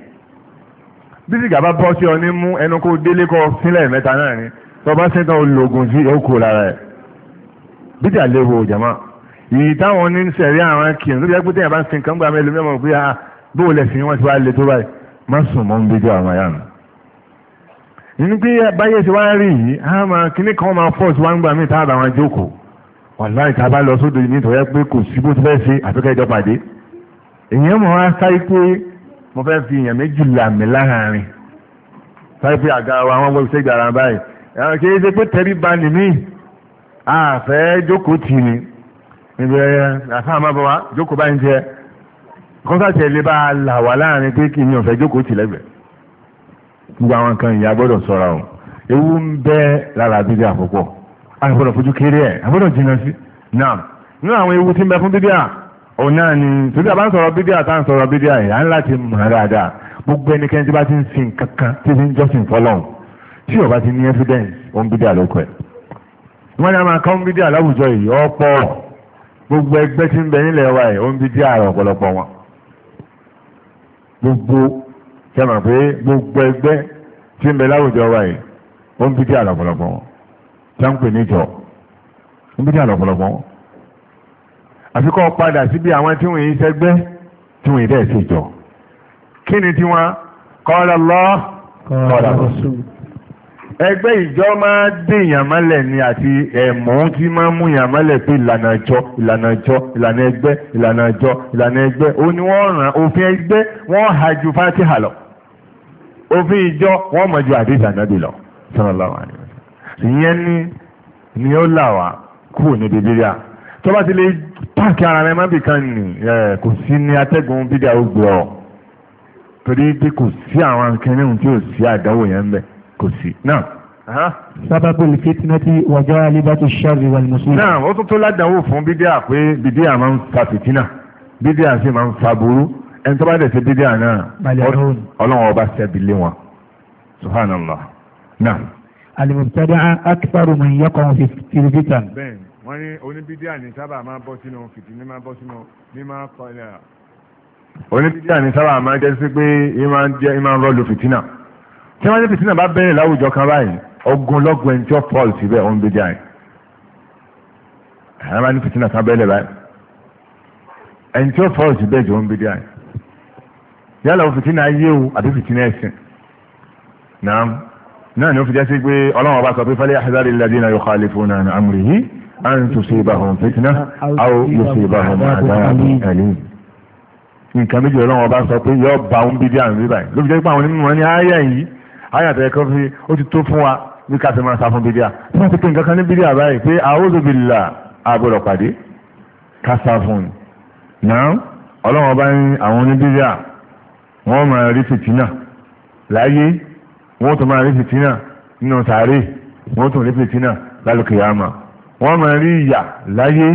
bí sìgá bá bọ́ sí ọ ní mú ẹnu kó délé kọ sílẹ̀ mẹ́ta náà ni tọba sẹ́tàn ológun sí okò lára ẹ̀ bíjà léwo jama yìí táwọn ní sẹ̀rí àwọn kìnnì ló bí ẹgbẹ́ tẹ̀yìn bá ń sin kan gba mẹ́lẹ̀ mẹ́mọ̀ pé ah bó o lẹ̀ sìn wọ́n ti wá lé tó báyìí má sùn mọ́ ń bíjọ àwọn ayánu. nínú pé báyé ti wá rí yìí á máa kíní kan máa fọ́ọ̀sì wá ń gbà mí táàbà wọn jókòó wàlá ìta bá lọ sódò yìí nítorí pé kò sí bó ti fẹ́ ṣe àfikẹ́ ìjọ pàdé èèyàn mọ̀ wá sáré pé mo fẹ́ fi èèyàn méjì làmì láàárín sáré pé àga wa wọn gbọ́ kìí ṣe pé tẹ́rí ba nì mí àfẹ́ jókòó tì ní níbi àfáà máa bọ̀ wá jókòó bá ń jẹ kọ́ńtàtì ẹ̀ lè láàrin pé kí ni ọ̀fẹ́ jókòó tì lẹ́gbẹ̀ẹ́ gbogbo àwọn kan ìyá gbọ́dọ̀ sọ́ra o ewu ń bẹ lára bíbí àkọ́kọ́ àgbọ̀dọ̀ fojú kéré ẹ̀ àgbọ̀dọ̀ jìnnà sí náà nínú àwọn ewu tí ń bẹ fún bíbí à òun náà ni torí àbá ń sọ̀rọ̀ bíbí àtà ń sọ̀rọ̀ bíbí à ìyá ńlá ti mọ̀ dáadáa gbogbo ẹnikẹ́ni tí bá ti ń sin kankan tí ń jọ́sìn fọlọ́hùn tí ó bá ti ní evidence òun bídíà ló kọ ẹ̀ wọ́n ní a máa kọ́ bídíà láwùjọ yìí ọ̀pọ̀ gbogbo ẹgbẹ́ tí ń bẹ nílẹ̀ wa ẹ̀ òun bídíà rẹ̀ ọ̀pọ̀lọpọ̀ wọn gbogbo sẹ́mà pé gbogbo ẹgbẹ́ tí ń bẹ láwùjọ wa ẹ̀ òun bídíà rẹ̀ ọ̀pọ̀lọpọ̀ wọn sáńpẹ̀ níjọ òun bídíà rẹ̀ ọ̀pọ̀lọpọ̀ wọn àfikọ́ padà síbi àwọn tí wọ́n yìí sẹ́gbẹ́ Allah qala Rasul ẹgbẹ́ ìjọ máa dé ìyàmọ́lẹ̀ ni àti ẹ̀mọ́ tí máa mú ìyàmọ́lẹ̀ pé ìlànà ìjọ ìlànà ìjọ ìlànà ẹgbẹ́ ìlànà ìjọ ìlànà ẹgbẹ́ ó ní wọ́n ràn òfin ẹgbẹ́ wọ́n ha ju fatiha lọ òfin ìjọ wọ́n mọ̀ ju àdéhùn ànábì lọ sallallahu alaihi wasallam ìyẹn ni ni ó là wá kú ní bíbélì à tó bá ti lè pààkì ara rẹ mábì kan nì kò sí ní atẹ́gùn bídà ó gbọ́ torí pé kò sí àwọn akẹ́rìnrún kò sí náà. sábàbù fitinati wàjá alibatu sari wal muslim. náà ó tún tó ládàáwò fún bídíà pé bídíà máa ń fa fìtínà bídíà sì máa ń fa burú ẹni tó bá dẹ̀ sí bídíà náà ọlọ́run ọba ṣẹ́bi lé wọn subhanallah náà. alimubtada akifaru man yakun fi filipitan. bẹ́ẹ̀ wọ́n ní oníbídíà ní sábà máa bọ́ sínú fìtínà máa bọ́ sínú ní máa kọ́ ilẹ̀. oníbídíà ní sábà máa jẹ́ sí pé ìmọ̀ rọ́ọ̀lù fìtínà tí wọ́n ní fìtínà bá bẹ̀rẹ̀ láwùjọ kan báyìí ogun lọ́gùn ẹni tí ó paul síbẹ̀ ó ń gbé jáì àwọn máa ní fìtínà kan bẹ̀rẹ̀ báyìí ẹni tí ó paul síbẹ̀ jọ ń gbé jáì yálà ó fìtínà ayé o àbí fìtínà ẹ̀sìn náà náà ni ó fi jẹ́ pé ọlọ́run ọba sọ pé fẹ́lẹ́ àṣẹ́dárí alladhina yukhalifuna an amrihi an tusibahum fitna aw yusibahum adhabun alim nǹkan méjì ọlọ́run ọba sọ pé yọ bá ń bí díà ń rí báyìí ló fi jẹ́ pé àwọn onímọ̀ ní ayé yìí ayàtọ̀ ẹ̀kọ́ fi ó ti tó fún wa ní ká fi máa sá fún bídíà tí wọ́n ti pè nǹkan kan ní bídíà báyìí pé a'udhu billah àbúrò pàdé ká sá fún un náà ọlọ́wọ́n bá ní àwọn oníbídíà wọ́n máa rí fìtínà láyé wọ́n tún máa rí fìtínà nínú sàárè wọ́n tún rí fìtínà lálùkìyàmà wọ́n máa rí ìyà láyé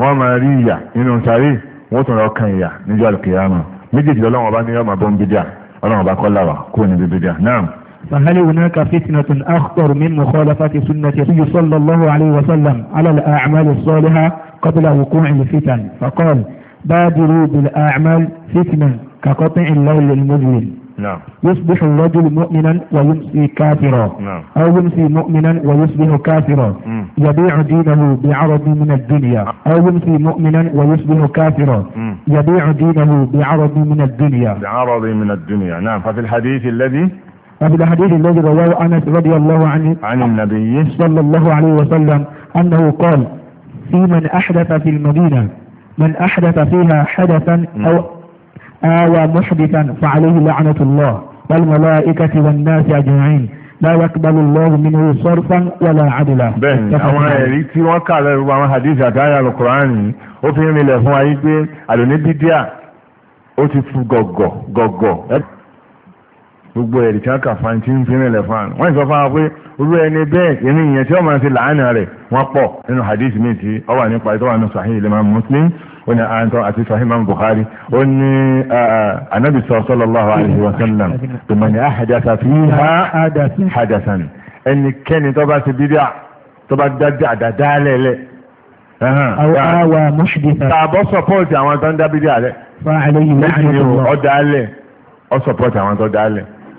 wọ́n máa rí ìyà nínú sàárè wọ́n tún lọ́ọ́ ìyà níjọ́ àlùkìyàmà méjèèjì lọ́wọ́n bá ní ọmọ bọ́m̀bídíà ọlọ́wọ́n bá kọ́ làwà kúrò níbi bídíà náà. فهل هناك فتنة أخطر من مخالفة سنة النبي صلى الله عليه وسلم على الأعمال الصالحة قبل وقوع الفتن فقال بادروا بالأعمال فتنة كقطع الليل المجرم نعم يصبح الرجل مؤمنا ويمسي كافرا نعم أو يمسي مؤمنا ويصبح كافرا م. يبيع دينه بعرض من الدنيا أو يمسي مؤمنا ويصبح كافرا م. يبيع دينه بعرض من الدنيا بعرض من الدنيا نعم ففي الحديث الذي وفي الحديث الذي رواه أنس رضي الله عنه عن النبي صلى الله عليه وسلم أنه قال في من أحدث في المدينة من أحدث فيها حدثا أو آوى محدثا فعليه لعنة الله والملائكة والناس أجمعين لا يقبل الله منه صرفا ولا عدلا bẹ́ẹ̀ni àwọn ẹ̀rí tí wọ́n kà lẹ́rù àwọn hadith àtàyà gbogbo ẹ̀rí tí wọ́n kà fún ti ń fi rìnlẹ̀ fún àná wọ́n sọ fún wa pé olú ẹni bẹ́ẹ̀ ẹni ìyẹn tí wọ́n máa ń ṣe làánà rẹ̀ wọ́n pọ̀ nínú hadith mi tí ó wà nípa ìtọ́wà nínú sahih Imam Muslim ó ní àǹtọ́ àti sahih Imam Bukhari ó ní anabi sallallahu alaihi wa sallam man ahdatha fiha hadathan ẹnikẹ́ni tó bá ti bídíà tó bá dájú àdáda lẹ́lẹ̀ àwọn tó ń dá àwọn tó dá lẹ́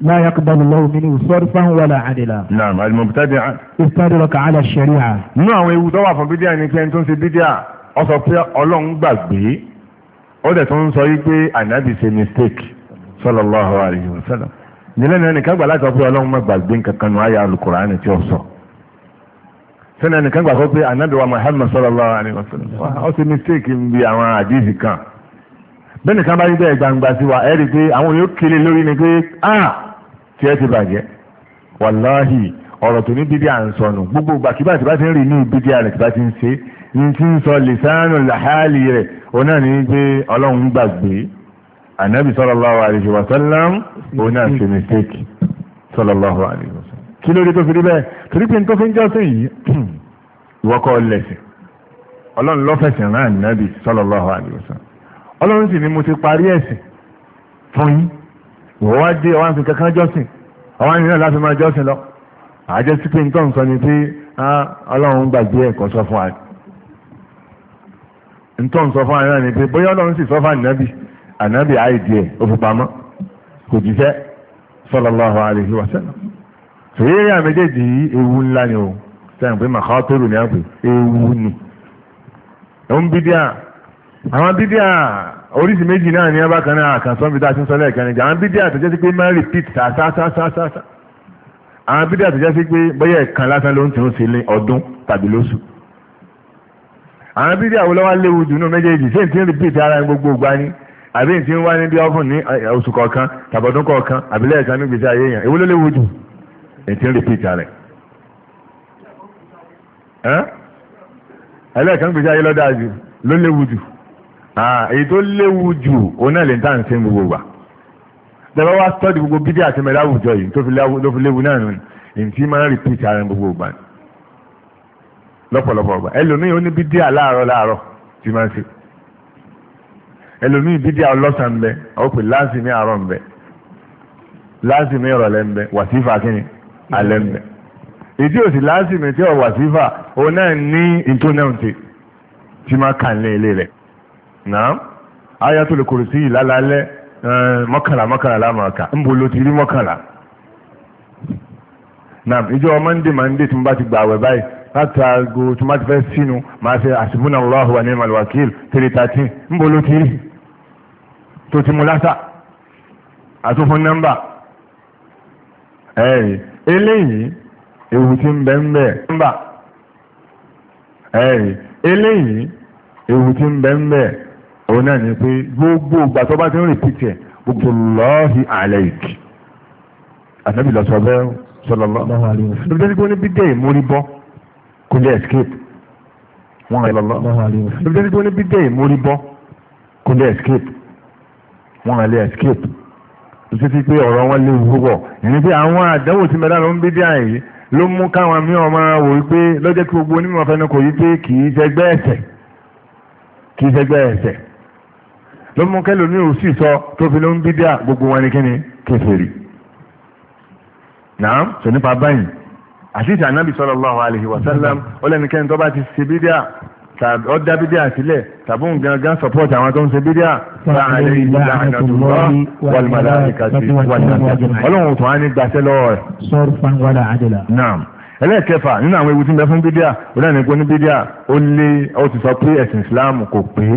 لا يقبل الله منه صرفا ولا عدلا نعم المبتدع استدرك على الشريعة نعم يوضع فبدع نكين تنسي بدع أصبح أولون بغبي أولا تنسي يقبي النبي سي مستيك صلى الله عليه وسلم nílẹ̀ náà nìkan gbà láti sọ pé ọlọ́run má gbàgbé nǹkankan nù ayé alukùránì tí ó sọ sẹ́nà nìkan gbà sọ pé Ànábì wa Muhammad sallallahu alaihi wasallam ó ti mistake ń bi àwọn àdìsí kan bẹ́ẹ̀ nìkan bá rí bẹ́ẹ̀ gbangba sí wa ẹ̀rí pé àwọn yóò kéré lórí ni pé ah tí ẹ ti bàjẹ́ wàláhì ọ̀rọ̀ tó ní bídí à ń sọnù gbogbo gbàkígbà tí bá ti ń rí ní bídí rẹ̀ tí bá ti ń ṣe ní tí ń sọ lìsánù làhálì rẹ̀ òun náà ní pé ọlọ́run gbàgbé ànábì sallallahu alaihi wasallam òun náà ṣe mistake sallallahu alaihi wasallam kí ló tó fi rí bẹ́ẹ̀ torí pé tó fi ń jọ́sìn yìí ìwọ́kọ́ lẹ̀sìn ọlọ́run lọ́fẹ̀sìn rán ànábì sallallahu alaihi wasallam ọlọ́run sì ni mo ti parí ẹ̀sìn fún yín ìwọ́n wá dé ọwá ń fi kankan jọ́sìn ọwá ń rìnrìn láti máa jọ́sìn lọ àjẹ́ sí pé nǹkan sọ ni pé ọlọ́run gbàgbé ẹ̀kọ́ sọ fún wa nǹkan sọ fún àárín ni pé bóyá ọlọ́run sì sọ fún ànábì ànábì àìdí ẹ̀ ó fi pamọ́ kò jíṣẹ́ sallallahu alaihi wa sallam sèyí eré àméjèèjì yìí ewu ńlá ni o sẹ́yìn pé màkà tóru ni a pè ewu ni òun bídíà àwọn bídíà oríṣi méjì náà ní ọba kan náà a bíi dáṣin sọlẹ̀ kan níjà àwọn bídíà tó jẹ́ sí pé máa repeat sáásáásáásá àwọn bídíà tó jẹ́ sí pé bóyá ẹ̀kan lásán ló ń tún sí ní ọdún tàbí lóṣù àwọn bídíà wo lọ́wọ́ léwu jù náà méjèèjì ṣé n ti ń repeat ara gbogbo ìgbà ni àbí n ti ń wá ní bí ọ́fún ní eh, oṣù kọ̀ọ̀kan tàbọ̀dún kọ̀ọ̀kan àbí lẹ́ẹ̀kan ní gbèsè ayé yẹn èwo ló léwu jù n ti ń repeat ló léwu jù Ah, èyí tó léwu jù òun náà lè ń tàn sí gbogbo gbà lọ́wọ́ wá tọ́jú gbogbo bídí àti mẹ́lá àwùjọ yìí tó fi léwu náà nù ní tí máa ń rìpíìtì ara gbogbo gbà lọ́pọ̀lọpọ̀ gbà ẹlòmíì ó ní bídí àláàrọ̀ láàrọ̀ tí máa ń ṣe ẹlòmíì bídí ọlọ́sàn ń bẹ ọ pè láàzìmí àárọ̀ ń bẹ láàzìmí ìrọ̀lẹ́ ń bẹ wàsífà kínní alẹ́ ń bẹ ìdí òsì láàzìmí tí ọ wàsífà òun náà ní ìtúnáǹtì tí máa kà ní ilé rẹ̀ náà ayatul kursi ìlàlálẹ́ eh, mọ́kànlá mọ́kànlá lámàkà ń bo ló ti rí mọ́kànlá náà ìjọ monday monday tí mo bá ti gbà wẹ̀ báyìí láti aago tí mo bá ti fẹ́ sínú màá ṣe àṣìbúnà Allahu wa ni'mal wakil three thirteen ń bo ló ti rí tó ti mú lásà àtúnfún nọ́mbà eléyìí ewu ti ń bẹ ń bẹ nọ́mbà eléyìí ewu ti ń bẹ ń bẹ òun náà ni pé gbogbo ìgbà tó bá ti ń rìpítì ẹ̀ gbogbo lọ́ọ̀hì àlẹ́ìkì àtàbí lọ́sọ̀ bẹ́ẹ̀ sọlọ́lọ́ lóbi tó ní bídẹ́ ìmúrí bọ́ kò lè escape wọn àlẹ́ lọ́lọ́ lóbi tó ní bídẹ́ ìmúrí bọ́ kò lè escape wọn àlẹ́ escape títí pé ọ̀rọ̀ wọn léwu púpọ̀ ìní pé àwọn àdánwò ló mú kẹlòmí ò sì sọ tó fi ló ń bídíà gbogbo wọn ni kíni kèfèrí náà sọ nípa báyìí àṣìṣe ànábì sallallahu alaihi wasallam ó lẹ́nikẹ́ni tó bá ti ṣe bídíà ó dá bídíà sílẹ̀ tàbí gangan support àwọn tó ń ṣe bídíà láàrin ilé àdàtúmọ́ wàlùmọ̀láàkàtì wàlùmọ̀láàkàtì ọlọ́run tó wá ní gbàṣẹ́ lọ́wọ́ rẹ̀. sọ́ọ̀fà wàlà àdìlà. naam ẹlẹ́ẹ̀kẹfà nínú àwọn ewu tí ń bẹ fún bídíà ó dáná ní pé ní bídíà ó lé ó ti sọ pé ẹ̀sìn Islam kò pé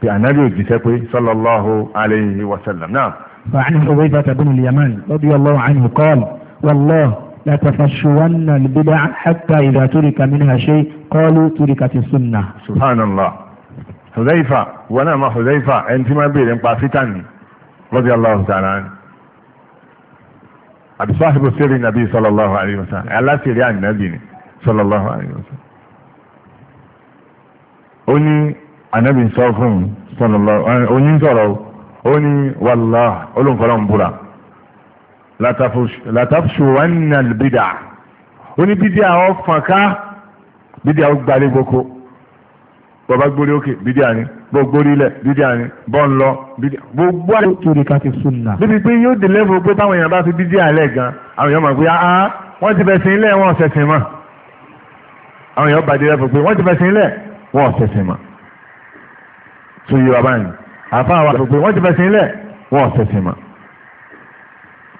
pé ànábì òjíṣẹ́ pé sallallahu alayhi wa sallam náà. فعن حذيفة بن اليمان رضي الله عنه قال والله لا تفشون البدع حتى إذا ترك منها شيء قالوا تركت السنة سبحان الله حذيفة وانا ما حذيفة انت ما بير انقع فتن رضي الله تعالى عنه أبي صاحب سير النبي صلى الله عليه وسلم على سير النبي صلى الله عليه وسلم أني anabi sọ fún sallallahu oní sọ̀rọ̀ ó ní wàllá olùkọ́lọ́n búra látàfṣù wọn nà bídà ó ní bídà ọ fànká bídà ó gbalẹ̀ gboko bàbá gbórí òkè bídà ni bó gbórí ilẹ̀ bídà ni bọ́ ń lọ bídà gbogbo àti torí ká ti sunna. níbi pé yóò dé lẹ́fọ̀ pé táwọn èèyàn bá fi bídà lẹ̀ gan àwọn èèyàn máa gbé ah wọ́n ti fẹ̀sìn ilẹ̀ wọn ọ̀sẹ̀sìn mọ́ àwọn èèyàn bàjẹ́ lẹ́fọ̀ pé wọ́n ti fẹ̀sìn ilẹ̀ wọn ọ̀sẹ̀sìn mọ́ tó yé wa báyìí àfa àwọn àgbègbè wọ́n ti fẹsẹ̀ ilẹ̀ wọ́n ọ̀sẹ̀sìn mà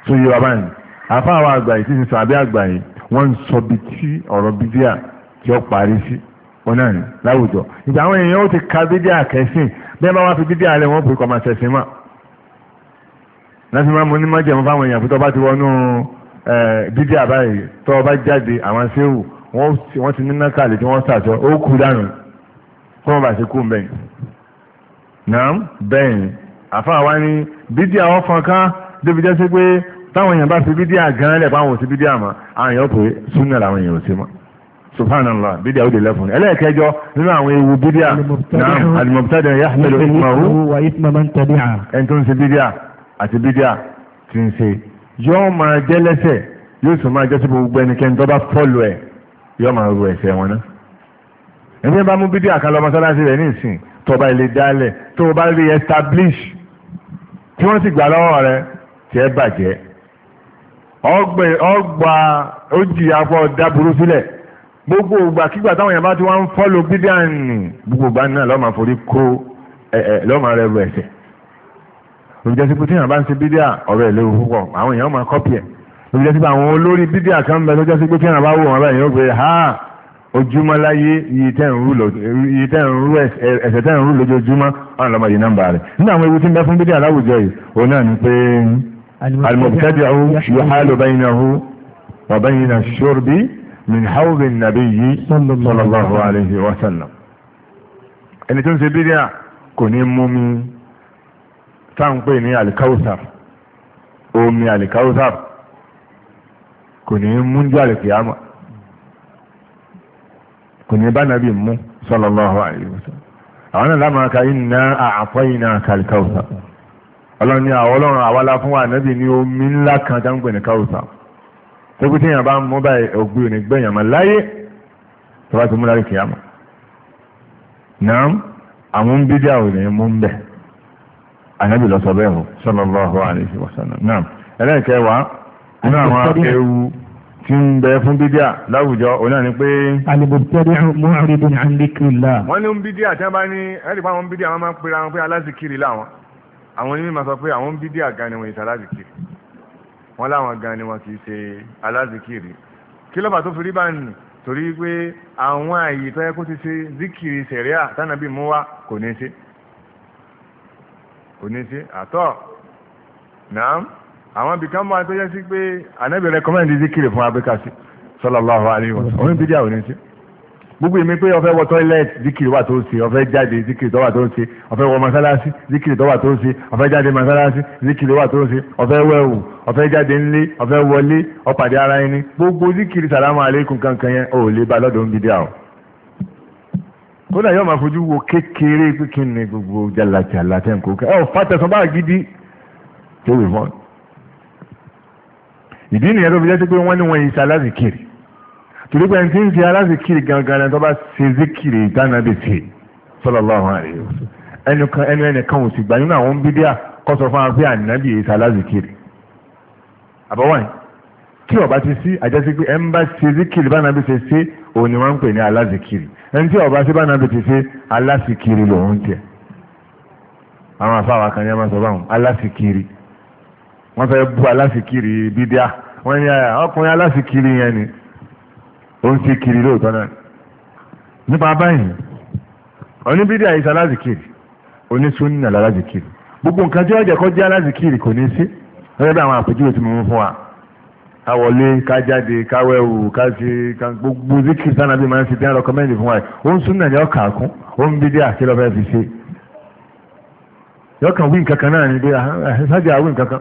tó yé wa báyìí àfa àwọn àgbà yìí títí sàbí àgbà yìí wọ́n ń sọ bí tí ọ̀rọ̀ bídíà tí ó parí sí wọn náà ní láwùjọ ìgbà àwọn èèyàn ó ti ka bídíà kẹsìn bẹ́ẹ̀ bá wá fi bídíà lẹ̀ wọ́n pè kọ́ máa ṣẹ̀sìn mà láti máa mú ní májẹ̀mú fáwọn èèyàn fún tó bá ti wọnú bídíà báyìí tó bá jáde àwọn séwù wọ́n ti ní nákàlẹ̀ tí wọ́n sàtọ́ ó kú dànù kó wọ́n bá ṣe kú mbẹ́yìn náà bẹ́ẹ̀ àfáà wá ní bídíà ọ̀fọ̀n kan débi jẹ́ sí pé táwọn èèyàn bá fi bídíà gan lẹ̀ báwọn ò sí bídíà mọ́ àwọn èèyàn pé súnà làwọn èèyàn ò sí mọ́ subhanallah bídíà ó lè lẹ́fún ní ẹlẹ́ẹ̀kẹjọ nínú àwọn ewu bídíà náà alimọ̀tẹ́dẹ̀ yahmelu ismahu ẹni tó ń ṣe bídíà àti bídíà ti ń ṣe yóò máa jẹ́ lẹ́sẹ̀ yóò sì máa jẹ́ sí gbogbo ẹnikẹ́ni tó bá fọ́lù ẹ̀ yóò máa ru ẹ̀ṣẹ̀ wọn náà ẹni bá mú bídíà kan lọ mọ́sálásí rẹ̀ ní ìsìn tó bá ilé dálẹ̀ tó bá rí establish tí wọ́n sì gbà lọ́wọ́ rẹ tí ẹ bàjẹ́ ọgbà ó jìyà fọ́ dáburú sílẹ̀ gbogbo ògbà kígbà táwọn èèyàn bá ti wá ń fọ́lò bídíàní gbogbo ògbà náà lọ́mà forí kó lọ́mà rẹ̀ rú ẹ̀sẹ̀ òjò sí pé tí èèyàn bá ń ṣe bídíà ọ̀rọ̀ ẹ̀ léwu púpọ̀ àwọn èèyàn máa kọ́pì ẹ̀ òjò sí pé àwọn olórí bídíà kan ń bẹ tó jẹ́ sí pé tí èèyàn bá wò wọn báyìí ó gbé ha ojúmọ́ láyé iye tẹ́ ń rú ẹ̀sẹ̀ tẹ́ ń rú lójoojúmọ́ ọ̀nà lọ́mọdé nọ́mbà rẹ̀ nínú àwọn ewu tí ń bẹ fún bídí aláwùjọ yìí òun náà ni pé alimọ̀bùtẹ́dì ahu yuhalu bẹ́yìn ahu wà bẹ́yìn aṣọ́rbi min hawli nàbí yìí sallallahu alayhi wa sallam. ẹni tó ń ṣe bídí à kò ní mú mi táǹpé ní alikawusar omi alikawusar kò ní mú ní àlùkìyàmọ́ kò ní bá nàbí mú sallallahu alaihi wasallam àwọn náà lámàkà inna a'tainaka al-kawthar ọlọ́run ni àwọn ọlọ́run àwálá fún wa nàbí ní omi ńlá kan tá ń pè ní kawthar tó kú téèyàn bá ń mú báyìí ògbé òní gbẹ̀yàn mọ́ láyé tó bá ti mú lárí kìyàmọ́ náà àwọn ń bídí àwọn ènìyàn mú ń bẹ̀ ànábì lọ sọ bẹ́ẹ̀ o sallallahu alaihi wasallam náà ẹlẹ́ẹ̀kẹ́ wa nínú àwọn ewu tí ń bẹ fún bídíà láwùjọ òun náà ni pé. alìbòtẹ́rẹ́ mọ́rin an dhikrillah. wọ́n ní ń bídíà tí wọ́n bá ní ẹ̀rí pa àwọn bídíà wọ́n máa ń pera wọn pé alázìkiri láwọn àwọn onímọ̀ máa sọ pé àwọn bídíà gan ni wọ́n ìta alázìkiri wọ́n láwọn gan ni wọ́n kì í ṣe alázìkiri kí lọ́pàá tó fi rí bá nì torí pé àwọn àyè tó yẹ kó ti ṣe zikiri sẹ̀ríà tánàbí mú wá kò ní ṣe kò ní ṣe àtọ̀ náà àwọn ibìkan máa tó yẹ sí pé ànábì rẹkọmẹ́ndì zikiri fún abẹ́kasí sallallahu alaihi wa sallam oníbídí àwọn oníṣẹ́ gbogbo èmi pé ó fẹ́ wọ tọ́ílẹ̀tì zikiri wà tó ń ṣe ó fẹ́ jáde zikiri tọ́wà tó ń ṣe ó fẹ́ wọ masalasi zikiri tọ́wà tó ń ṣe ó fẹ́ jáde masalasi zikiri wà tó ń ṣe ó fẹ́ wẹ̀wù ó fẹ́ jáde ńlé ó fẹ́ wọlé ó pàdé ara ẹni gbogbo zikiri salamu aleikum kankan yẹn ò lè ba lọ́dọ̀ ń bi dí àwọn kódà yóò máa fojú wo kékeré pé kí ni gbogbo jalajala tẹ́ ń kó kẹ́ ọ fàtẹ̀sán bá gidi tó wì fún ọ ìdí ni tó fi jẹ́ pé wọ́n ní wọ́n yìí ṣe alázìkiri torí pé ẹni tí ń ṣe alázìkiri gangan tó bá ṣe zikiri ìdánábì ṣe sallallahu alaihi wasallam ẹnu ẹnìkan ò sì gbà nínú àwọn bídíà kọ́ sọ fún wa pé ànábì ọba ti sí àjẹsí pé ẹn bá ṣe zikiri ṣe ṣe òun ni wọ́n ń pè ní ẹni tí ọba ṣe wọ́n fẹ́ bú aláṣìkiri bídíà wọ́n ní ah, ọkùnrin aláṣìkiri yẹn ni ó ń ṣe kiri lóòótọ́ náà nípa báyìí oníbídíà yìí aláṣìkiri onísúnnà aláṣìkiri gbogbo nǹkan tí ó jẹ́ kó jẹ́ aláṣìkiri kò ní sí lọ́jọ́ bí àwọn àpèjúwe tí mo mú fún wa ká wọlé ká jáde ká wẹ̀wù ká ṣe gbogbo zikiri sáà nàbí máa ń ṣe bí wọ́n fún wa ó ń súnnà ní ọkà kún ó ń bídíà kí lọ́ fẹ́ fi ṣe yọkàn wí nǹkan kan náà ni bí sájà wí nǹkan kan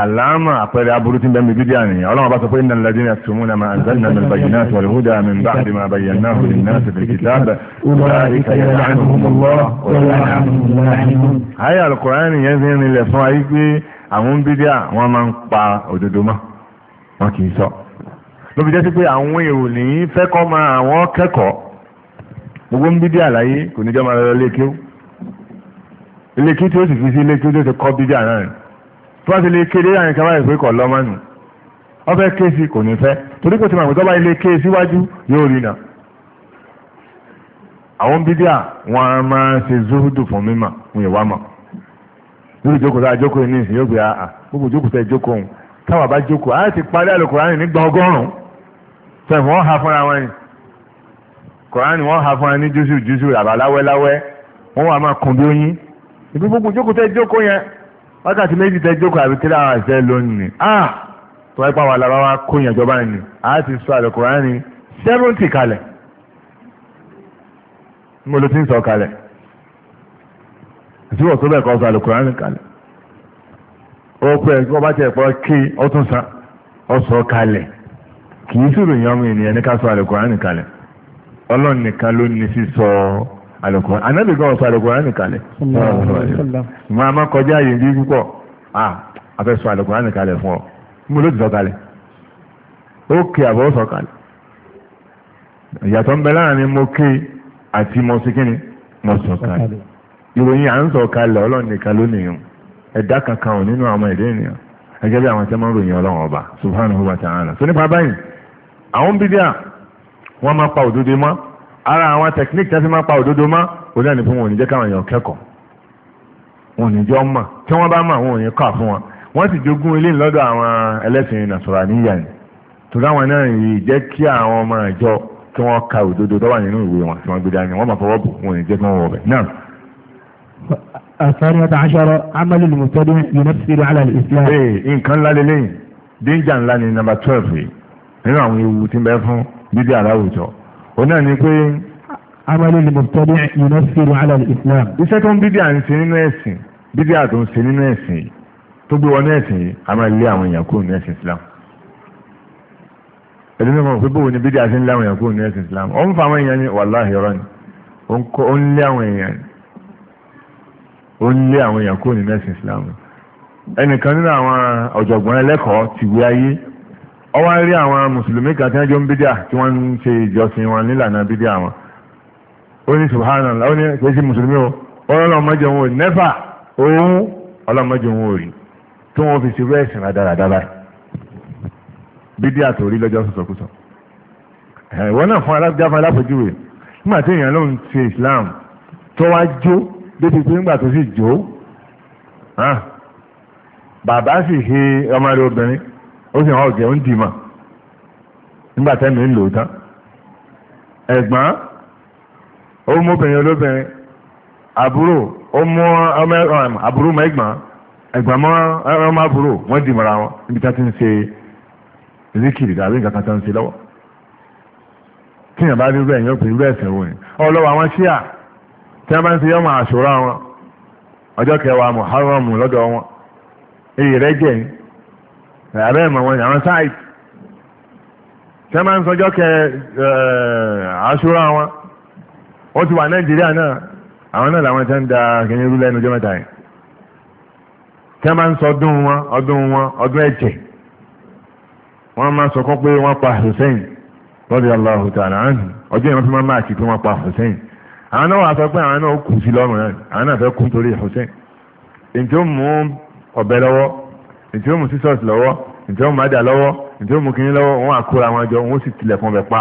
àlàámà àpẹẹrẹ aburú tí ń bẹ́ẹ̀ bídí àníyàn ọlọ́run bá sọ pé innal ladina yastumuna ma anzalna min al-bayyinati wal huda min ba'di ma bayyanahu lin-nasi fil-kitab ulaika yal'anuhumullah wa yal'anuhum al-la'inun. ayé alukóraní yẹn ti rìn lẹ̀ fún ayé pé àwọn bídí à wọ́n máa ń pa òdodo mọ́ wọn kì í sọ. ló jẹ́ sí pé àwọn èrò ní fẹ́ máa àwọn kẹ́kọ̀ọ́ tó bá ti lè kéde àyìn kan báyìí pé kọ̀ lọ́mọ nù ọ fẹ́ ké sí kò ní fẹ́ torí kò ti mọ̀ pé tó bá ilé ké síwájú yóò rí nà àwọn bídíà wọn a máa ṣe zuhudu fún mímọ̀ wọn ìwà mọ̀ lórí ìjókòó tá a jókòó ní ìsìn yóò gbé àà gbogbo ìjókòó tẹ jókòó òun táwọn bá jókòó àá ti parí àlùkùránì nígbà ọgọ́rùn-ún tẹ̀fọ́n ha fúnra wọn ni kùránì wọ́n ha fúnra ní jùsù jùsù àbáláwẹ́láwẹ́ wọ́n wà máa kùn bí oyin ìbí gbogbo ìjókòó tẹ jókòó yẹn wákàtí méjì tẹ àbí three hours lónìí ah tó wáyé pàwọn alára wa kó jọba a ti sọ àlùkùránì ni seventy kalẹ̀ mo ló ti ń sọ kalẹ̀ tí wọ́n tó bẹ̀ kọ́ sọ àlùkùránì ni kalẹ̀ ó pẹ́ kí wọ́n bá tiẹ̀ pọ́ kí tún san sọ kì í ọmọ alùkùn anábì gan sọ alùkùn ránì kalẹ̀ máa má kọjá yìí bí púpọ̀ ah afẹ́ sọ alùkùn ránì kalẹ̀ fún ọ mú ló ti sọ kalẹ̀ ó kí àbọ̀ sọ kalẹ̀ ìyàtọ̀ ń bẹ láàrin mo kí àti mo sí kíni mo sọ kalẹ̀ ìròyìn à ń sọ kalẹ̀ ọlọ́run nìkan lónìí o ẹ̀dá kankan ò nínú àwọn ẹ̀dá ènìyàn ẹgẹ́ bí àwọn tẹ́mọ́ ròyìn ọlọ́run ọba subhanahu wa ta'ala tó nípa báyìí àwọn bídíà wọ́n máa pa òdodo mọ́ ara àwọn technique tẹ́sí máa pa òdodo mọ́ òun náà ní fún wọn ò ní jẹ́ káwọn èèyàn kẹ́kọ̀ọ́ wọn ò ní jọ mọ̀ tí wọ́n bá mọ̀ wọn ò ní kà fún wọn wọ́n sì jogún ilé lọ́dọ̀ àwọn ẹlẹ́sìn nàṣọ̀rọ̀ níyà ni torí àwọn náà yìí jẹ́ kí àwọn ọmọ ìjọ kí wọ́n ka òdodo tó nínú ìwé wọn tí wọ́n gbé dání wọ́n máa fọwọ́ bò wọn ò jẹ́ kí wọ́n wọ̀ bẹ̀ náà. الثانية عشرة عمل المبتدع ينفذ على الإسلام إيه إن كان لا للين دين جان لا نمبر 12 هنا هو يوتين بيفون على وجهه òun náà ni pé amadu limobtadi iná sílu ala islam. iṣẹ́ tó ń bídí à ń ṣe nínú ẹ̀sìn bídí à tó ń ṣe nínú ẹ̀sìn yìí tó gbé wọn ẹ̀sìn yìí a máa lé àwọn èèyàn kúrò ní ẹ̀sìn islam. ẹ̀dí náà mọ̀ pé bóun ni bídí à ti ń lé àwọn èèyàn kúrò ní ẹ̀sìn islam. ó ń fa àwọn èèyàn ní wàláhì ọ̀rọ̀ ni ó ń lé àwọn èèyàn ó ń lé àwọn èèyàn kúrò ní ẹ̀sìn islam. ẹnìkan nínú àwọn ọ̀jọ̀gbọ́n ẹlẹ́kọ̀ọ́ tìwé ayé ọwá rí àwọn mùsùlùmí kan tí wọ́n jọ ń bídíà tí wọ́n ń ṣe ìjọsìn wọn nílànà bídíà wọn ó ní subhanallah ó ní kìí sí mùsùlùmí o ọlọ́mọdé wọn ò nẹ́fà òun ọlọ́mọdé wọn ò rí tí wọ́n fi ṣe rẹ́ẹ̀sì rádaràdára bídíà tó rí lọ́jọ́ sọ̀sọ̀kúsọ. ìwọ náà fún alájáfún aláfojúwe nígbà tí èèyàn lòun ṣe Islam tó wá jó débi pé nígbà tó sì jó bàbá sì ṣe ọmọdé obìnrin ó sì hàn ọ̀gẹ̀ ó ń dì mà ń lò tán ẹ̀gbọ́n ó mú obìnrin olóbìnrin àbúrò ó mú àbúrò mọ́ ẹ̀gbọ́n ẹ̀gbọ́n mọ́ ọmọ wọ́n wọn níbi tá ti ń ṣe zikiri tàbí nǹkan kan tó ń ṣe lọ́wọ́ tí yàn bá rí yóò ni ọlọ́wọ́ àwọn tí wọ́n bá ń ṣe ọjọ́ abẹ́ mọ̀ wọn àwọn sáìtì tí wọ́n máa ń sọjọ́ kẹ àṣúrà wọn ó ti wà nàìjíríà náà àwọn náà làwọn tí wọ́n ń da kìnìún rú lẹ́nu jọ́mẹ́ta yẹn tí wọ́n máa ń sọ ọdún wọn ọdún wọn ọdún ẹ̀jẹ̀ wọ́n máa sọkọ́ pé wọ́n pa Hussein radiyallahu ta'ala anhu ọjọ́ ìwọ́n fi máa máa kì pé wọ́n pa Hussein àwọn náà wà sọ pé àwọn náà kù sí lọ́rùn náà àwọn náà fẹ́ kú torí Hussein èyí mú ọ̀bẹ lọ́wọ́ ntí ó mú sísọ́s lọ́wọ́ ntí ó mú mádà lọ́wọ́ ntí ó mú kínní lọ́wọ́ wọn àkóra wọn jọ wọn ó sì tilẹ̀kùn bẹ̀ pa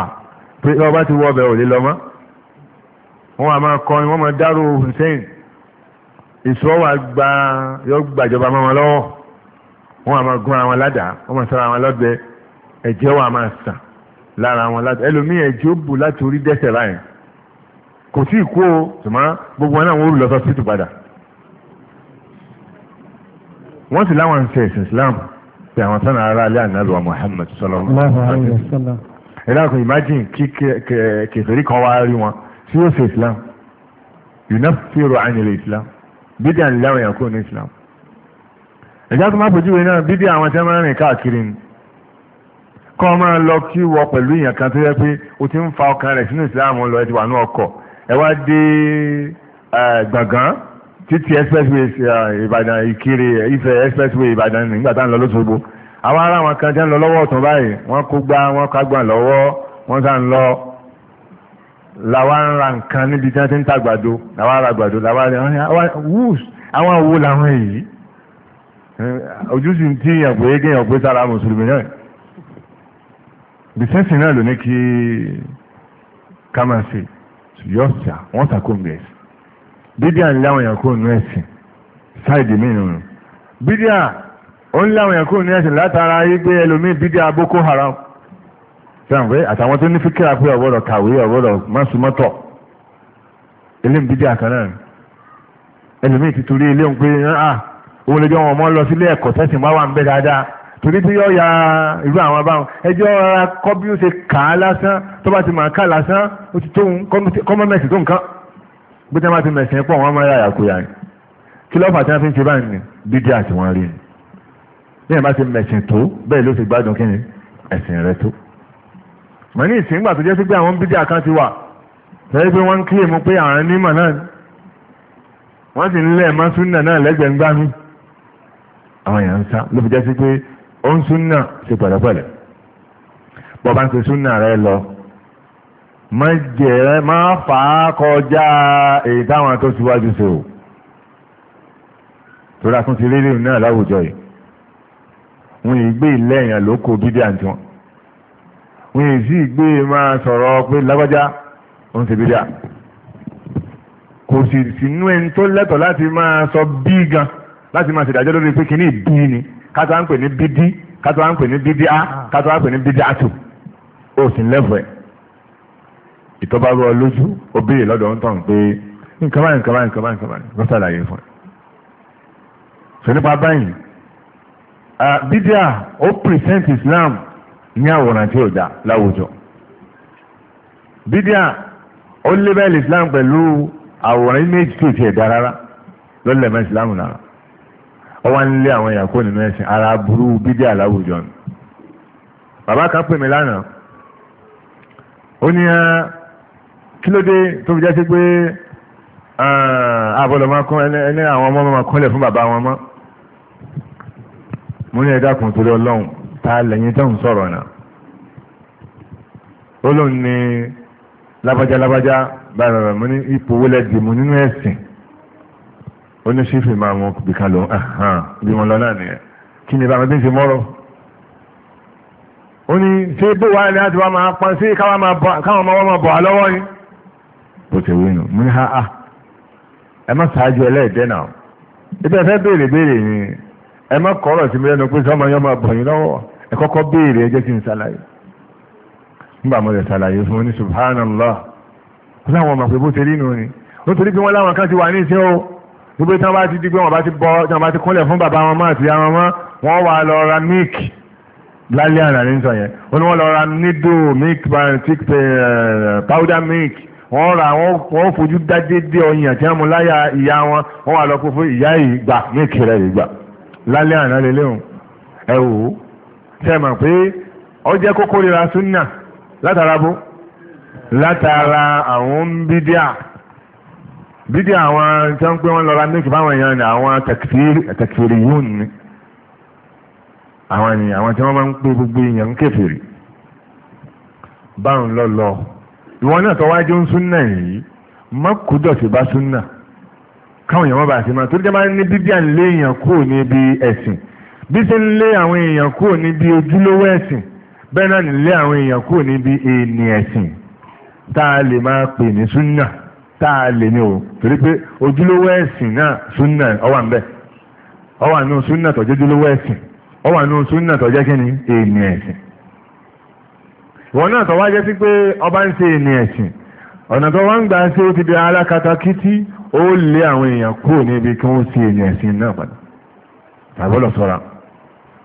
pé ọba ti wọ́ ọbẹ̀ ò lè lọ mọ́ wọn a máa kọrin wọn máa dárò Hussein wa àgbà yọ gbàjọba mọ́ wọn lọ́wọ́ wọn a máa gún ara wọn ládàá wọn máa sọ́ra wọn lọ́bẹ ẹ̀jẹ̀ wọn máa sàn lára wọn ládàá ẹlòmíì ẹ̀jẹ̀ ó bù láti orí dẹ́sẹ̀ láyẹn kò tí ì kú o ṣùgbọ́n gbogbo náà wọn ó lọ sọ sí padà wọ́n sì láwọn ṣe ẹ̀sìn Islam pé àwọn sọ́nà ara alẹ́ ànábì wa Muhammad sallallahu alaihi wasallam ẹ̀dá kan imagine kí kẹfẹ́rí kan wá rí wọn tí ó ṣe Islam yunafiru anil Islam bídí àni láwọn èèyàn ní Islam ẹ̀dá kan máa pèjúwe náà bídí àwọn tẹ́ máa rìn káàkiri ni kọ́ máa lọ kí wọ pẹ̀lú èèyàn kan tó yẹ pé o ti ń fa ọkàn rẹ̀ sínú Islam lọ ẹ ti wà ní ọkọ̀ ẹ wá dé gbàngán títí expressway uh, ìbàdàn ìkiri ìfẹ́ expressway ìbàdàn nígbà tá à ń lọ lóṣogbo àwọn ará wọn kan jẹ́ ń lọ lọ́wọ́ ọ̀tún báyìí wọ́n kó gbá wọ́n kágbà lọ́wọ́ wọ́n sá ń lọ làwa ń ra nǹkan níbi tí wọ́n ti ń ta àgbàdo làwa ra àgbàdo làwa ra wúùs àwọn owó làwọn èyí ojúṣì tí èèyàn pé kéèyàn pé sára mùsùlùmí náà bìsẹ́sì náà ló ní kí ká máa ṣe yọ̀ọ̀ṣà wọ́n sàkóńgbẹ̀ẹ́sì. bidia ń láwọn èèyàn kúrò ní ẹ̀sìn sáìdì mìíràn bídíà ó ń láwọn èèyàn látara boko haram sẹ́wọ̀n pé àtàwọn tó ní fíkìrà pé ọ̀gbọ́dọ̀ kawe ọ̀gbọ́dọ̀ mọ́sùmọ́tọ̀ ti torí ilé ń pé ah lọ sílé ẹ̀kọ́ tẹ́sìn wá wà ń torí tí yọ ya irú àwọn abáwọn ẹjọ́ ara kọ́ bí ṣe kà á lásán tó bá ti máa lásán ó ti bí tí wọ́n bá ti mẹ̀sìn pọ̀ wọ́n máa yàyà kó yà ní kí lọ́fà tí wọ́n fi ń ṣe báyìí ni dídí àti wọ́n rí ni bí wọ́n bá ti mẹ̀sìn tó bẹ́ẹ̀ ló ti gbádùn kí ni ẹ̀sìn rẹ tó mọ̀ ní ìsìn gbà tó jẹ́ sí pé àwọn bídí àkán ti wà lẹ́yìn pé wọ́n ń kílèmù pé àwọn onímọ̀ náà wọ́n sì ń lẹ̀ mọ́ súnà náà lẹ́gbẹ̀ẹ́ ń àwọn èèyàn ń sá ló fi jẹ́ sí pé ó ń súnà ṣe pẹ̀lẹ́pẹ̀lẹ́ bọ́ bá ń ṣe súnà rẹ lọ má jẹ́ má fà á kọjá èyí táwọn tó síwájú ṣe o torí a tún ti rírì náà láwùjọ yìí wọn yìí gbé ìlẹ́yìn lóko bídíà àti wọn wọn yìí sì gbé e máa sọ̀rọ̀ pé lágbájá òun ti bídíà kò sì sínú ẹni tó lẹ́tọ̀ọ́ láti máa sọ bí gan láti máa ṣèdájọ́ lórí pé kíní ìbí ni kátó à ń pè ní bídí kátó à ń pè ní bídí á kátó à ń pè ní bídí á tù ó sì ń lẹ́fọ̀ọ́ ìtọ́ba rọ lójú ó béèrè lọ́dọ̀ ń tàn pé nǹkan báyìí nǹkan báyìí nǹkan báyìí nǹkan báyìí ló ṣàlàyé fún ẹ. sọ nípa báyìí bídíà ó present Islam ní àwòrán tí ò dá láwùjọ bídíà ó lébẹ́lì Islam pẹ̀lú àwòrán image tí ò tiẹ̀ dá rárá lọ́lẹ̀ mọ́ Islam náà ó wá ń lé àwọn èèyàn kó nínú ẹ̀sìn ara burú bídíà láwùjọ ni bàbá kan pè mí lánàá ó ní ẹ́ kí ló dé tó fi jẹ́ sí pé àbọ̀lọ̀ eh, máa kún ẹni àwọn ọmọ máa kúnlẹ̀ fún bàbá wọn mọ́ mo ní ẹ̀dá kùn torí ọlọ́run ta lẹ́yìn tó ń sọ̀rọ̀ náà ó lóun ní lábájá lábájá báyìí bàbá mo ní ipò owó lẹ́dì mo nínú ẹ̀sìn ó máa wọn bì kan lòun bí wọn lọ náà nìyẹn kí ni bàbá bí ń ṣe mọ́rọ̀ ó ní ṣé bó wà ní àti wà máa pọn sí káwọn ọmọ wa máa bọ̀ á lọ́wọ́ ni bó ti wí nù mú ní ha ah ẹ má ṣáájú ẹlẹ́ẹ̀dẹ́ náà ibi ẹ̀fẹ́ béèrè béèrè ni ẹ má kọ́rọ̀ sí mi lẹ́nu pé sọ́mọ yẹn máa bọ̀yìn lọ́wọ́ ẹ kọ́kọ́ béèrè ẹ jẹ́ kí n ṣàlàyé nígbà mo lè ṣàlàyé fún ní subhanallah kó láwọn ọmọ pé bó ti rí nù ni ó torí pé wọ́n láwọn kan ti wà ní iṣẹ́ o gbogbo tí wọ́n bá ti di pé wọ́n bá ti bọ́ tí wọ́n bá ti kúnlẹ̀ fún bàbá wọn máa ti ya wọn mọ́ wọ́n wà lọ ra milk lálẹ́ àná ní sọ yẹn wọ́n lọ ra nídò milk eh, powder milk wọ́n ra wọ́n fojú dá dédé ọyàn tí wọ́n mú láyà ìyá wọn wọ́n wà lọ kó fún ìyá yìí gbà ní ìkìlẹ̀ yìí gbà lálẹ́ àná lélẹ́hùn ẹ wò ó tẹ́ mọ̀ pé ọ jẹ́ kókó rira súnà látara bó látara àwọn bídíà bídíà àwọn tí wọ́n pé wọ́n lọ ra mílíkì fáwọn èèyàn ní àwọn tẹkifiri yóò ní àwọn ènìyàn àwọn tí wọ́n máa ń pé gbogbo èèyàn ń kèfèrí báwọn lọ lọ. ìwọ náà tọ́wájú ń súnà yìí mọ́kùdọ̀tì bá káwọn èèyàn bá ti máa tó jẹ́ máa ní bíbíà ń èèyàn kúrò níbi ẹ̀sìn bí ṣe ń lé àwọn èèyàn kúrò níbi ojúlówó ẹ̀sìn bẹ́ẹ̀ náà ní lé àwọn èèyàn kúrò ẹ̀sìn tá a lè máa pè ní súnà tá a lè ní o torí pé ojúlówó ẹ̀sìn náà súnà ọwà tọ́jú ojúlówó ẹ̀sìn tọ́jú wọn náà tọ́wá jẹ́ sí pé ọba ń ṣe ènìyàn ẹ̀sìn ọ̀nà tó wá ń gbà ṣe ó ti di alákatakítí ó lé àwọn èèyàn kúrò níbi kí wọ́n ṣe ènìyàn ẹ̀sìn náà padà tàbọ́lọ̀ sọ́ra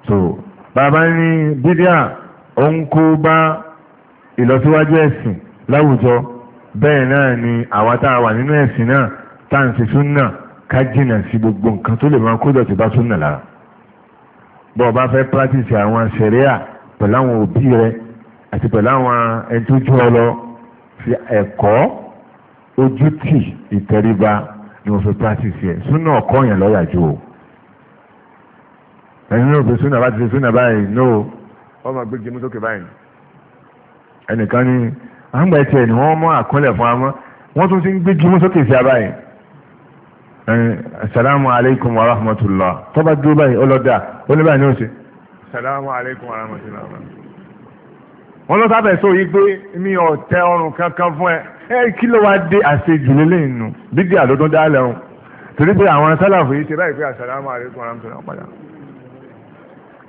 so bàbá ní bídíà ó ń kó bá ìlọsíwájú ẹ̀sìn láwùjọ bẹ́ẹ̀ náà ni àwa tá a wà nínú ẹ̀sìn náà tá à ń ṣe súnà ká jìnà sí gbogbo nǹkan tó lè máa kó dọ̀tí bá súnà lára bọ́ọ̀ bá fẹ́ pírátìsì àwọn ṣẹ̀ríà pẹ̀lú àwọn òbí rẹ̀ àti pẹ̀lú àwọn ẹni tó jù ọ lọ fi ẹ̀kọ́ ojú tì ìtẹríba ni wọ́n fi practice yẹ súnà ọ̀kọ́ yẹn lọ́yà jù o ẹni náà fi súnà bá ti fi súnà báyìí no ọmọ gbégi mú sókè báyìí ẹnìkan ní àgbà ẹ̀tẹ̀ ni wọ́n mọ́ àkọlẹ̀ fún amọ́ wọ́n tún ti ń gbégi mú sókè sí abáyìí assalamu alaikum wa rahmatullah tọ́ba dúró báyìí ọlọ́dà ó ní báyìí ní ó ṣe assalamu alaikum wa rahmatullah wọ́n lọ sábẹ̀ sọ yìí pé mi ò tẹ ọrùn kankan fún ẹ ẹ kí ló wá dé àṣejù lélẹ̀ nù dídí àlódún dálẹ̀ ọ̀hún torí pé àwọn sálàfù yìí ti báyìí pé àṣàlámù àríkùn aráàmùsọ̀rọ̀ padà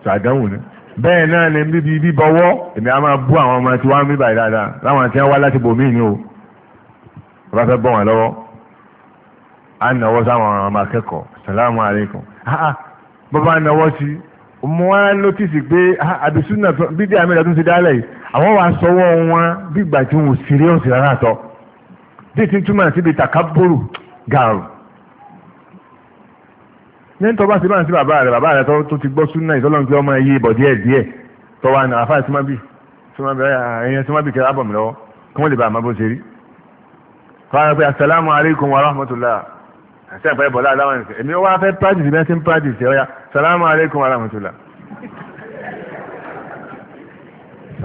ṣàdánwò ni bẹ́ẹ̀ náà ni bíbi bíbọwọ́ èmi a máa bú àwọn ọmọ tí wọ́n mí báyìí dáadáa láwọn tí wọ́n wá láti bòmí ni o bá fẹ́ bọ́ wọn lọ́wọ́ á nàwọ́ sáwọn ọmọ akẹ́kọ̀ọ́ ṣàlámù àríkùn bọ́ bá nàwọ́ mo wá notice pé àbísúnà bídí àmìlẹ̀ tó ti dálẹ̀ yìí àwọn wa sọwọ́ wọn bígbà tí wọn ò serious rárá tọ́ títí túmọ̀ síbi takaboru gàrú ní tọ́ bá ti bá ń sí bàbá rẹ̀ bàbá rẹ̀ tó ti gbọ́ súnà ìtọ́lọ́n pé ọmọ yìí bọ̀ díẹ̀ díẹ̀ tọ́ wa nà àfáà símábì símábì ẹ̀yẹn símábì kẹrẹ àbọ̀mí lọ́wọ́ kí wọ́n lè bá àmọ́ bó ṣe rí fara pé asalaamu aleykum wa rahmatulah ẹ̀sẹ̀ ìpẹ́ bọ̀lá aláwọ̀ ẹ̀mí wá fẹ́ practice bí wọ́n ti ń practice ẹ̀ ọ́yá salamu alaikum wa rahmatullah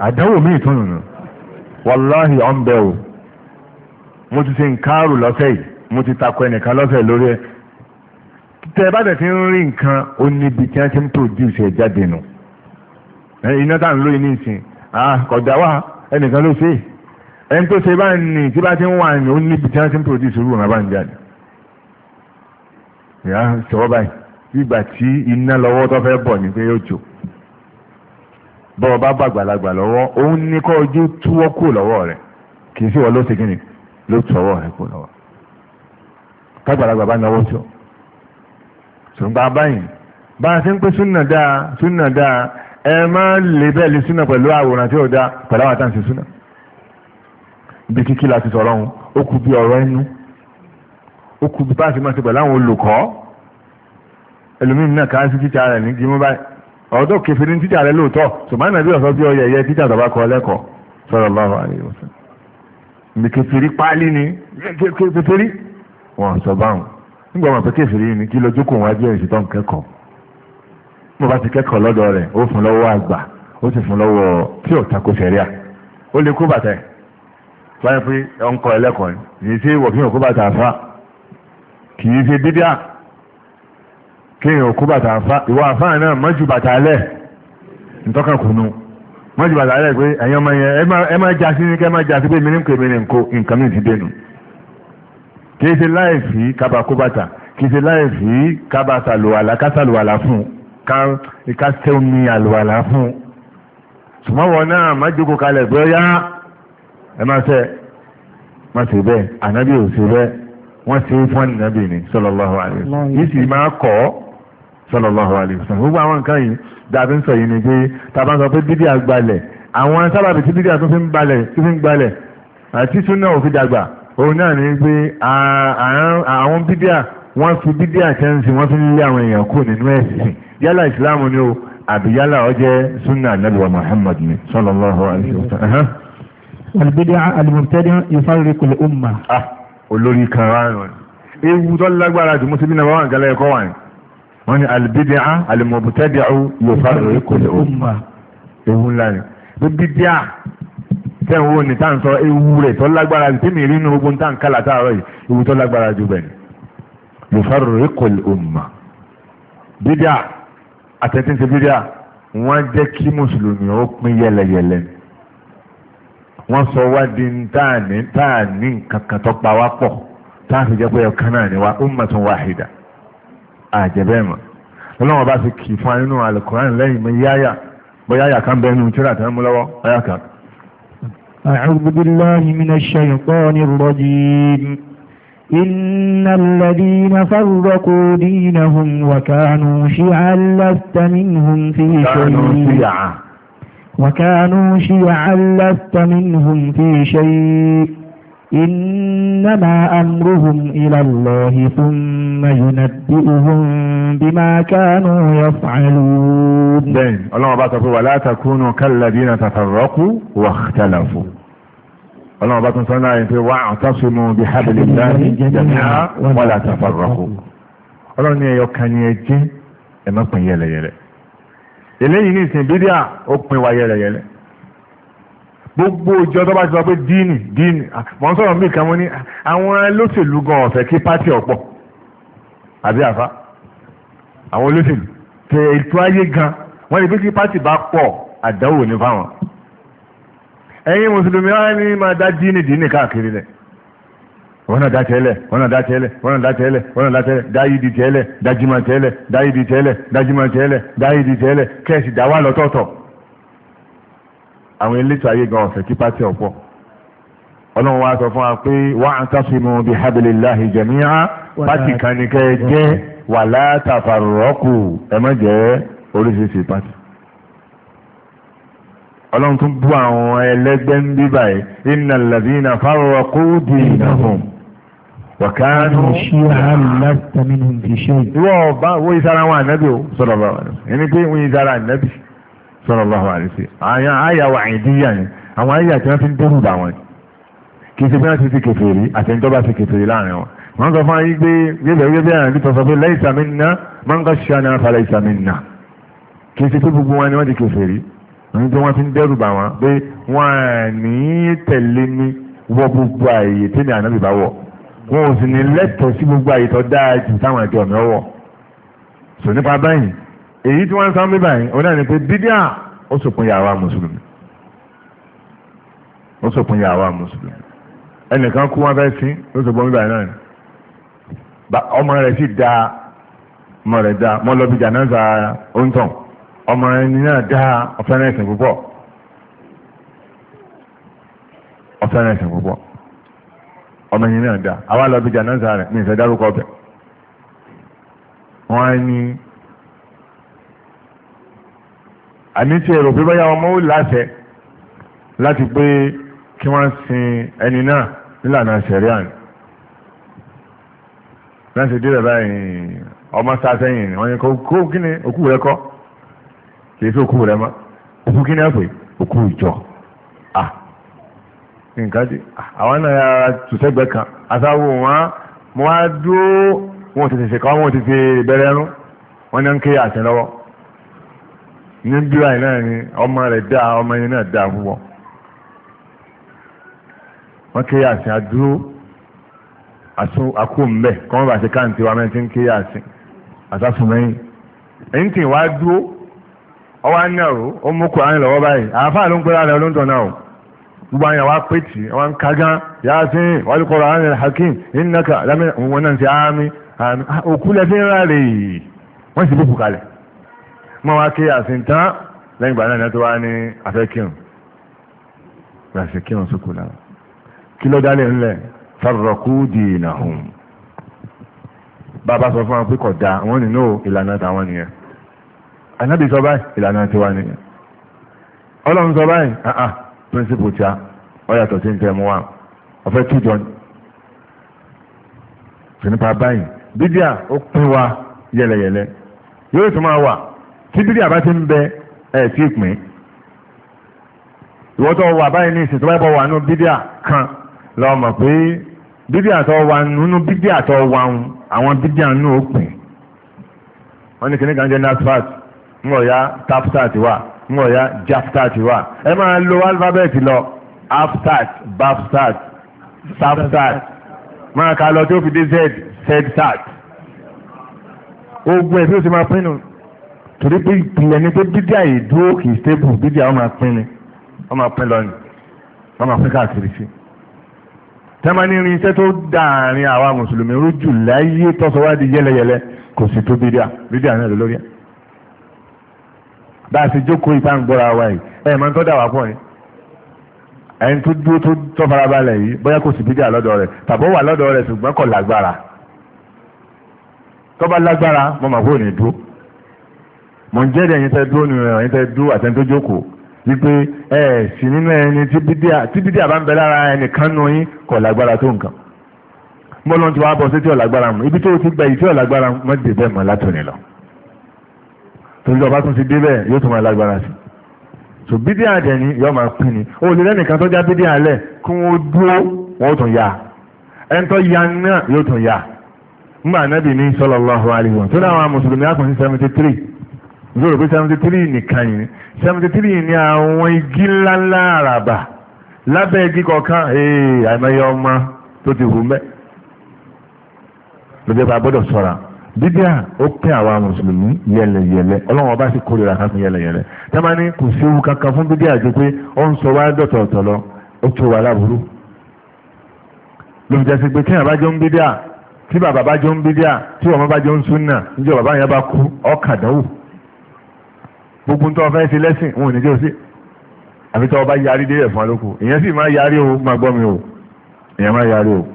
àdánwò míì tún nù wàláhì ọ̀nbẹ o mo ti ṣe nkárù lọ́sẹ̀ yìí mo ti takọ ẹnìkan lọ́sẹ̀ lórí ẹ tẹ bá tẹ̀ ti ń rí nǹkan ó níbi tí wọ́n ti ń pòdúùsì ẹ̀ jáde nù iná tá à ń lóye ní kọjá wa ẹnìkan ló ṣe ẹni tó ṣe bá ń ní tí bá ti ń wà ní ó níbi tí wọ́n ti ń pòdúùsì rú bá ń jáde ìyá sọ̀rọ̀ báyìí gbígbà tí iná lọ́wọ́ tó fẹ́ bọ̀ ní pé yóò jò bọ́ ọ bá bàgbàlagbà lọ́wọ́ òun ní kọ́ ojú túwọ́ kù lọ́wọ́ rẹ̀ kì í sí wọn ló ṣe kíni ló tu ọwọ́ rẹ̀ kù lọ́wọ́ kágbàlagbà bá náwó tó ṣùgbọ́n abáyìn bá a ṣe ń pé súnà dáa súnà dáa ẹ má lè bẹ́ẹ̀ lè súnà pẹ̀lú àwòrán tí ó dáa pẹ̀lú àwọn àtàǹsì súnà ibi kíkí la ti sọ̀rọ̀ òun ó kú bí ọ̀rọ̀ ẹnu ó kú bí bá a ṣe máa ṣe pẹ̀lú àwọn olùkọ́ ẹlòmíì náà kàá sí títà rẹ̀ ní gímú báyìí ọ̀dọ́ kẹfìrí títà rẹ̀ lóòótọ́ ṣùgbọ́n àbí ọ̀sọ́ bí ọyẹ yẹ títà tọ́ba kọ lẹ́kọ̀ọ́ sallallahu alaihi wasallam ní kẹfìrí pálí ni kẹfìrí wọn sọ báwọn nígbà wọn pé kẹfìrí ni kí ló jókòó wọn ajé ìṣètò nkẹ́kọ̀ọ́ mo bá ti kẹ́kọ̀ọ́ lọ́dọ̀ rẹ̀ ó fún lọ́wọ́ àgbà ó sì fún lọ́wọ́ tí ò takò sẹ̀ríà ó lè kó bàtà ẹ̀ báyọ̀ pé ọ̀nkọ́ ẹlẹ́kọ̀ọ́ yìí ṣe wọ̀ fi bàtà àfa kì í ṣe dídíà kéèyàn òkú bàtà àfá ìwọ àfá náà mọ́jú bàtà alẹ́ ntọ́kàn kùnú mọ́jú bàtà alẹ́ pé ẹ̀yin ọmọ yẹn ẹ máa já sí ní kẹ́ máa já sí pé mi ní nkè mi ní nko nǹkan mi ti dénú kìí ṣe láì fi kábà kó bàtà kìí ṣe láì fi kábà sàlùwàlà ká sàlùwàlà fún ká ṣe omi àlùwàlà fún sùmọ́wọ́ náà má kalẹ̀ pé yá ẹ máa ṣe má ṣe bẹ́ẹ̀ ànábì ò ṣe bẹ́ẹ̀ wọ́n ṣe fún ànábì ni sallallahu alaihi yìí sì máa kọ́ sallallahu alaihi wasallam gbogbo àwọn nǹkan yìí dàbí ń sọ yìí ni pé tàbá sọ pé bídí àgbalẹ̀ àwọn sábàbí tí bídí àtúnfi ń balẹ̀ tí fi ń gbalẹ̀ àti súnà òfin dàgbà òun náà ni pé àwọn bídí à wọ́n fi bídí àtẹ́ǹsì wọ́n fi lé àwọn èèyàn kú nínú ẹ̀sìn yálà ìsìláàmù ni o àbí yálà ọjẹ́ súnà nàbíwá Muhammad ni sallallahu alaihi wasallam. albidi alimutadi yufarriqu al-umma. ah olórí kan rárá ewu tó lágbára jù mùsùlùmí náà wà ń galẹ̀ ẹ̀kọ́ wà ní wọ́n ní alìbídíà alìmọ̀bùtẹ́díà yóò fa rẹ̀ kò lè ó ewu ńlá ni bíbídíà tẹ́wọ́ ní tá à ń sọ ewu rẹ̀ tó lágbára ju tèmi rí inú gbogbo tá à ń kálà táàrọ̀ yìí ewu tó lágbára ju bẹ́ẹ̀ ni yóò fa rẹ̀ kò lè ó ti bídíà wọ́n jẹ́ kí mùsùlùmí ó pín yẹlẹyẹlẹ wọ́n sọ wá di táà ní nǹkan tó pa wá pọ̀ táà fi jẹ́ pé ọ̀kan náà ni wá ummatun wahida àjẹbẹ́ mọ̀ ọlọ́wọ́n bá ti kì fún nínú alukuran lẹ́yìn mọ́ yáyà bọ́yáyà kan bẹ́ẹ̀ nù tíra tẹ́ mú lọ́wọ́ ọyá kan. أعوذ بالله من الشيطان الرجيم إن الذين فرقوا دينهم وكانوا شيعا لست منهم في شيء وكانوا شيعا لست منهم في شيء إنما أمرهم إلى الله ثم ينبئهم بما كانوا يفعلون دين الله بات فيه ولا تكونوا كالذين تفرقوا واختلفوا الله بات صنع فيه واعتصموا بحبل الله جميعا ولا تفرقوا الله ني يوكاني يجي اما بين يله يله eléyìí ní ìsìn bídíà ó gbogbo ìjọ tó bá ti sọ pé díìnì díìnì mọ̀ ń sọ̀rọ̀ mìkan mo ní àwọn olóṣèlú gan ọ̀fẹ́ kí pátì ọ̀pọ̀ àbí àfa àwọn olóṣèlú tẹ ètò ayé gan wọ́n ní pé kí pátì bá pọ̀ àdánwò ní fáwọn ẹ̀yin mùsùlùmí á ní máa dá díìnì díìnì káàkiri lẹ̀ wọ́n náà dá tẹ́lẹ̀ wọ́n náà dá tẹ́lẹ̀ wọ́n náà dá tẹ́lẹ̀ wọ́n náà dá tẹ́lẹ̀ dáyé di tẹ́lẹ̀ dájímọ̀ tẹ́lẹ̀ dáyé di tẹ́lẹ̀ dájímọ̀ dá dáyé di tẹ́lẹ̀ kẹ́ẹ̀sì dá wà lọ́tọ̀ọ̀tọ̀ àwọn elétò ayé gan ọ̀fẹ́ kí pátì ọ̀pọ̀ ọlọ́run wa sọ fún wa pé wà á tásùmù bí hablillahi jami'a pátì kan ní kẹ́ jẹ́ wà látàfàrọ́kù ẹ má jẹ́ oríṣiríṣi pátì ọlọ́run tún bú àwọn ẹlẹ́gbẹ́ ń bí báyìí innal ladhina farraqu dinahum wa kanu shi'a lasta minhum fi shay' ìwọ ọba wo ìsára wọn ànábì o sọ̀rọ̀ bàbá ẹni pé wọ́n ìsára ànábì sallallahu alaihi àyà àyà wà ìdíyà ni àwọn àyà tí wọ́n fi ń dẹ́rù bà wọ́n kì í ṣe bí wọ́n ti ti kèfèrí àtẹ̀ńtọ́ba ti kèfèrí láàrin wọn wọ́n sọ fún ayé gbé yẹ́bẹ̀ yẹ́bẹ̀ àrùn tó sọ pé laysa minna man ghashana fa laysa minna kì í ṣe pé gbogbo wọn ni wọ́n ti kèfèrí wọ́n tí wọ́n fi ń dẹ́rù bà wọ́n pé wọ́n à ní tẹ̀lé ní wọ gbogbo àyè tí ní ànábì bá wọ̀ wọn ò sì ní lẹ́tọ̀ọ́ sí gbogbo àyè tó dáa jù táwọn àjọ mi ọwọ́ sọ nípa báyìí èyí tí wọ́n ń sáwọn bíbáyìí òun náà ni pé bídíà ó sòpin yàrá mùsùlùmí ó sòpin yàrá mùsùlùmí ẹnìkan kú wọn fẹ́ sí ló sòpin bíbáyìí náà ni ọmọ rẹ̀ sì da ọmọ rẹ̀ da mọ́ lọ bí jàǹdà oúntàn ọmọ ẹni náà da ọ̀fẹ́rẹ́ ẹ̀sìn púpọ̀ ọ̀fẹ́rẹ́ ẹ̀sìn púpọ̀ ọmọ ẹni náà da àwa lọ bí jàǹdà rẹ̀ ní ìfẹ́ dárúkọ ọbẹ̀ wọ́n á ní àní tí èrò pé báyà ọmọ ó láṣẹ láti pé kí wọ́n sin ẹni náà nílànà sẹ̀ríàn náà ṣe délẹ̀ báyìí ọmọ sátẹ́yìn ni wọ́n yẹ kó kí ni òkú rẹ kọ́ kì í sí òkú rẹ mọ́ òkú kí ni ẹ pè òkú ìjọ à nǹkan dé àwọn náà yára tùsẹ́gbẹ́ kan asáwò wọn mo wá dúró wọn ò tètè ṣèkọ́ wọn ò tètè bẹ̀rẹ̀ ẹnu wọn ní ń ké àtẹ lọ́wọ́ ní bí wáyé náà ni ọmọ rẹ̀ dá ọmọ yẹn náà dá púpọ̀ wọ́n kéye àsìn àdúró àsún àkó mbẹ́ kọ́ wọ́n bá ṣe káàntì wa mẹ́tí ń kéye àsìn àsásùnmẹ́yìn èyí tí wàá dúró ọwọ́ á náà ró ó mú kùránì lọ́wọ́ báyìí àáfàá ló ń pẹ́ lára olóńtọ̀ náà o gbogbo àyàn wa pé tì wọn ń kágá yáàsìn wal Qur'anil hakim innaka lámì òun náà ti àmì àmì òkú lẹ́fẹ́ rà rèé wọ́n sì bó kalẹ̀ mọ́ wá kí àsìn tán lẹ́yìn ìgbà náà tó wá ní afẹ́kírun gbàṣẹ kírun sókò lára kí ló dálé ńlẹ̀ farrọ̀kú dìínà hùn bàbá sọ fún wa pé kò dáa wọ́n ní no ìlànà tàwọn nìyẹn ànábì sọ báyìí ìlànà tiwa nìyẹn ọlọ́run sọ báyìí àà ah, ah, píríncípù tí a ọyàtọ̀ sí ń mú wa ọ̀fẹ́ tújọ ni tìǹpa báyìí bídíà ó pín wa yẹlẹyẹlẹ yóò tún máa wà Tibiri bídí àbá ti ń bẹ ẹ̀ tí pín ìwọ́tọ̀ wà báyìí ní ìsìn tó bá bọ̀ wà nú bídí kan lọ mọ̀ pé bídí àtọ̀ wà nínú bídí àtọ̀ wà ń àwọn bídí àánú ó pín wọ́n ní kíní kan jẹ́ nasfat ń wọ̀ ya tapsat wà ń wọ̀ ya jafsat wa. ẹ máa lo alifábẹ́ẹ̀tì lọ afsat bafsat sapsat máa kà lọ tó fi dé z zsat gbogbo ẹ̀ tí ó ti máa pinnu torí pé ìpìlẹ̀ ni pé dídí àyè dúró kì í stable dídí àwọn máa pín ni wọ́n máa pín lọ́nà wọ́n máa pín káàkiri sí. tẹ́mà ní irinṣẹ́ tó dàárín àwa mùsùlùmí rújù láyé tọ́sọ̀wádìí yẹ́lẹyẹ̀lẹ kò sí tó dídí à dídí à náà ló lórí ẹ̀. bá a ṣe jókòó ìta ń gbọ́ra wa yìí ẹ̀ máa ń tọ́ dà wá pọ̀ ni. ẹni tó dúró tó tọ́ farabalẹ̀ yìí bóyá kò sí dídí à lọ́dọ̀ mọ̀ ń jẹ́rìí ẹ̀yin tẹ́ dúró nínú ẹ̀yin tẹ́ dúró àtẹ́ni tó jókòó wípé ẹ̀ sì nínú ẹni tí bídíà bá ń bẹ lára ẹnìkan nù yín kò lágbára tó nǹkan mọ́lọ́n ti wá bọ́ sí tí ọ̀lágbára mu ibi tó ti gbẹ ìtí ọ̀lágbára mọ́ dé bẹ́ẹ̀ mọ́ látòní lọ torí ọba tún ti dé bẹ́ẹ̀ yóò tún máa lágbára sí so bídíà dẹ̀ ni yóò máa pín ni o lè lẹ́nìkan tó já bídíà lẹ̀ kí wọ́n dúró wọ́n tún yá ẹni tó yá náà yóò tún yá nígbà nábì ní sallallahu alaihi wasallam tó dáwọn mùsùlùmí á kún seventy three zoro pé seventy three nìkan yìí seventy three ní àwọn igi ńláńlá àràbà lábẹ́ igi kọ̀ọ̀kan ee àìmọye ọmọ tó ti hù mẹ́ lọ́jọ́ bá gbọ́dọ̀ sọ̀ra bíbí à ó pín àwa mùsùlùmí yẹlẹyẹlẹ ọlọ́run ọba sì kórìíra kan fún yẹlẹyẹlẹ tẹ́lẹ̀ máa ní kò sí ewu kankan fún bíbí àjò pé ó ń sọ wá dọ̀tọ̀ọ̀tọ̀ lọ ó tó wà láburú lóbi jẹ́sí pé kí àbá jọ ń bíbí à tí bàbá bá jọ ń bíbí à tí ọmọ bá jọ ń súnà níjọ́ bàbá yẹn bá kú ọkàdánwò gbogbo tó fẹ́ ṣe lẹ́sìn wọn ò ní jẹ́ òsì àfi tó bá yarí délẹ̀ fún alóko ìyẹn sì máa yarí o máa gbọ́ mi o ìyẹn máa yarí o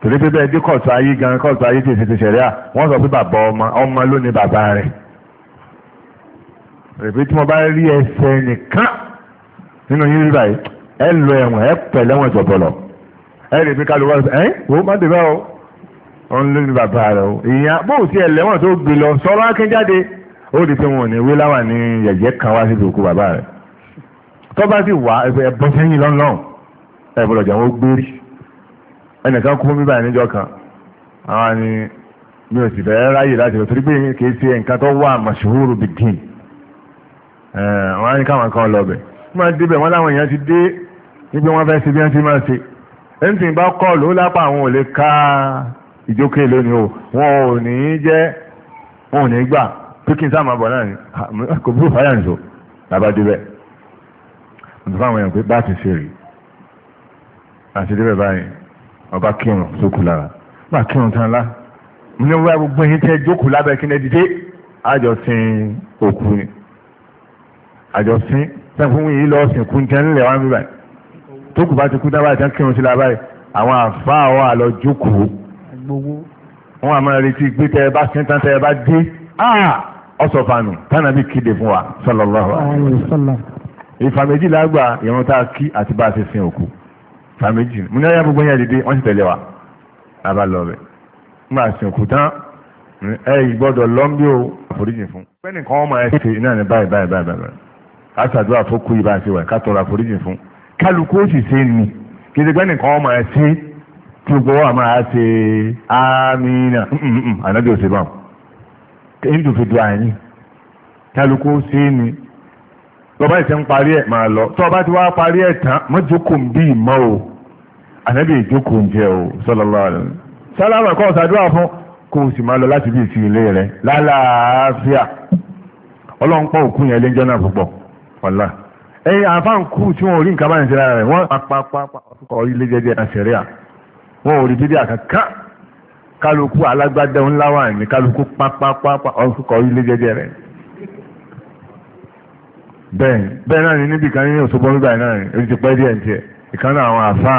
torí pé bẹ́ẹ̀ dé kóòtù ayé gan kóòtù ayé tètè ti ṣẹ̀rí à wọ́n sọ pé bàbá ọmọ ọmọ ló ní bàbá rẹ̀ rèébi tí mo bá rí ẹsẹ̀ nìkan nínú yín rí báyìí ẹ lọ ẹ̀wọ̀n ẹ pẹ̀lẹ́wọ̀n jọ̀bọ̀lọ̀ ẹ rèébi kálukú ẹ wò má dé bá o òun ló bàbá rẹ̀ o ìyẹn bóòsì ẹ̀lẹ́wọ̀n tó gbé lọ sọ̀rọ̀ akínjáde ó di pé wọn ò ní wí láwà ní yẹ̀yẹ́ kan wá sí ìdòkú bàbá rẹ̀ tó bá sì wà ẹ̀bọ́ sẹ́yìn lọ́nà ẹ̀bọ̀lọ̀ jẹ́ wọn gbérí ẹnìkan kú mi báyìí níjọ́ kan àwọn ni mi ò sì fẹ́ ráyè láti lọ torí pé kìí ṣe nǹkan tó wà màṣúhúrù bìdín wọn á ní káwọn kan lọ bẹ̀ wọ́n máa débẹ̀ wọ́n láwọn èèyàn ti dé níbi wọ́n fẹ́ ṣe bí wọ́n ti máa ṣe ẹni tí ń bá kọ́ọ̀lù ó lápá àwọn ò lè ka ìjókè lónìí o wọn ò ní jẹ́ wọn ò ní gbà pé kí n sáà máa bọ̀ náà ni kò búrò fáyà nìṣó bàbá débẹ̀ mo ti fáwọn èèyàn pé bá ti ṣe rí àti débẹ̀ báyìí ọba kírun sókù lára bá kírun tán lá mo ní wá gbogbo yín tẹ́ jókòó lábẹ́ kí n ẹ dìde àjọ sin òkú ni àjọ sin sẹ́kùn yìí lọ sìnkú tẹ́ ńlẹ̀ wá ń tó kù bá ti kú dábàá tán kírun sí lára báyìí àwọn àfáà àwọn àlọ́ jókòó wọn àmọ́ retí gbé tẹ́ ẹ bá sin tán tẹ́ ẹ bá dé ah! ọsọfanu tánàbí kéde fún wa sallallahu alaihi wasallam ìfàmẹ́jì lágbà ìrun tá a kí àti bá a ṣe sin òkú fàmẹ́jì mo ní ọyá gbogbo yẹn dìde wọ́n sì tẹ̀lé wa àbá lọ bẹ̀ nígbà sin òkú tán ẹ gbọ́dọ̀ lọ́mbí o àforíjì fún pẹ́ẹ́nì kan ọmọ ẹ ṣe iná ní báyìí báyìí báyìí báyìí a ṣàdúrà fókù yìí bá a ṣe wà ká tọrọ àforíjì fún kálukú ó sì ṣe ni kìdí pẹ́ẹ́nì kan ọmọ ẹ ṣe tí gbogbo wa máa ṣe àmì náà ànábì òṣèlú àwọn ka tó fi du àyìn kálukú ni lọ́ba ìṣẹ́ ń parí ẹ̀ máa lọ tó ọba ti wá parí ẹ̀ tán mọ́jókòó bí ìmọ̀ o ànábì ìjókòó ń jẹ o sallallahu alaihi sálámà kọ́ ṣàdúrà fún kó o sì máa lọ láti bí ìsì ilé rẹ lálàáfíà ọlọ́run pọ̀ òkú yẹn lẹ́jọ́ náà púpọ̀ ọ̀la àfáàn kú tí rí nǹkan lára rẹ̀ wọ́n kálukú alágbádá ńlá wà ní kálukú pápápápá ọkọ̀ ilé jẹjẹ rẹ̀ bẹ́ẹ̀ bẹ́ẹ̀ náà ni níbi kan ní Òṣogbo nígbà náà ni èyí ti pẹ́ díẹ̀ ní tiẹ̀ ìkan náà àwọn àfa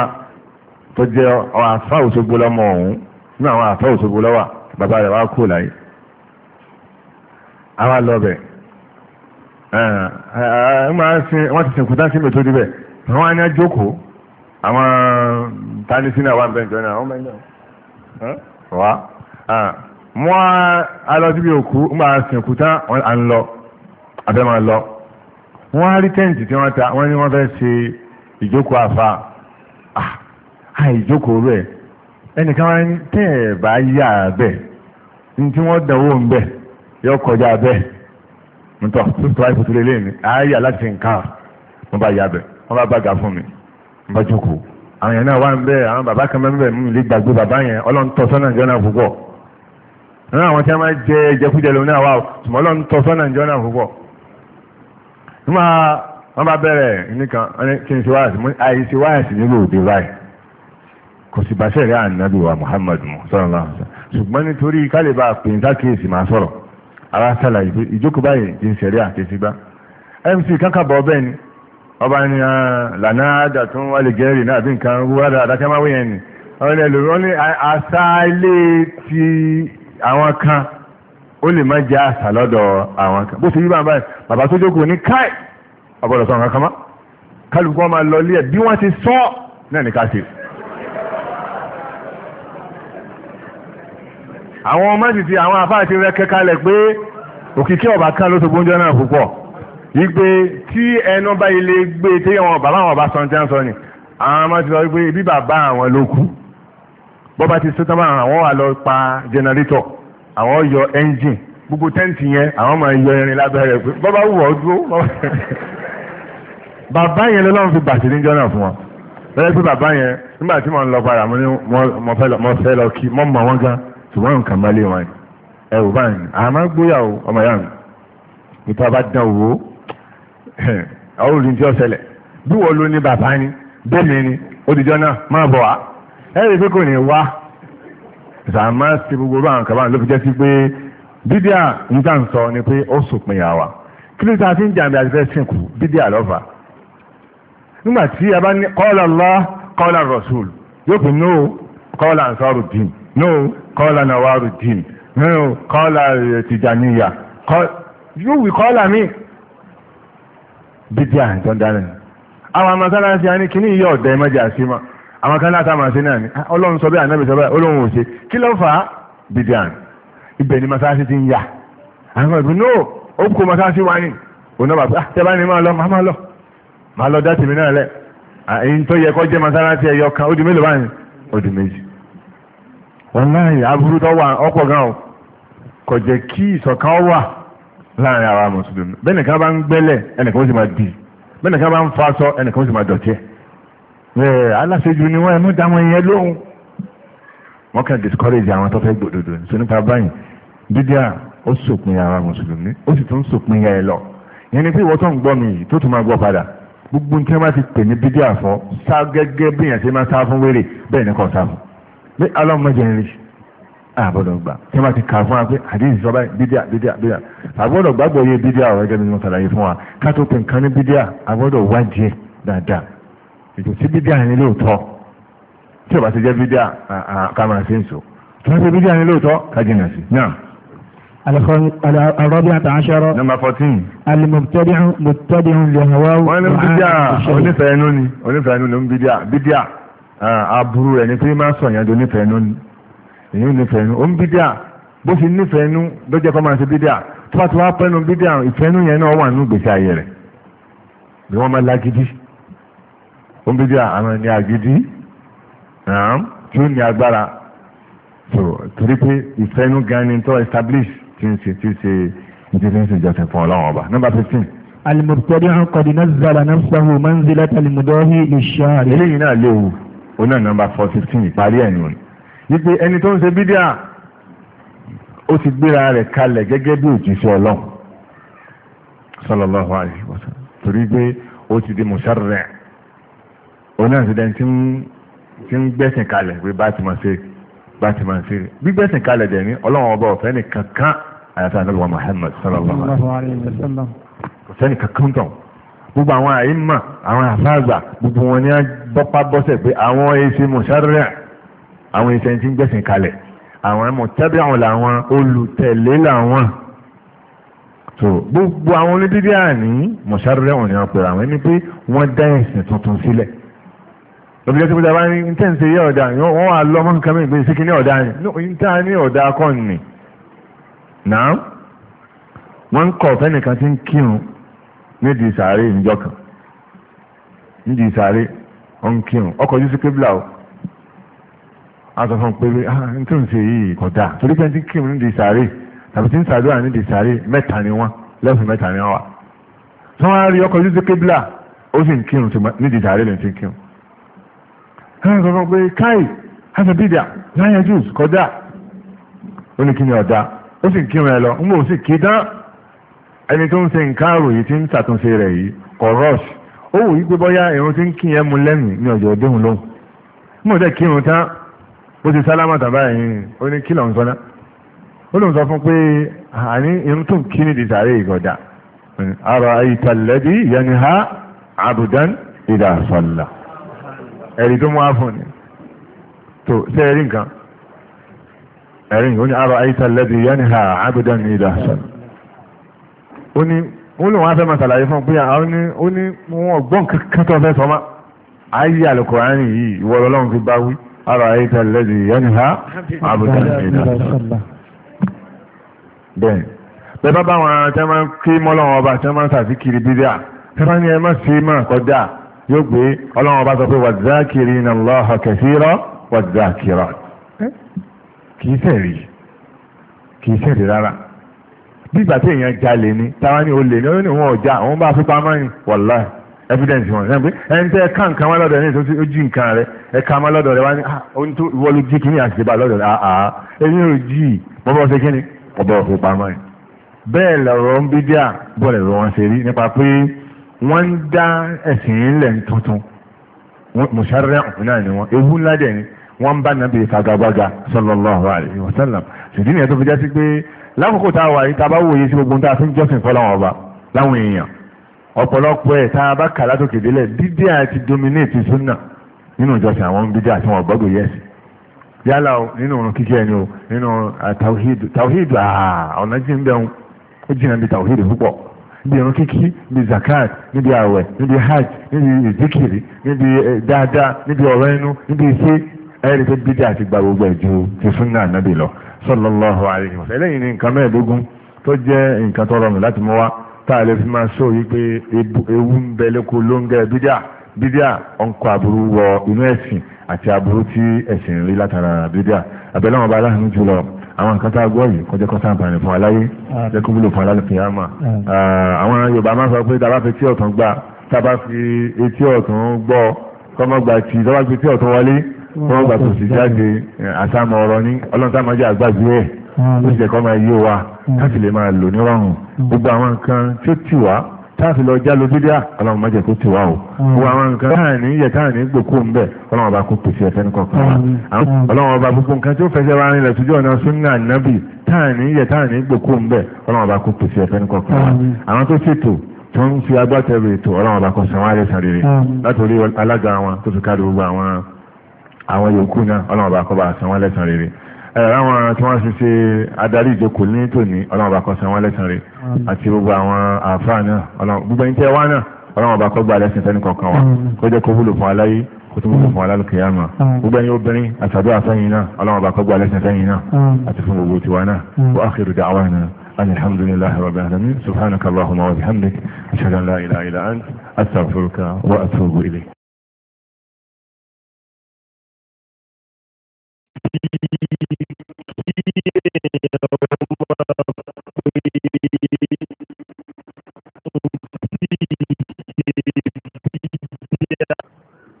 tó jẹ́ àfa Òṣogbo lọ́mọ ọ̀hún ní àwọn àfa Òṣogbo lọ́wà bàbá rẹ̀ wá kú láyé àwa lọ bẹ̀ wọ́n ti sìnkú dáńsí mi tó débẹ̀ àwọn á ní àwọn tánísínà wà bẹ́ẹ̀ jọ náà wọ́n mẹ́rin náà wá mú a òkú ń bá a sìnkú tán à ń lọ abẹ́ máa lọ wọ́n á rí tẹ́ǹtì tí wọ́n ta wọ́n ní wọ́n fẹ́ ṣe ìjókòó àfa àìjókòó rẹ̀ ẹnìkan wá ní tẹ́ ẹ̀ bá yà bẹ́ẹ̀ ní tí wọ́n dánwò ń bẹ́ẹ̀ yọ kọjá bẹ́ẹ̀ nítọ́ tó tó àìkú tó lé lé mi àáyà láti nǹkan mo bá yà bẹ́ẹ̀ wọ́n bá bàgà fún mi mo bá jókòó àwọn yẹn náà wà ń bẹ àwọn bàbá kan bẹ́ẹ̀ mú ilé gbàgbé bàbá yẹn ọlọ́ntọ́ sọ́nà ìjọ náà púpọ̀ náà àwọn tí wọ́n máa jẹ ìjẹkújẹ lòun náà wà ṣùgbọ́n ọlọ́ntọ́ sọ́nà ìjọ náà púpọ̀ nígbà wọ́n bá bẹ̀rẹ̀ nìkan kí n ṣe wáyà sí mú àìsí wáyà sí nílò òde wáyà kò sì bàṣẹ rẹ ànábì wa Muhammad ṣùgbọ́n nítorí kálíbà pè ní sákèésì máa sọ̀rọ̀ ara sálà ìjókòó báyìí ti ń ṣẹ̀rí àkẹ́sígbá mc kankan bọ̀ bẹ́ẹ̀ ni ọba ní ah, lànà àjà tó ń wá lè gẹ́rì náà bí nǹkan wúwá dáadáa kí a máa wíyẹn ni ọ̀rẹ́ lórí wọ́n ní àṣà ilé ti àwọn kan ó lè má jẹ́ àṣà lọ́dọ̀ àwọn kan bó ṣe yí bàbá yìí bàbá tó jókòó ní káì ọ̀gbọ́dọ̀ sọ nǹkan kan mọ́ kálukú wọn máa lọ ilé ẹ̀ bí wọ́n ti sọ náà ní ká ṣe. àwọn ọmọ sì ti àwọn afáàtì rẹ kẹ́kálẹ̀ pé òkìkí ọ̀bà kan ló ṣogbóúnjẹ náà púpọ̀ wípé tí ẹnu bá ilé gbé tí wọn bàbá wọn bá sọ tí wọn ni àwọn ọmọ ti sọ wípé bí bàbá àwọn ló kú bọ́bá ti sọ tábà àwọn wà lọ pa jẹnẹrétọ̀ àwọn yọ ẹ́ńjìn gbogbo tẹ́ǹtì yẹn àwọn máa yọ irin lábẹ́rẹ́ pé bọ́bá wù ọ́ dúró [LAUGHS] bàbá yẹn lọ́lọ́run fi bàtí níjọ́ náà fún wọn lọ́yẹ́ pé bàbá yẹn nígbà tí mo ń lọ padà mo ní mo fẹ́ lọ kí mo mọ̀ wọ́n gan ṣùgbọ́n nǹkan mọ́lé wọn ẹ̀ wò báyìí àmọ́ gbóyàwó ọmọ yàrá nípa bá dán owó A olùdíjẹ́ ọ̀sẹ̀lẹ̀ bí wọ́n ló ní bàbá ni bẹ́ẹ̀mí ni olùdíjọ́ náà máa bọ̀ wá ẹ̀rí pé kò ní wá sàmá gbogbo ló fi jẹ́ sí pé bídíà ni pé ó so yà wa kí ló fi ń jàǹbí àti fẹ́ sìnkú bídíà lọ́fà nígbà tí a bá ní kọ́lá kọ́lá yóò no kọ́lá ansọ́rù dín no kọ́lá nàwárù dín no kọ́lá tìjàníyà yóò wí kọ́lá míì dídí àǹtọ́ dára ni àwọn amọ̀sálásí a ní kíní iye ọ̀dẹ́ mẹ́jà sí ma àwọn kan láta máa sí náà ni ah, ọlọ́run sọ bẹ́ẹ̀ ànábì sọ bẹ́ẹ̀ olóhùn òṣè kí ló fà á dídí àná ibẹ̀ ni masáàsì ti ń yà àwọn ìbí nóò ó kó masáàsì wá ní òun bàbá ah tẹ́ bá ní máa lọ máa lọ máa lọ dá tèmi náà lẹ̀ ah, èyí tó yẹ kó jẹ́ masáàsì ẹ̀yọ kan ó di mélòó báyìí láàrin ara mùsùlùmí bẹ́ẹ̀ nìkan bá ń gbẹ́lẹ̀ ẹnìkan ó sì máa dì bẹ́ẹ̀ nìkan bá ń faṣọ ẹnìkan ó sì máa dọ̀tí ẹ̀ aláṣejù ni wọ́n ẹ̀ mú dáwọn yẹn lóhùn wọ́n kàn discourage àwọn tó fẹ́ gbòdodo ní sọ́nípa báyìí dídíà ó sòpin ara mùsùlùmí ó sì tún sòpin ya ẹ lọ yẹn ni pé ìwọ́n tó ń gbọ́ mi yìí tó tún máa gbọ́ padà gbogbo ní tí wọ́n bá ti pè ní dídíà fọ́ sá gẹ́gẹ́ bí yẹn ṣe máa sá fún wéré bẹ́ẹ̀ ni kò sá fún pé alọ́mọdé ń rí àbọ̀dọ̀ gbà tí wọ́n ti kà fún wa pé àdéhùn sọ báyìí bídíà bídíà bídíà àbọ̀dọ̀ gbàgbọ́ yé bídíà ọ̀rọ̀ gẹ́gẹ́ bí wọ́n ṣàlàyé fún wa ká tó pè nǹkan ní bídíà àbọ̀dọ̀ wádìí ẹ̀ dáadáa ètò tí bídíà ní lóòótọ́ tí ò bá ti jẹ́ bídíà ká máa ṣe ń sọ tí wọ́n ti bídíà ní lóòótọ́ ká jìnà sí náà. الرابعة عشرة نمبر 14 المبتدع مبتدع لهواه وانا بديع وانا فانوني وانا فانوني بديع بديع اه يعني في ما صنع دوني فانوني èyí ò nífẹ̀ẹ́ nu òun bídíà bó ṣe nífẹ̀ẹ́ nu lọ́jọ́ kọ́ máa ṣe bídíà tó bá ti wá pẹ́ nu bídíà ìfẹ́nu yẹn náà wà nù gbèsè ayé rẹ̀ ni wọ́n máa lágídí òun bídíà àwọn ni àgídí tí ó ní agbára torí pé ìfẹ́nu gan ni tó establish tí ń ṣe tí ń ṣe ìdílé ń ṣe ìjọsìn fún ọlọ́run ọba number fifteen. المبتدع قد نزل نفسه منزلة المضاهي للشارع. إليه هنا له هنا نمبر 415 قال يعني wípé ẹni tó ń ṣe bídíà ó ti gbéra rẹ̀ kalẹ̀ gẹ́gẹ́ bí òjíṣẹ́ ọlọ́run sallallahu alaihi wasallam torí pé ó ti di musharri' onáàtìdẹ́ni tí ń gbẹ̀sìn kalẹ̀ pé bá ti máa ṣe bá ti máa ṣe gbígbẹ̀sìn kalẹ̀ dẹ̀ ní ọlọ́run ọba ọ̀fẹ́ nìkan kan àyàtọ̀ àdọ́lùwà Muhammad sallallahu alaihi wasallam ọ̀fẹ́ nìkan kan tán gbogbo àwọn àyíma àwọn àfáàgbà gbogbo wọn ni a bọ́pá bọ́sẹ̀ pé àwọn èsì musharri' àwọn ìṣẹ́ tí ń gbẹ̀sìn kalẹ̀ àwọn ẹmọ tẹ́bí àwọn làwọn olùtẹ̀lé làwọn so gbogbo àwọn onídídí àní mọ̀ṣáré wọn ni wọn pèrè àwọn ẹni pé wọ́n dá ẹ̀sìn tuntun sílẹ̀ lọ́bí jẹ́ síbi dábàá ní tẹ́ǹsì yẹ ọ̀dà wọ́n wà lọ mọ́ nǹkan mìíràn sí kíní ọ̀dà ni níta ní ọ̀dà akọ́ ni náà wọ́n ń kọ̀ fẹ́nìkan tí ń kírun nídìí sàárè níjọ́ kan nídìí sàárè ó ń kírun ọkọ̀ yusuf kébìlà o aṣọ fún pé ah, n tó ń ṣe yìí kọjá torí pé tí kírun di sàárè tàbí tí ń sàdúrà ní di sàárè mẹ́ta ni wọ́n lẹ́sùn mẹ́ta ni wọ́n wà tí wọ́n rí ọkọ̀ ojú kébìlà ó sì ń kírun ní di sàárè lẹ́yìn tí ń kírun. ẹ̀rọ sọ fún pé káì aṣọ bídà láyé jùs kọjá ó ní kí ni ọ̀dà ó sì ń kírun ẹ lọ ń wò ó sì kí dán ẹni tó ń ṣe nǹkan àròyé tí ń ṣàtúnṣe rẹ̀ yìí kọ̀ rush ó wò yí pé bọ́yá ìrun tí ń kí yẹn mu lẹ́nu ní ọ̀jọ̀ ọdún lóhùn mo dẹ̀ kírun tán bó ti sálámà tàbá yìí ó ní kí lọ́n sọ́nà ó lòun sọ fún pé àní irun tó kí ní ìdìsàárè ìgọ̀dà ara ìtàlẹ́dì yẹni ha abudan ìdàsọ̀là ẹ̀rí tó mú wá fún ni tó ṣe ẹ̀rí nǹkan ẹ̀rí ó ní ara ìtàlẹ́dì yẹni ha abudan ìdàsọ̀là ó ní ó lòun wá fẹ́ máa ṣàlàyé fún pé ó ní ó ní wọn gbọ́n kankan fẹ́ sọ́mọ́ ayé àlùkò yìí ìwọ fi bá wí. أرأيت الذي ينهى عبدا إذا bẹ́ẹ̀ bẹ́ẹ̀ bá wọn tẹ́ máa ń kí mọ́lọ́wọ́ ọba tẹ́ máa ń sàfikiri bídíà tẹ́ máa ń yẹ má sí máa kọjá yóò gbé ọlọ́wọ́ ọba sọ pé wazakirina Allaha kathira wazakirat kìí sẹ̀rí kìí sẹ̀rí rárá bí ìgbà tí èèyàn jalè ni táwa ní olè ni ó ní òun ọ̀já òun bá fipá mọ́yìn wàláì evidence wọn sẹ́yìn pé ẹni tẹ́ ká nǹkan wá lọ́dọ̀ ẹni tó ti jí nǹkan rẹ ẹ ká má lọ́dọ̀ rẹ wá ní ohun ah, tó wọlé jí kínní àṣìṣebà lọ́dọ̀ rẹ àá ah, ẹni ah, ò jí bọ́bọ́ ṣe kínní ọ̀bọ̀ òfin pamọ́ ẹ̀ bẹ́ẹ̀ lọ̀rọ̀ ń bí díà bọ́ọ̀lù ẹ̀rọ wọn ṣe rí nípa pé wọ́n ń dá ẹ̀sìn ilẹ̀ tuntun mùsàrẹ́ ọ̀hún náà ni wọ́n ewu ńlá dẹ̀ ni wọ́n bá nàbí ìfagagbága sallallahu alaihi wasallam ṣùgbọ́n ìyẹn tó fi jẹ́ sí pé lákòókò tá a wà yìí tá a bá wòye sí gbogbo ohun tá a fi ń jọ́sìn ọ̀pọ̀lọpọ̀ ẹ̀ tá a bá kà látòkè délẹ̀ dídí àti dominate súnà nínú ìjọsìn àwọn bídí àti wọn gbọ́dọ̀ yálà nínú ọ̀run kíkẹ́ ẹni o nínú tawhid ọ̀nà jìn bẹ́ẹ̀ ó bí tawhid púpọ̀ níbi ìrun kíkí níbi zakat níbi àwẹ̀ hajj níbi níbi eh, dáadáa níbi ọ̀rọ̀ ẹnu níbi iṣẹ́ ẹ̀rí tó àti gba gbogbo ẹ̀ ju ti súnà táàlẹ́ fi máa sọ wípé ewu ń bẹ lẹ́kọ̀ọ́ ló ń gẹ bídíà bídíà ọ̀nkọ́ aburú wọ inú ẹ̀sìn àti aburú tí ẹ̀sìn rí látara bídíà abẹ́lẹ́ wọn bá aláhùn jùlọ àwọn nǹkan tá a gbọ́ yìí kọjá kọ́sá àǹfààní fún aláyé lẹ́kùn wúlò fún aláàfin yàmà àwọn Yorùbá máa ń sọ pé tá a bá fi etí ọ̀tún gbà tá a bá fi etí ọ̀tún gbọ́ kọ́mọ́ gbà tí tá a bá fi etí ọ̀tún wọlé kọ́mọ́ gbà tòsí jáde àsámọ̀ ọ̀rọ̀ ní ọlọ́run tá ẹ̀ ó sì kọ́ máa yé wa káàsì lè máa lò nírọ̀rùn gbogbo àwọn nǹkan tí ó tì wá táàfi lọ jálò dídíà ọlọ́run má jẹ́ ti wá o gbogbo àwọn nǹkan táàní yẹ táàní gbòkó ń bẹ̀ ọlọ́run ọba kó pèsè ẹ̀fẹ́ ní kọ̀ọ̀kan wa ọlọ́run ọba gbogbo nǹkan tí ó fẹsẹ̀ wá rìnlẹ̀ sójú ọ̀nà súnà nábì táàní yẹ táàní gbòkó ń bẹ̀ ọlọ́run ọba kó pèsè ẹ̀fẹ́ ní kọ̀ọ̀kan wa àwọn tó ṣètò tó ń fi agbátẹrù ètò ọlọ́run ọba kan sanwó ayé sàrèrè látòrí alága wọn tó fi káàdì gbogbo àwọn àwọn yòókù náà ọlọ́run ọba àwọn tí wọ́n ṣe ṣe adarí ìjókòó ní tòní ọlọ́run bá kó san wọ́n lẹ́san rẹ̀ àti gbogbo àwọn àáfàá náà gbogbo ẹni tẹ́ wá náà ọlọ́run bá kó gba lẹ́sìn tẹ́ni kọ̀ọ̀kan wa kó jẹ́ kó wúlò fún aláyé kó tó wúlò fún alálùkìyàmà gbogbo ẹni obìnrin àtàdó àfẹ́yìn náà ọlọ́run bá kó gba lẹ́sìn fẹ́yìn náà àti fún gbogbo tiwa náà wa akhiru da'wana alhamdulillahi rabbil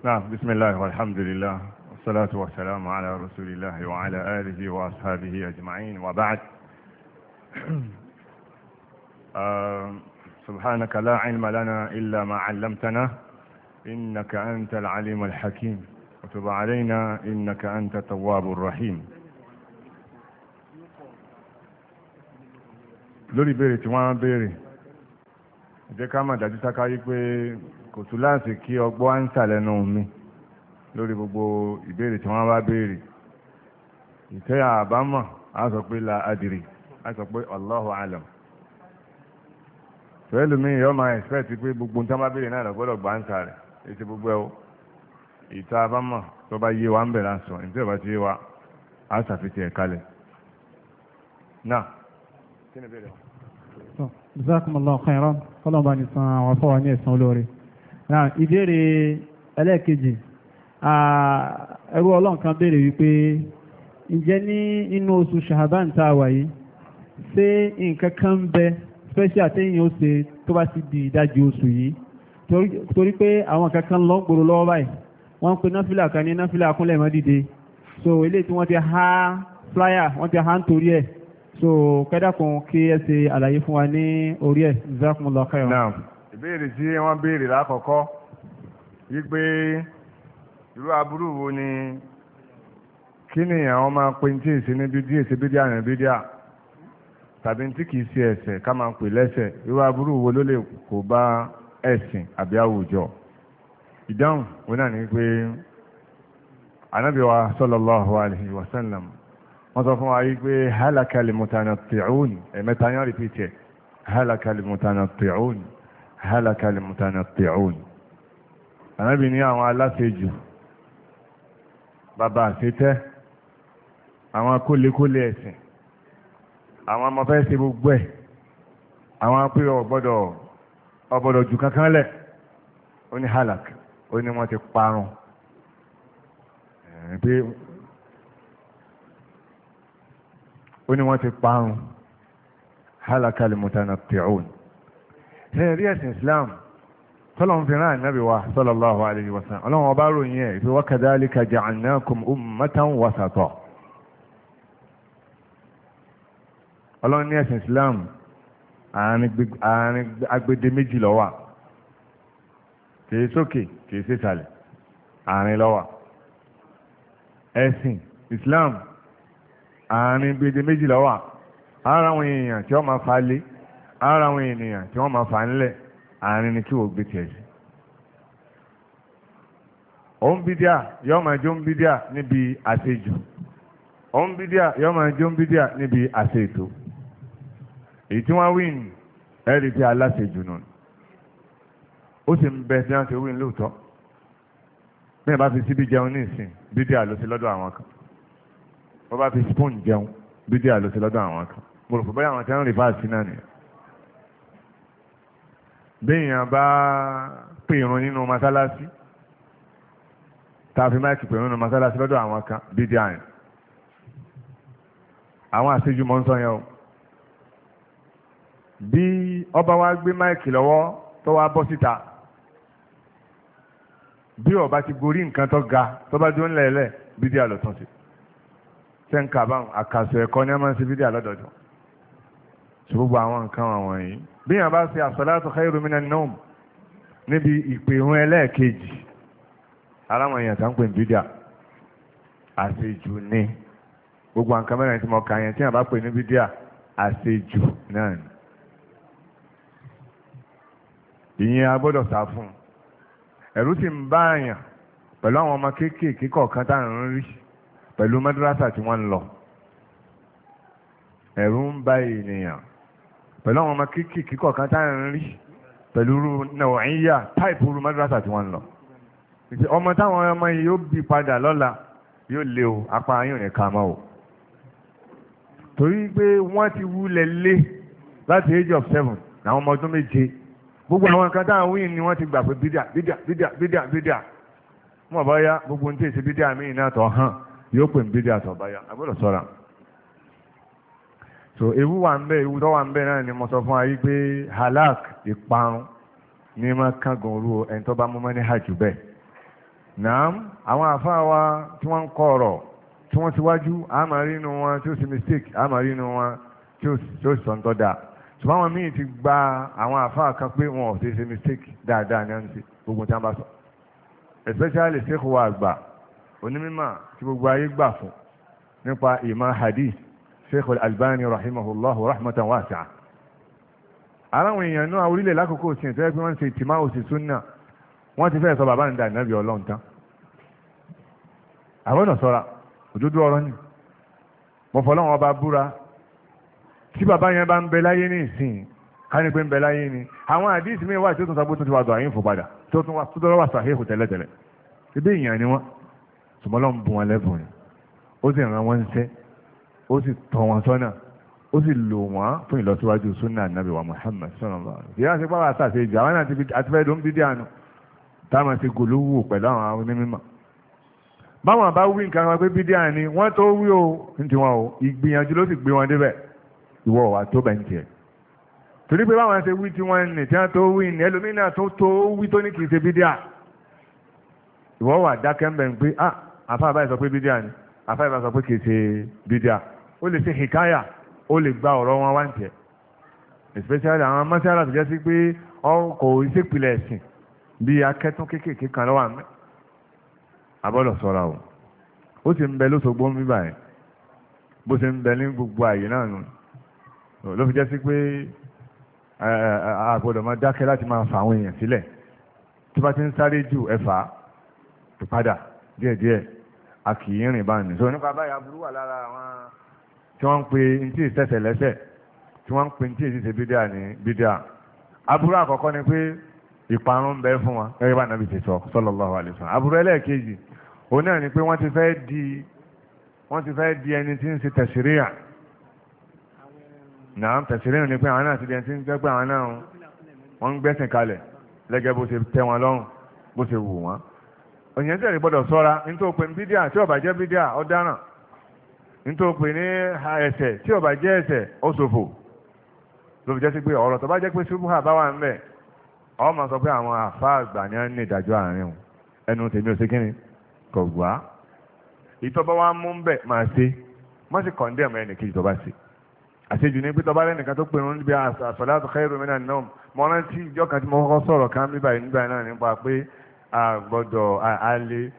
نعم بسم الله والحمد لله والصلاة والسلام على رسول الله وعلى آله وأصحابه أجمعين وبعد [CLEARS THROAT] سبحانك لا علم لنا إلا ما علمتنا إنك أنت العليم الحكيم وتب علينا إنك أنت التواب الرحيم lórí ìbéèrè tí wọ́n béèrè jẹ́ ká mọ̀ dájú sáká yí pé kò tún láti kí ọgbọ́n á ń sàlẹ́nu mi lórí gbogbo ìbéèrè tí wọ́n bá béèrè ìtẹ́ àbámọ̀ á la adìrì á sọ pé pẹ̀lú mi yọ máa gbogbo bá béèrè náà gbogbo ẹ̀ àbámọ̀ tó bá yé wa ń bẹ̀rẹ̀ ìtẹ́ ìbá ti yé wa kí ni bèrè wọn. jazakumullahu khairan kọ́lọ́n bá ní san àwọn afọ́wà ní ẹ̀sán olóore. ìbéèrè ẹlẹ́ẹ̀kejì ẹrú ọlọ́run kan béèrè wípé ǹjẹ́ ní inú oṣù shahaban tá a wà yìí ṣé nǹkan kan ń bẹ special téèyàn ó ṣe tó bá ti di ìdajì oṣù yìí torí pé àwọn kankan lọ ń gbòòrò lọ́wọ́ báyìí wọ́n ń pe náfìlà kan ní náfìlà akúnlẹ̀ mọ́ dìde so eléyìí tí wọ́n ti há flyer wọ́n ti há nítorí ẹ̀ so kẹ́dàkùn kí ẹ ṣe àlàyé fún wa ní orí ẹ̀ zakumullah khairan. naam ìbéèrè tí wọ́n béèrè lákọ̀ọ́kọ́ wípé irú aburú wo ni kí ni àwọn máa pe tí èsì ní bídí èsì bídí àrùn bídí à tàbí tí kìí ṣe ẹ̀ṣẹ̀ ká máa pè lẹ́ṣẹ̀ irú aburú wo ló lè kó bá ẹ̀sìn àbí àwùjọ ìdáhùn wọn náà ni pé anábìwa sallallahu alaihi wa sallam wọ́n sọ fún wa yí pé halakali mutanatti'un ẹ̀mẹ́ta yán rìpítì ẹ̀ halakali mutanatti'un halakali mutanatti'un ànábì ní àwọn aláṣejù bàbá àṣetẹ́ àwọn kólékólé ẹ̀sìn àwọn ọmọ fẹ́ ṣe gbogbo ẹ̀ àwọn apẹ́rẹ́ ọ̀gbọ́dọ̀ jù kankan ó ní halak ó ní wọ́n ti parun halakali mutanatti'un ṣe rí ẹ̀sìn islam tọ́lọ̀n fi rán ànábì wa sallallahu alayhi wa sallam ọlọ́run ọba ròyìn ẹ̀ ìfẹ́ wa kadhalika ja'alnakum ummatan wasata ọlọ́run ní ẹ̀sìn islam àárín agbede méjì lọ́wà kìí sókè kìí sísàlẹ̀ àárín lọ́wà ẹ̀sìn islam àárín gbèdé méjìlá wà ara àwọn èèyàn tí wọ́n máa fa lé ara àwọn ènìyàn tí wọ́n máa fa ńlẹ̀ àárín ni kí wọ́n gbé tiẹ̀ sí. òun bídíà yọ́ọ́ máa jó ń bídíà níbi àṣejù òun bídíà yọ́ọ́ máa jó ń bídíà níbi àṣeètò èyí tí wọ́n wí ní ẹ̀rí pé aláṣejù nù ó sì ń bẹ tí wọ́n ti wí ní lóòótọ́ bí wọ́n bá fi síbi jẹun ní ìsìn bídíà ló ti lọ́dọ̀ àwọn kan wọ́n bá fi spoon jẹun bídí àlọ́sí lọ́dọ̀ àwọn kan mo rò pé báyà àwọn tí wọ́n rí fáàsì náà nìyẹn. béèyàn bá pè irun nínú mọ́sálásí tá a fi máìkì pè irun nínú mọ́sálásí lọ́dọ̀ àwọn kan bídí àyàn. àwọn àṣejù mọ́ ń sọ yẹn o. bí ọba wa gbé máìkì lọ́wọ́ tó wá bọ́ síta bí ọba ti gorí nǹkan tó ga tó bá dún lẹ́lẹ̀ bídí àlọ́tàn sí i tẹ́ ń kà ẹ̀kọ́ ní a máa ń ṣe fídíò alọ́dọ̀dọ̀ ṣe gbogbo àwọn nǹkan àwọn yìí bí yàn bá ṣe àsọ̀látò khairu minan naum níbi ìpè ìrun ẹlẹ́ẹ̀kejì aláwọn èèyàn tá ń pè ní fídíò àṣejù ni gbogbo nǹkan mẹ́rin tí mo kà yẹn tí yàn bá pè ní fídíò àṣejù náà ni ìyẹn a gbọ́dọ̀ sá fún ẹ̀rú sì ń bá àyàn pẹ̀lú àwọn ọmọ kéékèèké kọ̀ọ̀kan táwọn ń rí pẹ̀lú madrasa tí wọ́n ń lọ ẹ̀rù ń ba ènìyàn pẹ̀lú àwọn ọmọ kíkì kíkọ̀ kan tá à ń rí pẹ̀lú nàwọ̀nyíyà táìpù rú madrasa tí wọ́n ń lọ ọmọ táwọn ọmọ yìí yóò bí padà lọ́la yóò lé o apá yóò ní ká mọ́ o torí pé wọ́n ti wúlẹ̀ lé láti age of seven àwọn ọmọ ọdún méje gbogbo àwọn nǹkan táwọn wíìn ni wọ́n ti gbà pé bídà bídà bídà bídà bídà wọ́n bá yá gbogbo ní tèsí bídà míì náà tọ̀ hàn yóò pè ń bídí àtọ̀báyà agbọ́dọ̀ sọ́ra so ewu wà ń bẹ ewu tó wà ń bẹ náà ni mo sọ fún ayé pé halak ìparun ní máa kángan orú ẹni tó bá mú mọ́ ní hajj bẹ́ẹ̀ naam àwọn àfáà wa tí wọ́n ń kọ́ ọ̀rọ̀ tí wọ́n ti wájú àmàrí inú wọn tí ó sì mistake àmàrí inú wọn tí ó sì sọ̀ńtọ́ dáa ṣùgbọ́n àwọn míì ti gba àwọn àfáà kan pé wọn ò ṣe ṣe mistake dáadáa ní ọ̀nà gbogbo tí wọ́n bá sọ especially ṣéèkù wa àgbà onímọ̀ tí gbogbo ayé gbà fún nípa ìmọ̀ hadith Sheikh Al-Albani rahimahullahu rahmatan wasi'a aláwọn èèyàn náà orílẹ̀ lákòókò sí ẹ̀ tẹ́lẹ̀ pé wọ́n ń ṣe ìtìmá òsì súnà wọ́n ti fẹ́ sọ bàbá ń da ìnábì ọlọ́run tán àwọn ọ̀nà sọ́ra òdodo ọ̀rọ̀ ni mo fọ́ lọ́wọ́ ọba búra tí bàbá yẹn bá ń bẹ láyé ní ìsìn káni pé ń bẹ láyé ni àwọn àdíìsì mi wà tí ó tún sọ pé ó ti wà dọ̀ àyínfò padà tó tún wà tó tọ́lọ́wà sàhéhù tẹ́lẹ̀tẹ́lẹ̀ ebí èèyàn ni wọ́n ṣùgbọ́n lọ́n bu wọn lẹ́bùn ni ó sì ràn wọ́n ṣẹ́ ó sì tọ́ wọn sọ́nà ó sì lò wọ́n fún ìlọsíwájú súnà nàbì wa Muhammad sallallahu alaihi wasallam kì í àti pàwọ́ àtàṣe ìjà àwọn àti fẹ́ dùn dídí àná táwọn ti gòlówó pẹ̀lú àwọn onímọ̀ báwọn bá wí nǹkan wọn pé bídíà ni wọ́n tó wí o ní tiwọn o ìgbìyànjú ló sì gbé wọn débẹ̀ ìwọ wà tó bẹ̀ ń tiẹ̀ torí pé báwọn ṣe wí tí wọ́n ní tí wọ́n tó wí ní ẹlòmínà tó tó wí tó ní kì í ṣe bídíà ìwọ wà dákẹ́ ń bẹ̀ ń pé ah àfáà báyìí sọ pé bídíà ni àfáà ìbá sọ pé kì í ṣe lè ṣe hikaya ó lè gba ọ̀rọ̀ wọn wá ń especially àwọn mọ́ṣáláà tó jẹ́ sí pé kò ṣèpìlẹ̀ ẹ̀sìn bí akẹ́tún kéékèèké kan lọ́wọ́ àmì abọ́dọ̀ sọ́ra o ó sì ń bẹ lóṣogbo ń bíbà yẹn bó ṣe ń bẹ ní gbogbo àyè náà nù ló fi jẹ́ sí pé àgbọ̀dọ̀ máa dákẹ́ láti máa fà àwọn èèyàn sílẹ̀ tó bá ti ń sáré jù ẹ̀fà padà díẹ̀díẹ̀ a kì í rìn báyìí so nípa báyìí aburú wà lára àwọn tí wọ́n ń pe ntí ìsẹ̀sẹ̀ lẹ́sẹ̀ tí wọ́n ń pe ntí ìsẹ̀sẹ̀ bídíà ní bídíà aburú àkọ́kọ́ ni pé ìparun bẹ fún wa gẹ́gẹ́ bá nàbì ti sọ sallallahu alaihi wasallam aburú ẹlẹ́ẹ̀kejì òun náà ni pé wọ́n ti fẹ́ di wọ́n ti fẹ́ di ẹni tí ń ṣe tẹ̀síríà náà tẹ̀síríà ni pé àwọn náà ti di ẹni tí ń gbẹ́gbẹ́ àwọn náà wọ́n ń gbẹ́sìn kalẹ̀ lẹ́gẹ́ bó ṣe tẹ́ wọn lọ́rùn bó ṣe wù wọ́n òyìn tẹ̀lé gbọ́dọ̀ sọ́ra nítorí pé bídíà tí ó bá jẹ́ bídíà ọ̀daràn nítorí pé ní ẹ̀ṣẹ̀ tí ó bá jẹ́ ẹ̀ṣẹ̀ ọ̀ṣọ̀fọ̀ ló fi jẹ́ sí pé ọ̀rọ̀ tó bá jẹ́ pé ṣubúhà bá wà ń bẹ̀ ọ máa sọ pé àwọn àfáà àgbà ni wọ́n ní ìdájọ́ àárín wọn ẹnu tèmi ò sí kíni kò gbà á ìtọ́ba wa mú bẹ̀ máa ṣe má sì kọ̀ndẹ̀mù ẹnì kejì tó bá ṣe àṣejù ní pé tọ́ba lẹ́nìkan tó pinnu níbi àṣàlátù khairu minan nawm mọ́ rántí ìjọ kan tí mo kọ́kọ́ sọ̀rọ̀ kan bíbáyìí nígbà náà nípa pé àgbọ́dọ̀ alẹ́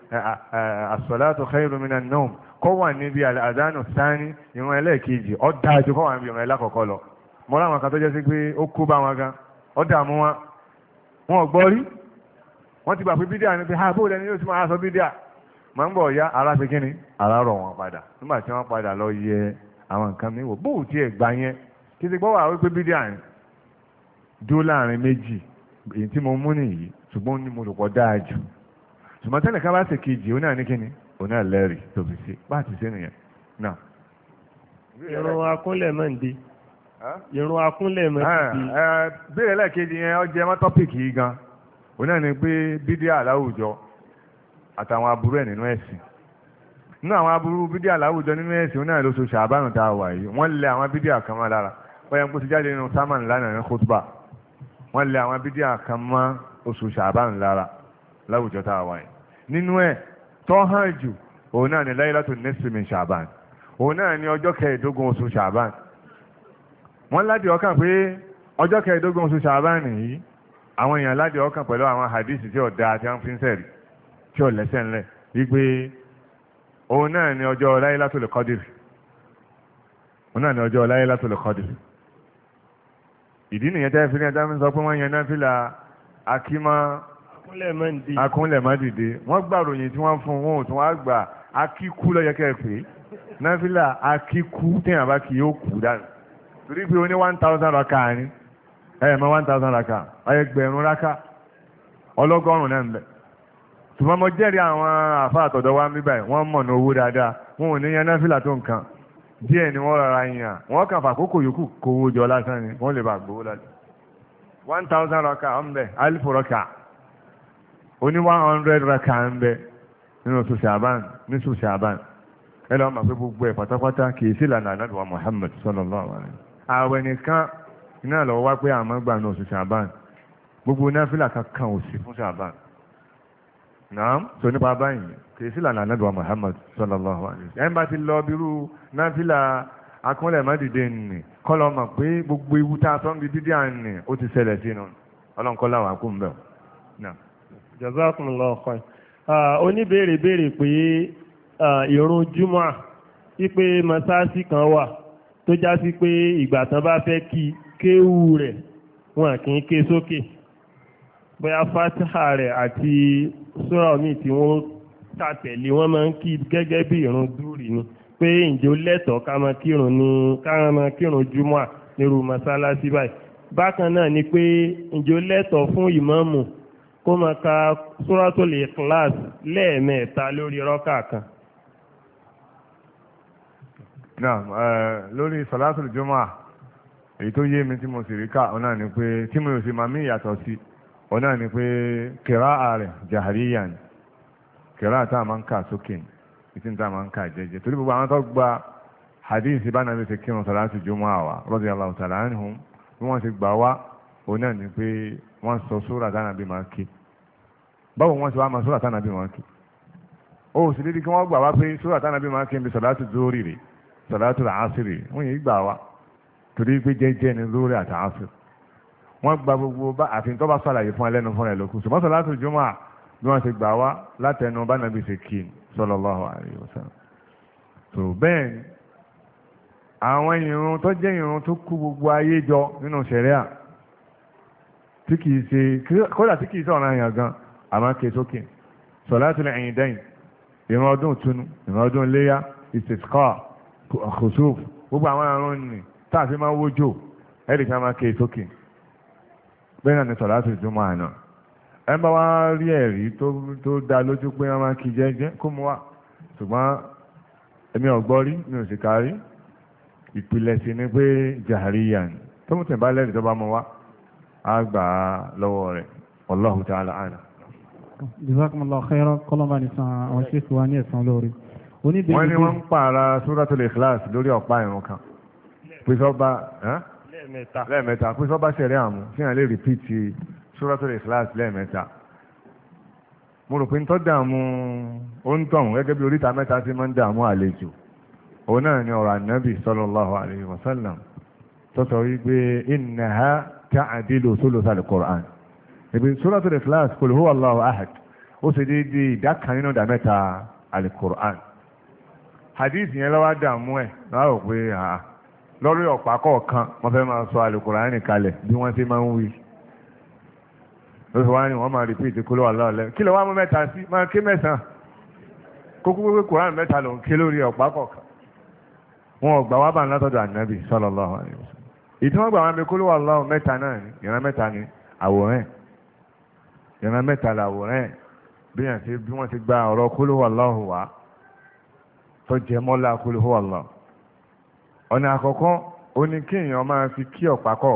àsọ̀látò khairu minan naum kọ́ wà níbi àdánù sáni ìran ẹlẹ́ẹ̀kejì ó dáa jù kọ́ wà níbi ìran ẹlẹ́kọ̀ọ́kọ́ lọ mọ́ láwọn kan tó jẹ́ sí pé ó kú bá wọn gan ó dààmú wọn wọn ò gbọ́ rí wọ́n ti gbà pé bídíà ni pé ha bóòlù ẹni yóò ti máa sọ bídíà máa ń bọ̀ ya ara ṣe kíni ara rọ̀ wọn padà nígbà tí wọ́n padà lọ yẹ àwọn nǹkan mi wò bóòlù tiẹ̀ gbà yẹn kí ti gbọ́ wà wípé bídíà dúró láàrin méjì èyí tí mo mú nìyí ṣùgbọ́n ní mo lòpọ̀ dáa jù ṣùgbọ́n tẹ́lẹ̀ ká bá ṣe kejì ó náà ní kíni ó náà lẹ́rì tó fi ṣe bá ti ṣe nìyẹn náà. irun akúnlẹ̀ máa ń di irun akúnlẹ̀ máa ń di. béèrè lẹ́ẹ̀kejì yẹn ó jẹ́ mọ́ tọ́pìkì yìí gan ó náà ní pé bídíà láwùjọ àtàwọn aburú ẹ̀ nínú ẹ̀sìn nínú àwọn aburú bídíà láwùjọ nínú ẹ̀sìn ó náà lóṣooṣù àbárùn tá a wà yìí wọ́n lẹ àwọn bídíà kan mọ́ lára wọ́n yẹ kó ti jáde nínú sámàn lánàá ní kótóbà wọ́n lẹ àwọn bídíà kan mọ́ oṣù ṣàbán lára láwùjọ tá a wà yẹn nínú ẹ̀ tó hàn jù òun náà ni láyélátò nẹ́sìmì ṣàbán òun náà ni ọjọ́ kẹẹ̀ẹ́dógún oṣù ṣàbán wọ́n láti ọkàn pé ọjọ́ kẹẹ̀ẹ́dógún oṣù ṣàbán nìyí àwọn èèyàn láti ọkàn pẹ̀lú àwọn hadith tí ọ̀dà àti àǹfíńsẹ̀rì tí ò lẹ́sẹ̀ ńlẹ̀ wípé òun náà ni ọjọ́ láyélátò lè kọ́dìrì òun náà ni ọjọ́ lè kọ́dìrì ìdí nìyẹn tẹ́ fi ní ẹja mi sọ pé wọ́n yan náà fìlà akímọ́ akúnlẹ̀ má dìde wọ́n gbà ròyìn tí wọ́n fún wọn ò tún wá gbà akíkú lọ́yẹ kẹ́ẹ̀pẹ́ náfìlà akíkú téèyàn bá kì yóò kú dànù torí pé o ní one thousand raka ni ẹ mọ one thousand raka ẹgbẹ̀rún raka ọlọ́gọ́rùn náà ń bẹ tùmọ̀ mo jẹ́rìí àwọn àfa àtọ̀dọ̀ wa ń bí báyìí wọ́n mọ̀ ní owó dáadáa wọn ò ní yan náfìlà tó nǹkan díẹ̀ ni wọ́n rọra yàn wọ́n kàn fàkókò yòókù kówó jọ lásán ni wọ́n lè bá gbowó lásán 1.000 thousand raka ń bẹ alifu raka oní 100 hundred raka ń bẹ nínú oṣù sàbán ní oṣù sàbán ẹ lọ́wọ́ máa fi gbogbo ẹ̀ pátápátá kì í sí ìlànà àdàdùwà Muhammad sallallahu alaihi ààwẹ̀ nìkan iná lọ́wọ́ wá pé àmọ́ gbà ní oṣù sàbán gbogbo náfìlà kankan ò sí fún sàbán náà tó nípa báyìí kì í sí ìlànà àdàdùwà Muhammad sallallahu alaihi ẹ̀ ń bá ti lọ bírú náfìlà akúnlẹ̀ má dìde nì kọ́lọ́ mọ̀ pé gbogbo ewu tá a sọ ń bi dídí à ń nì ó ti ṣẹlẹ̀ sínú ọlọ́nkọ́lá wà kú mbẹ́ o. jazakumullahu khair oníbèrè béèrè pé ìrun júmọ́ wípé mọ́sáàsì kan wà tó já sí pé ìgbà tán bá fẹ́ kí kéwù rẹ̀ wọn kì í ké sókè bóyá fatiha rẹ̀ àti sura tí wọ́n tàtẹ̀lé wọ́n máa ń kí gẹ́gẹ́ bí ìrun dúrì ni. pé ǹjẹ́ ó lẹ́tọ̀ọ́ ká máa kírun ní ká máa kírun júmọ́ nírú mọ́sálásí báyìí bákan náà ni pé ǹjẹ́ ó lẹ́tọ̀ọ́ fún ìmáàmù kó máa ka suratul ikhlas lẹ́ẹ̀mẹ́ta lórí rọ́kà kan. na lórí sọlátùl júmọ́ èyí tó yé mi tí mo sì rí ká ọ̀nà ni pé tí mo sì máa mí ìyàtọ̀ sí ọ̀nà ni pé kẹ̀rá rẹ̀ jàhàríyà ni kẹ̀rá tá a máa ń kà sókè ni ìtì tá a máa ń kà jẹjẹ torí gbogbo àwọn tó gba hadith bá nàbí ṣe kírun sọlá sí jùmọ̀ àwà radiyallahu ta'ala anhum bí wọ́n ti gbà wá òun náà ni pé wọ́n sọ sóra tánàbí máa ké báwo wọ́n ti wá máa sóra tánàbí máa ké ó sì dídí kí wọ́n gbà wá pé sóra tánàbí máa ké ń bi sọ̀látù dórí rè sọ̀látù làásìrì wọ́n yìí gbà wá torí pé jẹ́jẹ́ ni lórí àtàásìrì wọ́n gba gbogbo bá tó bá sọ̀làyé fún ẹlẹ́nu fún ẹ lókun ṣùgbọ́n sọ̀látù jùmọ̀ bí wọ́n ṣe gbà wá látẹnu bá nàbí ṣe kí sallallahu alaihi wasallam tó bẹ́ẹ̀ ni àwọn ìrun tó jẹ́ ìrun tó kú gbogbo ayé jọ nínú ṣẹ̀ríà tí kìí ṣe kódà tí kìí sọ̀rọ̀ àyàn gan àmọ́ ké sókè sọ̀látùl ìdáyìn ìrun ọdún túnú ìrun ọdún léyà ìsìsíkà khusuf gbogbo àwọn àrùn nì táàfin máa wójò ẹ̀rì kan máa ké sókè bẹ́ẹ̀ náà ni sọ̀látùl jùmọ̀ àná ẹ bá wá rí ẹ̀rí tó dá lójú pé wọ́n máa kí jẹ́jẹ́ kó mú wá ṣùgbọ́n èmi ọ̀gbọ́ rí mi ò sì ká rí ìpìlẹ̀ sí ni pé jàríyà ni tó mú tẹ̀bá lẹ́rìí tó bá mú wá á gbà á lọ́wọ́ rẹ̀ Wallahu ta'ala àná. Jazakumullahu khairan kọ́lọ́mà nìsan àwọn ṣe ti wá ní ẹ̀sán lórí. wọ́n ní wọ́n ń pààrà Suratul Ikhlas lórí ọ̀pá ìrun kan pèsè ọba lẹ́ẹ̀mẹ́ta pèsè ọba ṣẹ̀rẹ̀ àmú sí àlè rìpíìtì Suratul Ikhlas lẹ́ẹ̀mẹ́ta mo rò pé ń tọ́ dààmú ó ń tọ̀hún gẹ́gẹ́ bí oríta mẹ́ta sí máa ń dààmú àlejò òun náà ni ọ̀rọ̀ ànábì sallallahu alayhi wa sallam tó sọ wípé innaha ta'dilu thuluthal Qur'an ibi Suratul Ikhlas qul huwa Allahu ahad ó sì déédéé ìdá kan nínú ìdá mẹ́ta al-Qur'an hadith yẹn lọ́wọ́ dààmú ẹ̀ láwọ̀ pé lórí ọ̀pá kọ̀ọ̀kan wọ́n fẹ́ máa sọ al-Qur'an kalẹ̀ bí wọ́n ti máa ń wí ló fi wá ní wọ́n máa rìpíìtì kó ló wà lọ́ọ̀lẹ́ kí ló wá mú mẹ́ta sí máa ké mẹ́sàn-án kókó pé kùránù mẹ́ta ló ń ké lórí ọ̀pá kọ̀ọ̀kan wọn ò gbà wá bá látọ̀dọ̀ ànábì sallallahu alaihi wasallam ìtí wọ́n gbà wá bí kó ló wà lọ́ọ̀ mẹ́ta náà ni ìran mẹ́ta ni àwòrán ẹ̀ ìran mẹ́ta làwòrán ẹ̀ bí wọ́n ti gba ọ̀rọ̀ kó wà lọ́ọ̀ wá tó jẹ mọ́lá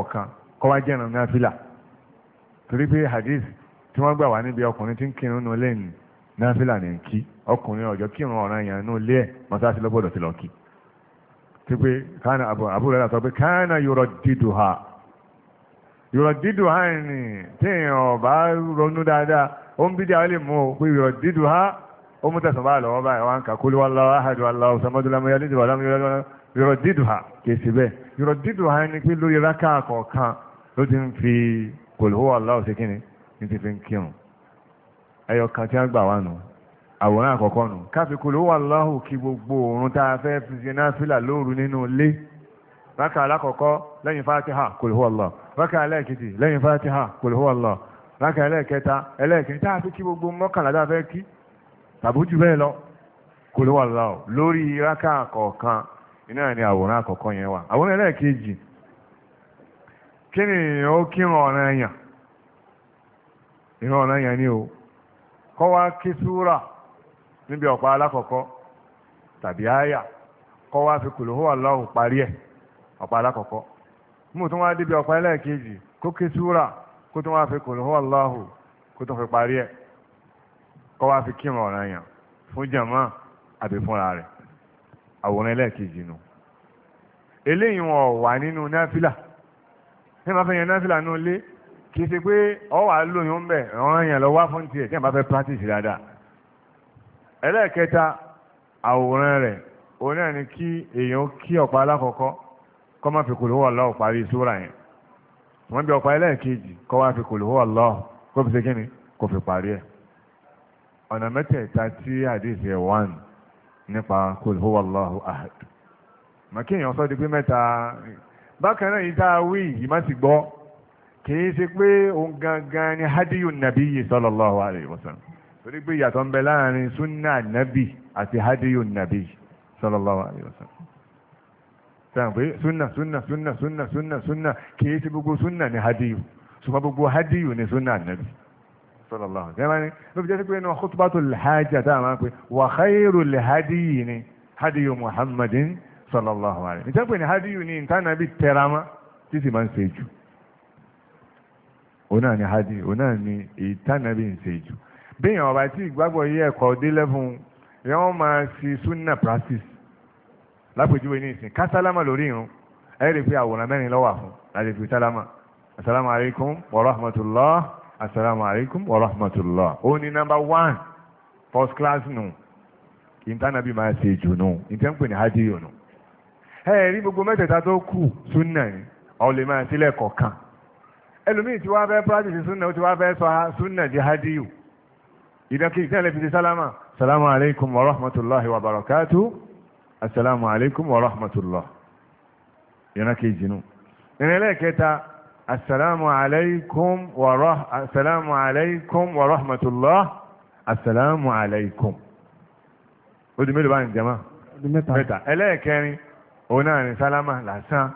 kó torí pé hadith tí wọ́n gbà wá níbi ọkùnrin tí ń kírun nù lẹ́yìn náfìlà ní kí ọkùnrin ọjọ́ kírun ọ̀ràn yẹn nù lé ẹ̀ mọ́sáàsì lọ́gbọ́dọ̀ ti lọ kí tí pé àbúrò rẹ̀ sọ pé káàna yọrọ̀ ha ha ni ronú dáadáa ó ń ha ó mú báà báyìí wọn kà wà ha ha ni pé lórí rákà kọọkan ló ti kò lówó aláwọ̀ sí kíni ní ti fi ń kírun ẹyọ kan tí a gbà wá àwòrán àkọ́kọ́ nù káfí aláwọ̀ gbogbo oorun tá a fẹ́ fi ṣe náà nínú ilé rákà alákọ̀ọ́kọ́ lẹ́yìn fatiha kò aláwọ̀ rákà lẹ́yìn fi kí gbogbo mọ́kànlá tá a fẹ́ kí tàbí lọ aláwọ̀ lórí rákà kí ni ó kí ọ̀ràn èèyàn ìran ni o kọ́ wá kí níbi ọ̀pá alákọ̀ọ́kọ́ tàbí àyà kọ́ wá fi kùlù hùwà lọ́hùn parí ẹ̀ ọ̀pá alákọ̀ọ́kọ́ mú tún wá débi ọ̀pá ẹlẹ́ẹ̀kejì kó kí kó fi kùlù hùwà fi parí ẹ̀ kọ́ wá fi fún àbí fúnra rẹ̀ àwòrán ẹlẹ́ẹ̀kejì nù eléyìí wọn tí wọ́n bá fẹ́ yan náfìlà nù lé kì í ṣe pé ọwọ́ àlóyún bẹ̀ ọ̀ràn yẹn lọ wá fún tiẹ̀ tí wọ́n bá fẹ́ practice dáadáa ẹlẹ́ẹ̀kẹta àwòrán rẹ̀ òun náà ni kí èèyàn kí ọ̀pá alákọ̀ọ́kọ́ kọ́ máa fi kò lówó ọ̀lá ọ̀pá rí sóra yẹn wọ́n bí ọ̀pá ẹlẹ́ẹ̀kejì kọ́ wá fi kò lówó ọ̀lá kó fi ṣe kí ni kò fi parí ẹ̀ ọ̀nà mẹ́tẹ̀ẹ̀ta tí àdéhìí ẹ̀ wà nípa kò lówó ọ̀lá ahad màkì èèyàn sọ́ di pé mẹ́ta bákan náà yìí tá a wí yìí má sì gbọ́ kìí ṣe pé òun gangan ni hadiyu nàbí yìí sallallahu alayhi wa sallam torí pé ìyàtọ̀ ń bẹ láàrin sunna nàbí àti hadiyu nàbí sallallahu alayhi wa sallam sàn pé sunna sunna sunna sunna sunna sunna kìí ṣe gbogbo sunna ni hadiyu ṣùgbọ́n gbogbo hadiyu ni sunna nàbí sallallahu alayhi wa sallam ló fi jẹ́ pé inú khutbatul hajj àtàwọn pé wa khayrul hadiyi ni hadiyu muhammadin sallallahu alaihi nítorí pé ní hadiyu ní ìtànàbí tẹramá tí sì máa ń ṣe jù òun náà ni hadiyu òun náà ni ìtànàbí ń ṣe jù bíyàn ọba tí ìgbàgbọ́ yí ẹ̀kọ́ dé lẹ́fún yẹn wọ́n máa ṣe sunna practice lápèjúwe ní ìsìn kásálámà lórí irun ẹ rí i pé àwòrán mẹ́rin ló wà fún láti fi sálámà asalaamu alaikum wa rahmatulah asalaamu alaikum wa rahmatulah ó ní number one first class nù ìtànàbí máa ṣe nù ìtẹ́ǹpẹ̀ ní hadiyu nù ẹ̀rí gbogbo mẹ́tẹ̀ẹ̀ta tó kù súnà ni ọ̀ lè máa sílẹ̀ kọ̀ọ̀kan ẹlòmíì tí wàá fẹ́ practice súnà ó ti wàá fẹ́ sọ súnà di hadiyu ìdánkejì tẹ́lẹ̀ fi ti sálámà salamu alaykum wa rahmatulahi wa barakatu assalamu alaykum wa rahmatulah ìdánkejì nu ìrìnlẹ̀ kẹta assalamu alaykum wa rahmatulah assalamu alaykum ó di mélòó báyìí jama ẹlẹ́ẹ̀kẹrin òun náà ní sálámà lásán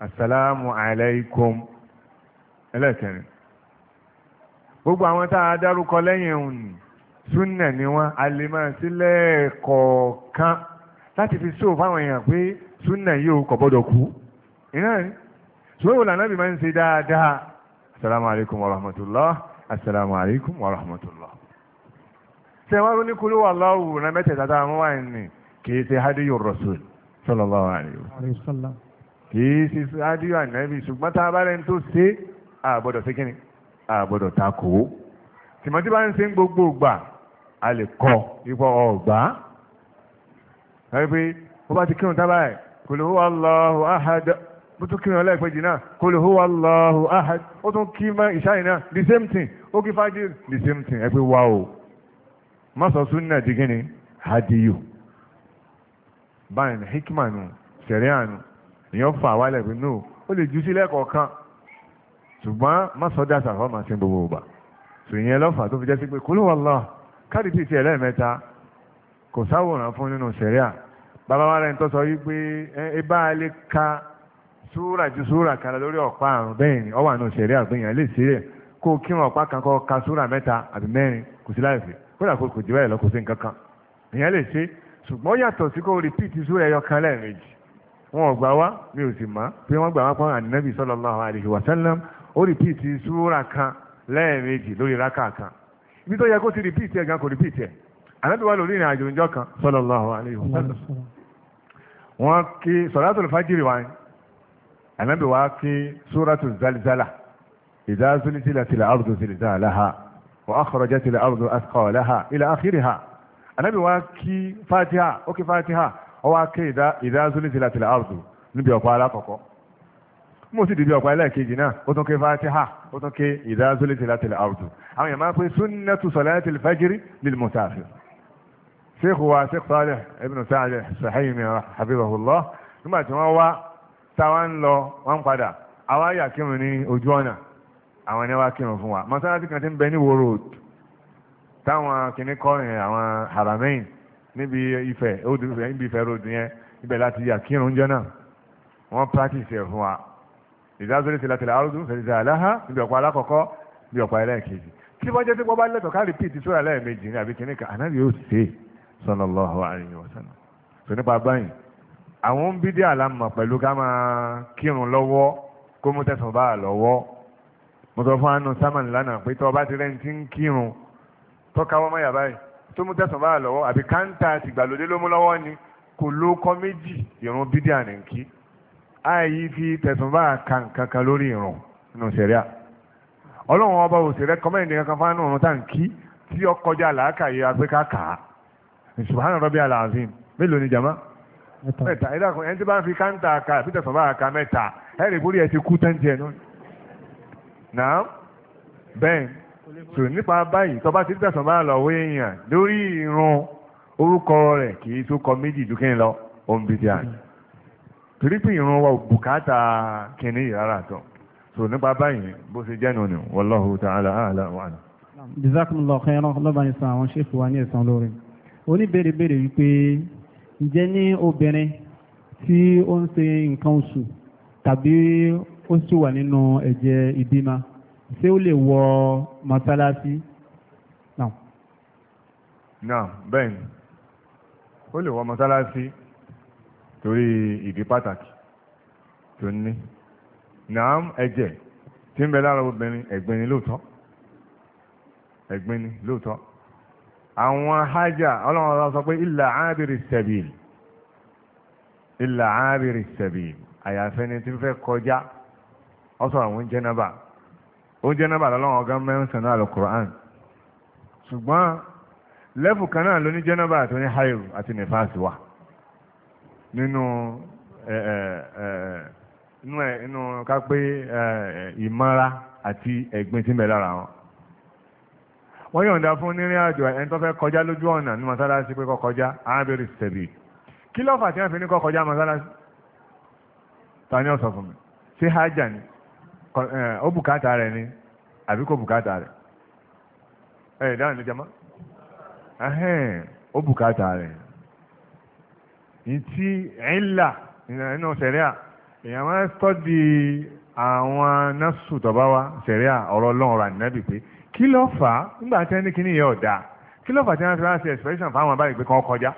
asalaamu alaykum ẹlẹ́kẹ̀rin gbogbo àwọn tá a dárúkọ lẹ́yìn òun ni súnà ni wọ́n a lè máa sí lẹ́ẹ̀kọ̀ọ̀kan láti fi sóò fáwọn èèyàn pé súnà yóò kọ̀ gbọ́dọ̀ kú iná ni sùwéwò lànà bí máa ń ṣe ní kúlú wà lọ́wọ́ na mẹ́tẹ̀ẹ̀ta tá wáyé ni kì ṣe hadiyu rasul sallallahu alaihi wasallam kìí ṣe ṣáájú ànábì ṣùgbọ́n tá a bá rẹni tó ṣe àbọ̀dọ̀ ṣe kíni àbọ̀dọ̀ takò ó tìmọ́tí bá ń ṣe ń gbogbo ògbà a lè kọ ipò ọ̀gbá wáyé pé ó bá ti kírun tábà ẹ̀ kul huwa Allahu ahad bó tún kírun ọlẹ́ẹ̀kejì náà kul huwa Allahu ahad ó tún kí mọ́ ìṣáyìn náà the same thing ó kí fájì the same thing ẹ pé wá o má sọ súnà di kíni hadiyu. báyìí ní hikima nù àánú èèyàn fà wálẹ̀ pé no ó lè jù sílẹ̀ kọ̀ọ̀kan ṣùgbọ́n má sọ dáṣà fọ́ máa ṣe gbogbo ògbà sùn yẹn lọ́fà tó fi jẹ́ sí pé kúlù kò sáwòrán fún nínú ka ju kan lórí ọ̀pá àrùn bẹ́ẹ̀ ni àgbẹ̀yàn lè kó o kírun ka mẹ́ta àbí mẹ́rin kò sí láì fi kódà kò jẹ́ ṣùgbọ́n yàtọ̀ sí kó repeat sórí ẹyọ kan lẹ́ẹ̀mejì wọn ò gbà wá mi ò sì mọ̀ pé wọ́n gbà wá pọ́n ànábì sallallahu alaihi wasallam ó repeat súra kan lẹ́ẹ̀mejì lórí rákà kan ibi tó yẹ kó ti repeat ẹ̀ gan kò repeat ẹ̀ ànábì wà lórí ìrìn àjò ìjọ kan sallallahu alaihi wasallam wọ́n kí sọ̀rọ̀tò fàjìrì wá ànábì wá kí súratu zalzala idha zulzilatil ardu zilzalaha wa akhrajatil ardu athqalaha ila akhiriha anabi wa kí fatiha ó kí fatiha ó wá kí idha zulzilatil ardu níbi ọ̀pá alákọ̀ọ́kọ́ mo sì dìbí ọ̀pá ẹlẹ́ẹ̀kejì náà ó tún kí fatiha ó tún kí idha zulzilatil ardu àwọn èèyàn máa ń pè sunnatu salatil fajri lil musafir sheikh wa sheikh salih ibn salih sahimi habibahullah nígbà tí wọ́n wá táwa ń lọ wọ́n padà àwa yà kírun ní ojú ọ̀nà àwọn ẹni wá kírun fún wa mọ́sálásí kan ti ń bẹ ní táwọn kìíní kọ́ yẹn àwọn haramain níbi Ifẹ̀ níbi Ifẹ̀ road yẹn ibẹ̀ láti yà kírun jẹ́ náà wọ́n practice ẹ̀ fún wa ìdázórí ti látìlẹ̀ arúgbó fẹ̀sẹ̀ aláha níbi ọ̀pá alákọ̀ọ́kọ́ níbi ọ̀pá ẹlẹ́ẹ̀kejì tí wọ́n jẹ́ tí wọ́n bá lẹ́tọ̀ọ́ ká repeat sórí ẹlẹ́ẹ̀mejì ní àbí kìíní kan ànábì yóò ṣe sallallahu alaihi wasallam tó nípa báyìí àwọn bídí àlámọ̀ pẹ̀lú ká máa kírun lọ́wọ́ kó mú tẹ̀sán bá a lọ́wọ́ mo sọ fún anu sámánì lánàá pé tọ́ ọba ti rẹ́ni tí ń kírun tọ́ka wọ́n mọ́yà báyìí tó mú tẹ̀sán báyà lọ́wọ́ àbí káńtà àti ìgbàlódé ló mú lọ́wọ́ ni kò ló kọ́ méjì ìrun bídíà ní kí àyè fi tẹ̀sán báyà ka nǹkan lórí ìrun nínú sẹ̀ríà ọlọ́run ọba òsèré kọ́mẹ́ǹdì kankan fáánù ọ̀run tá tí ó kọjá làákàyè afẹ́ká kà á subhana rabbi alaazim mélòó ni jama mẹ́ta ẹ dákun ẹni tí bá ń fi káńtà ka àbí tẹ̀sán báyà ka mẹ́ta ẹ rè borí ẹ ti kú tẹ́ǹtì ẹ̀ náà bẹ́ẹ̀ tò nípa báyìí tọba ti tẹ̀sán bá lọ́wọ́ èèyàn lórí irun orúkọ rẹ̀ kì í tó kọ méjì ju lọ òun àná torí pé irun wa bùkátà kìnní rárá tó tò nípa báyìí bó ṣe jẹ́ nù ni wallahu ta'ala a'lam wa a'lam. jazakumullahu khairan lọ́ba ní sàn àwọn ṣèfù wa ní ẹ̀sán lórí oníbèrèbèrè wípé ǹjẹ́ ní obìnrin tí ó ń ṣe nǹkan oṣù tàbí ó sì wà nínú ẹ̀jẹ̀ ìbímọ ṣé ó lè wọ mọ́sálásí náà. náà bẹ́ẹ̀ ni ó lè wọ mọ́sálásí torí ìdí pàtàkì tó ní náà ẹ̀jẹ̀ tí ń bẹ lára obìnrin ẹ̀gbin ni lóòótọ́ ẹ̀gbin ni lóòótọ́ àwọn hajjá ọlọ́run ọ̀rọ̀ sọ pé ilà ábìrì sẹ̀bìlì ilà ábìrì sẹ̀bìlì àyàfẹ́ni tí ń fẹ́ kọjá ọ sọ àwọn jẹ́nàbà ó jẹ́ nọ́mbà lọ́wọ́ ọ̀gá mẹ́rin náà quran ṣùgbọ́n lẹ́fù kan náà ló ní jẹ́ nọ́mbà àti oní hairu àti nífàásì wà nínú inú ẹ inú ká pé ìmọ́ra àti ẹ̀gbin tí ń bẹ lára wọn wọ́n yọ̀ǹda fún nírìn àjò ẹni tó fẹ́ kọjá lójú ọ̀nà ní mọ́sálásí pé kó kọjá arábìnrin kí lọ́fà tí wọ́n fi ní kó kọjá mọ́sálásí ta fún mi ṣé hájà ni ó bùkátà rẹ̀ ni àbí kò bùkátà rẹ̀ ẹ̀ dáhùn ní jama ó bùkátà rẹ̀ ìtí ẹ̀ńlà nínú sẹ̀ríà èèyàn máa ń tọ́jú àwọn násù tọ́ba wa sẹ̀ríà ọ̀rọ̀ ọlọ́run ọ̀rọ̀ ànínábì pé kí ló fà á nígbà tí ẹni kìíní yẹn ọ̀dà kí ló fà á tí wọ́n fi ránṣẹ́ expression fáwọn abáyé pé kàn kọjá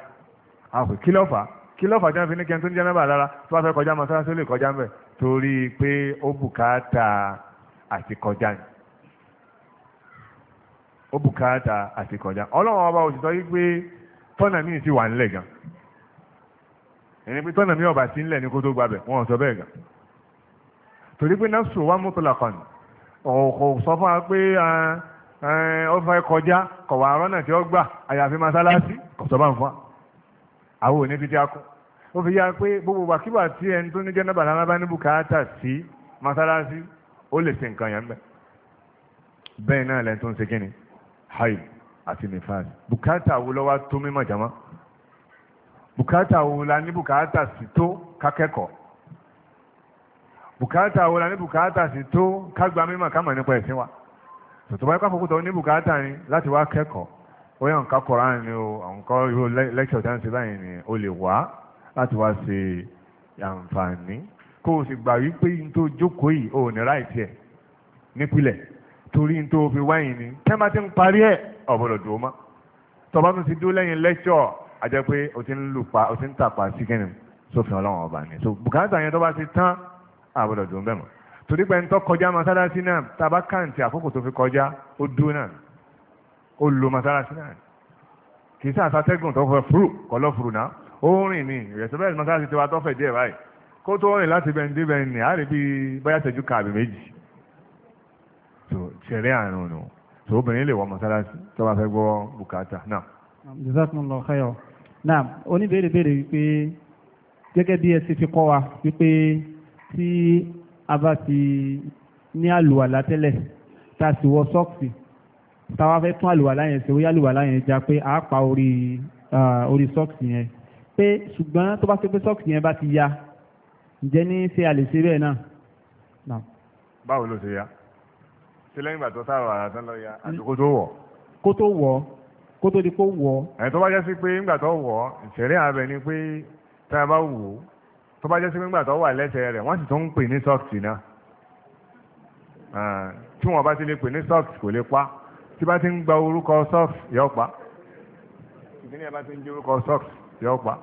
àwọn kí ló fà á kí ló fà á tí wọ́n fi ní kẹ́ńtún jẹ́ mẹ́bàá lára tó bá fẹ́ kọjá mọ́ sára sí ó lè kọjá mẹ́bàá torí pé ó bùkátà àti kọjá ni ó bùkátà àti kọjá ọlọ́run ọba òṣìṣọ́ yí pé tọ́nà míì sì wà ńlẹ̀ gan ẹni pé tọ́nà míì ọba sí ńlẹ̀ ní kó tó gbabẹ̀ wọn ò sọ bẹ́ẹ̀ gan torí pé náà sùn wá mutlaqan kò sọ fún wa pé ó fẹ́ kọjá kọ̀wá arọ́nà tí ó gbà àyàfi masalasi kò bá ń fọ́ àwọn ò fi jẹ́ akọ́ ó fi yá pé gbogbo wàkíwà tí ẹni tó ní jẹ́nàbà lára bá ní bùkátà sí mọ́sálásí ó lè ṣe nǹkan yẹn bẹ́ẹ̀ bẹ́ẹ̀ náà lẹ́ni tó ń ṣe kí ni haib àti nífàsì bùkátà wo lọ́wọ́ tó mímọ̀ jama bùkátà wo la ní bùkátà sí tó kákẹ́kọ̀ọ́ bùkátà wo la ní bùkátà sí tó kágbá mímọ̀ kámọ̀ nípa ẹ̀sìn wa tòtòbá ẹ̀kọ́ àkókò tó ní bùkátà ni láti wá kẹ́kọ̀ọ́ ó yàn ká Kùránì ni o àwọn kọ́ ni o láti wá ṣe àǹfààní kó o sì gbà wípé n tó jókòó yìí ò ní ráìtì ẹ̀ nípìnlẹ̀ torí n tó fi wáyìn ni tẹ́lá ti ń parí ẹ̀ ọ̀bọ̀dọ̀ dùn ó mọ́ tọba tún ti dúró lẹ́yìn lẹ́kṣọ̀ àjẹ́ pé o ti ń lù pa o ti ń tàpá sí kẹ́ni sófin ọlọ́run ọba ni so bùkátà yẹn tó bá ti tán àbọ̀dọ̀ dùn bẹ́ẹ̀ mọ́ torí pé ń tọ́ kọjá masalasi náà tàbá kàǹtì àkókò tó fi kọjá ó dúró náà ó lo masalasi náà kì í sá ó ni ní ìrẹsẹ̀ ti wa tọ́fẹ̀ díẹ̀ báyìí kó tó rìn láti bẹ́ẹ̀ dé bẹ́ẹ̀ ni àárẹ̀ bíi bóyá tẹ̀jú ka àbí méjì tó ṣẹlẹ̀ àrùn nù tó obìnrin lè wọ mọ́sáàsì tó bá fẹ́ gbọ́ bùkátà náà. jazakumullahu khayr náà oníbèrè bèrè wípé gẹ́gẹ́ bí ẹ ti fi kọ́ wa wípé tí a bá ti ní àlùwàlá tẹ́lẹ̀ tá a sì wọ sọ́ọ̀kì táwa fẹ́ tún àlùwàlá yẹn ṣe ó yá àlùwàlá yẹn já pé àá pa orí sọ́ọ̀kì yẹn pé ṣùgbọ́n tó bá ṣe pé sọ́ọ̀kì yẹn bá ti ya ǹjẹ́ ní ṣe a lè ṣe bẹ́ẹ̀ náà. báwo ló ṣe ya ṣe lẹ́yìn ìgbà tó sáàrọ̀ ara tán lọ ya àti hmm? kó tó wọ̀. kó tó wọ̀ kó tó di kó wọ̀. ẹ̀ tó bá jẹ́ sí pé ńgbà tó wọ̀ ìṣẹ̀rẹ́ abẹ ni pé tá a bá wò ó tó bá jẹ́ sí pé ńgbà tó wà lẹ́sẹ̀ rẹ̀ wọ́n sì tún ń pè ní sọ́ọ̀kì náà tí wọ́n bá ti lè pè ní sọ́ọ̀kì kò lè pa tí bá ti ń gba orúkọ sọ́ọ̀kì yọ pa ìdí bá ti ń jẹ orúkọ sọ́ọ̀kì yọ pa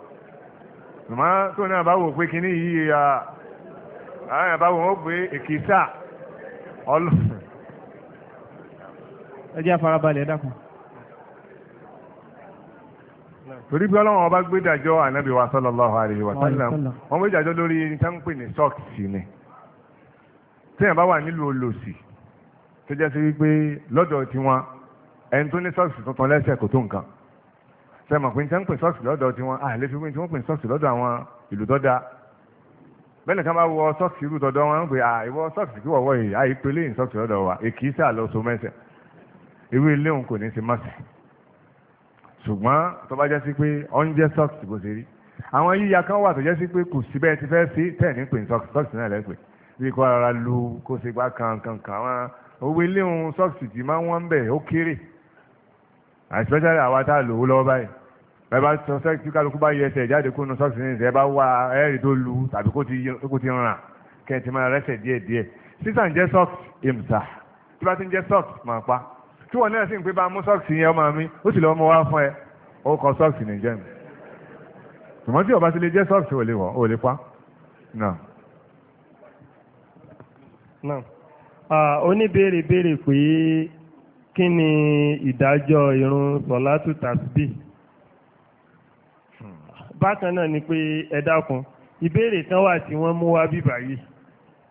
ṣùgbọ́n tó náà bá wò pé kíní yìí àwọn àbáwò ó pé èkìsà ọlọ́sìn. ẹ jẹ́ àfarabalẹ̀ dákun torí bí ọlọ́run ọba gbé ìdájọ́ ànábì wa sallallahu alaihi wa sallam wọ́n gbé ìdájọ́ lórí ẹni tá ń pè ní sọ́ọ̀kì ni téèyàn bá wà nílùú olòṣì tó jẹ́ sí wípé lọ́dọ̀ tiwọn ẹni tó ní sọ́ọ̀kì tuntun lẹ́sẹ̀ kò tó nǹkan sẹ́mọ̀ pé tí wọ́n ń pè sọ́ọ̀sì lọ́dọ̀ tí wọ́n àlè fi pé tí wọ́n pè sọ́ọ̀sì lọ́dọ̀ àwọn ìlú tó dáa bẹ́ẹ̀ nìkan bá wọ sọ́ọ̀sì irú tọ́dọ̀ wọn ń pè àìwọ sọ́ọ̀sì kí wọ́wọ́ yìí àyè pé léyìn sọ́ọ̀sì lọ́dọ̀ wa èkì í sà lọ so mẹ́sẹ̀ irú ilé òun kò ní ti mọ́sẹ̀ ṣùgbọ́n tó bá jẹ́ sí pé ọ́njẹ́ sọ́ọ̀sì kò sí rí àwọn yíya kan wà tó jẹ́ sí pé kò sí bẹ́ẹ̀ ti fẹ́ sí tẹ̀ ní pè sọ́ọ̀sì náà lẹ́pẹ́ bí kò rárá lu kó ṣe gbá kankan kan àwọn owó ilé òun sọ́ọ̀sì ti máa ń wọ́n bẹ̀ ó kéré especially àwa tá a lò ó lọ́wọ́ báyìí ẹ bá sọ sẹ́kì tí kálukú bá yẹ ẹsẹ̀ jáde kó nu sọ́ọ̀sì ní ìṣẹ́ bá wá ẹ̀rì tó lu tàbí kó ti ràn kẹ́ ẹ ti máa rẹ́sẹ̀ díẹ̀ díẹ̀ sísàn jẹ́ sọ́ọ̀sì ìmùsà tí bá ti ń jẹ́ sọ́ọ̀sì máa pa tí wọ́n náà sì ń pé bá mú sọ́ọ̀sì yẹn ọmọ mi ó sì lọ́ọ́ mọ wá fún ẹ ó kọ sọ́ọ̀sì ní jẹ́ mi ṣùgbọ́n tí ọba ti lè jẹ́ sọ́ọ̀sì ò pa oníbèrè béèrè pé kí ni ìdájọ́ irun sọ̀látù tàṣbí hmm. bákan náà ni pé ẹ dákun ìbéèrè kan wà tí wọ́n mú wá bíbà yìí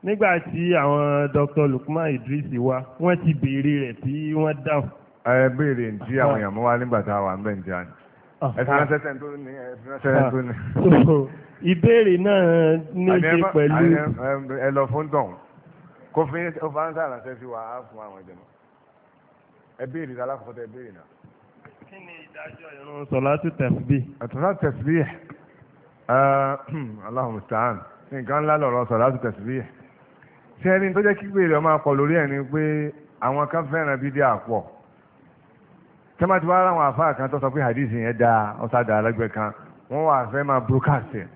nígbà tí àwọn Dr. Lukman Idris wá wọ́n ti béèrè rẹ̀ tí wọ́n dáhùn. ẹ béèrè tí àwọn èèyàn mú wá nígbà tá a wà ń bẹ̀ ń jẹ́ àná ah, ah. ìbéèrè náà ní ṣe pẹ̀lú. ẹ lọ fún tọ̀hún kó fi ó fà ń sàrànṣẹ́ sí wa á fún àwọn ìjọba ẹ béèrè rárá kọ́kọ́ tẹ béèrè náà. kí ni ìdájọ́ ìrun sọ̀látù tẹ̀síbí. àtúntà tẹ̀síbí hmm, aláhùn sàn nǹkan ńlá lọ̀rọ̀ sọ̀látù tẹ̀síbí. ṣé ẹni tó jẹ́ kí gbèrè ọmọ akọ lórí ẹ̀ ni pé àwọn kan fẹ́ràn bídí àpọ̀ tẹ́mà tí wọ́n ara àwọn àfáà kan tó sọ pé hadith yẹn dáa ọ̀sá dáa lẹ́gbẹ̀ẹ́ kan wọ́n wà fẹ́ máa broadcast ẹ̀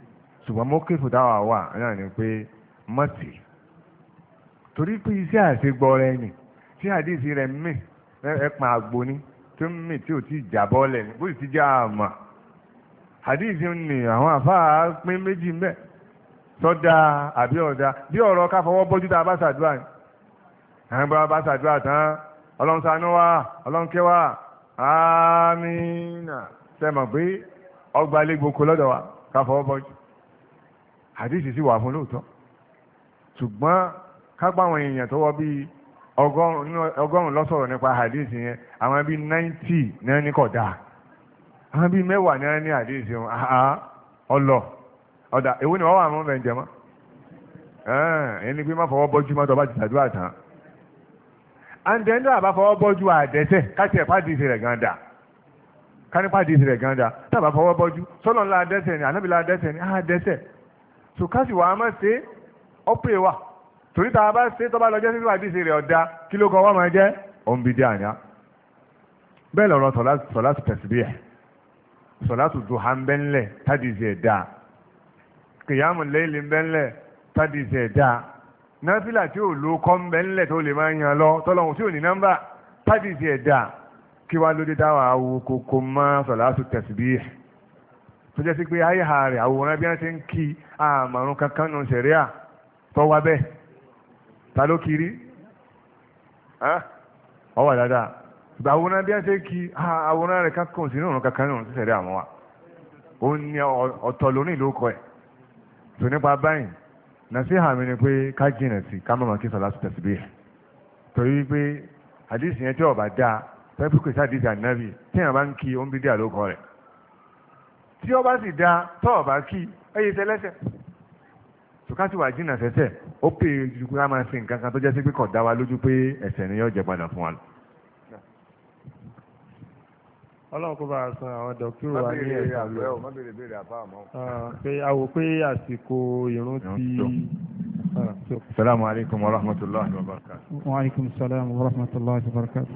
ṣùgbọ́n mo kéfù táwa wà náà ni pé mọ́tì torí pé iṣẹ́ àṣegbọ́ rẹ nì tí hadith rẹ̀ mìí ẹ̀pọ̀n àgbo ni tó ń mì tí ò tí ì jàbọ́ lẹ̀ ní bó sì ti jẹ́ àmà hadith ni àwọn àfáà pín méjì mbẹ́ sọ́dà àbí ọ̀dà bí ọ̀rọ̀ ká fọwọ́ bọ́jú tá a bá ṣàdúrà ni àwọn bá bá ṣàdúrà tán ọlọ́run wa ọlọ́run wa àmín sẹ́mọ̀ pé ọgbà ilé lọ́dọ̀ wa ká fọwọ́ bọ́jú hadith sì wà fún lóòótọ́ ṣùgbọ́n ká gbà èèyàn tó bíi ọgọ́rùn-ún lọ́sọ̀rọ̀ nípa hadith yẹn àwọn bíi náìtì náà ní kódà àwọn bíi mẹ́wàá náà ní hadith yẹn ah, ah, ọlọ ọ̀dà èwo ni wọ́n wà mọ́ bẹ́ẹ̀ jẹ́mọ́ ẹni pé má fọwọ́ bọ́jú mọ́tò bá ti ṣàdúrà tán àǹdẹ́ńdà àbá fọwọ́ bọ́jú àdẹ́sẹ̀ káti ẹ̀ pàdé ìṣẹ̀lẹ̀ gan dà kánípa di ìsirẹ̀ gan da tábà fọwọ́ bọ́jú sọ́lọ́ ńlá adẹ́sẹ̀ ni ànábìlá adẹ́sẹ̀ ni àdẹ́sẹ̀ so káṣí wàá má ṣe ọ́pẹ́ wà torí tá a bá ṣe tó bá lọ jẹ́ sí ìwádìí ṣe rẹ̀ ọ̀dà kí ló kọ́ wọ́n máa jẹ́ òun bíi díàyà bẹ́ẹ̀ lọ́rọ̀ sọ̀láṣù tẹ̀síbíyà sọ̀láṣù duha ń bẹ́ńlẹ̀ tádìsí ẹ̀dá kìyàmù lẹ́yìn bẹ́ńlẹ̀ tádìsí ẹ̀dá náfìlà tí ò lo kọ́ ń bẹ́ńlẹ̀ tó lè máa yan lọ tọ́lọ́hún tí ò ní nọ́mbà tádìsí ẹ̀dá kí wá lóde dáwà awo kókó mọ́ sọ̀láṣù tẹ̀síbíyà tó jẹ́ sí pé ayé ha àwòrán bí wọ́n ti ń kí àmàrún kankan nù sẹ̀ríà tọ́wá bẹ́ẹ̀ ta ló kiri ọwọ́ dáadáa ìgbà àwòrán bí a ṣe kí àwòrán rẹ̀ kankan sí nínú kankan nínú sísẹ̀rí àwọn wa ó ní ọ̀tọ̀ lónìí ló kọ ẹ̀ tó nípa báyìí nàṣíhà mi ni pé ká jìnà sí ká mọ̀mọ́ kí sọ̀lá sọ̀tẹ̀ síbí ẹ̀ torí wípé àdìsí yẹn tí pẹ́pù kò ànábì tí ọba sì tọ́ sùkásì wà jìnnà sẹ́sẹ̀ ó pè é ju ká máa ṣe nǹkan kan tó jẹ́ sí pé kò dá wa lójú pé ẹ̀ṣẹ̀ ni yóò jẹ padà fún wa. ọlọ́run kó bá a san àwọn dọ́kítà wa ní ẹ̀ka lọ pé a wò pé àsìkò ìrun ti. salaamaleykum wa rahmatulahi wa barakatu. wa aleykum salaam wa rahmatulahi wa barakatu.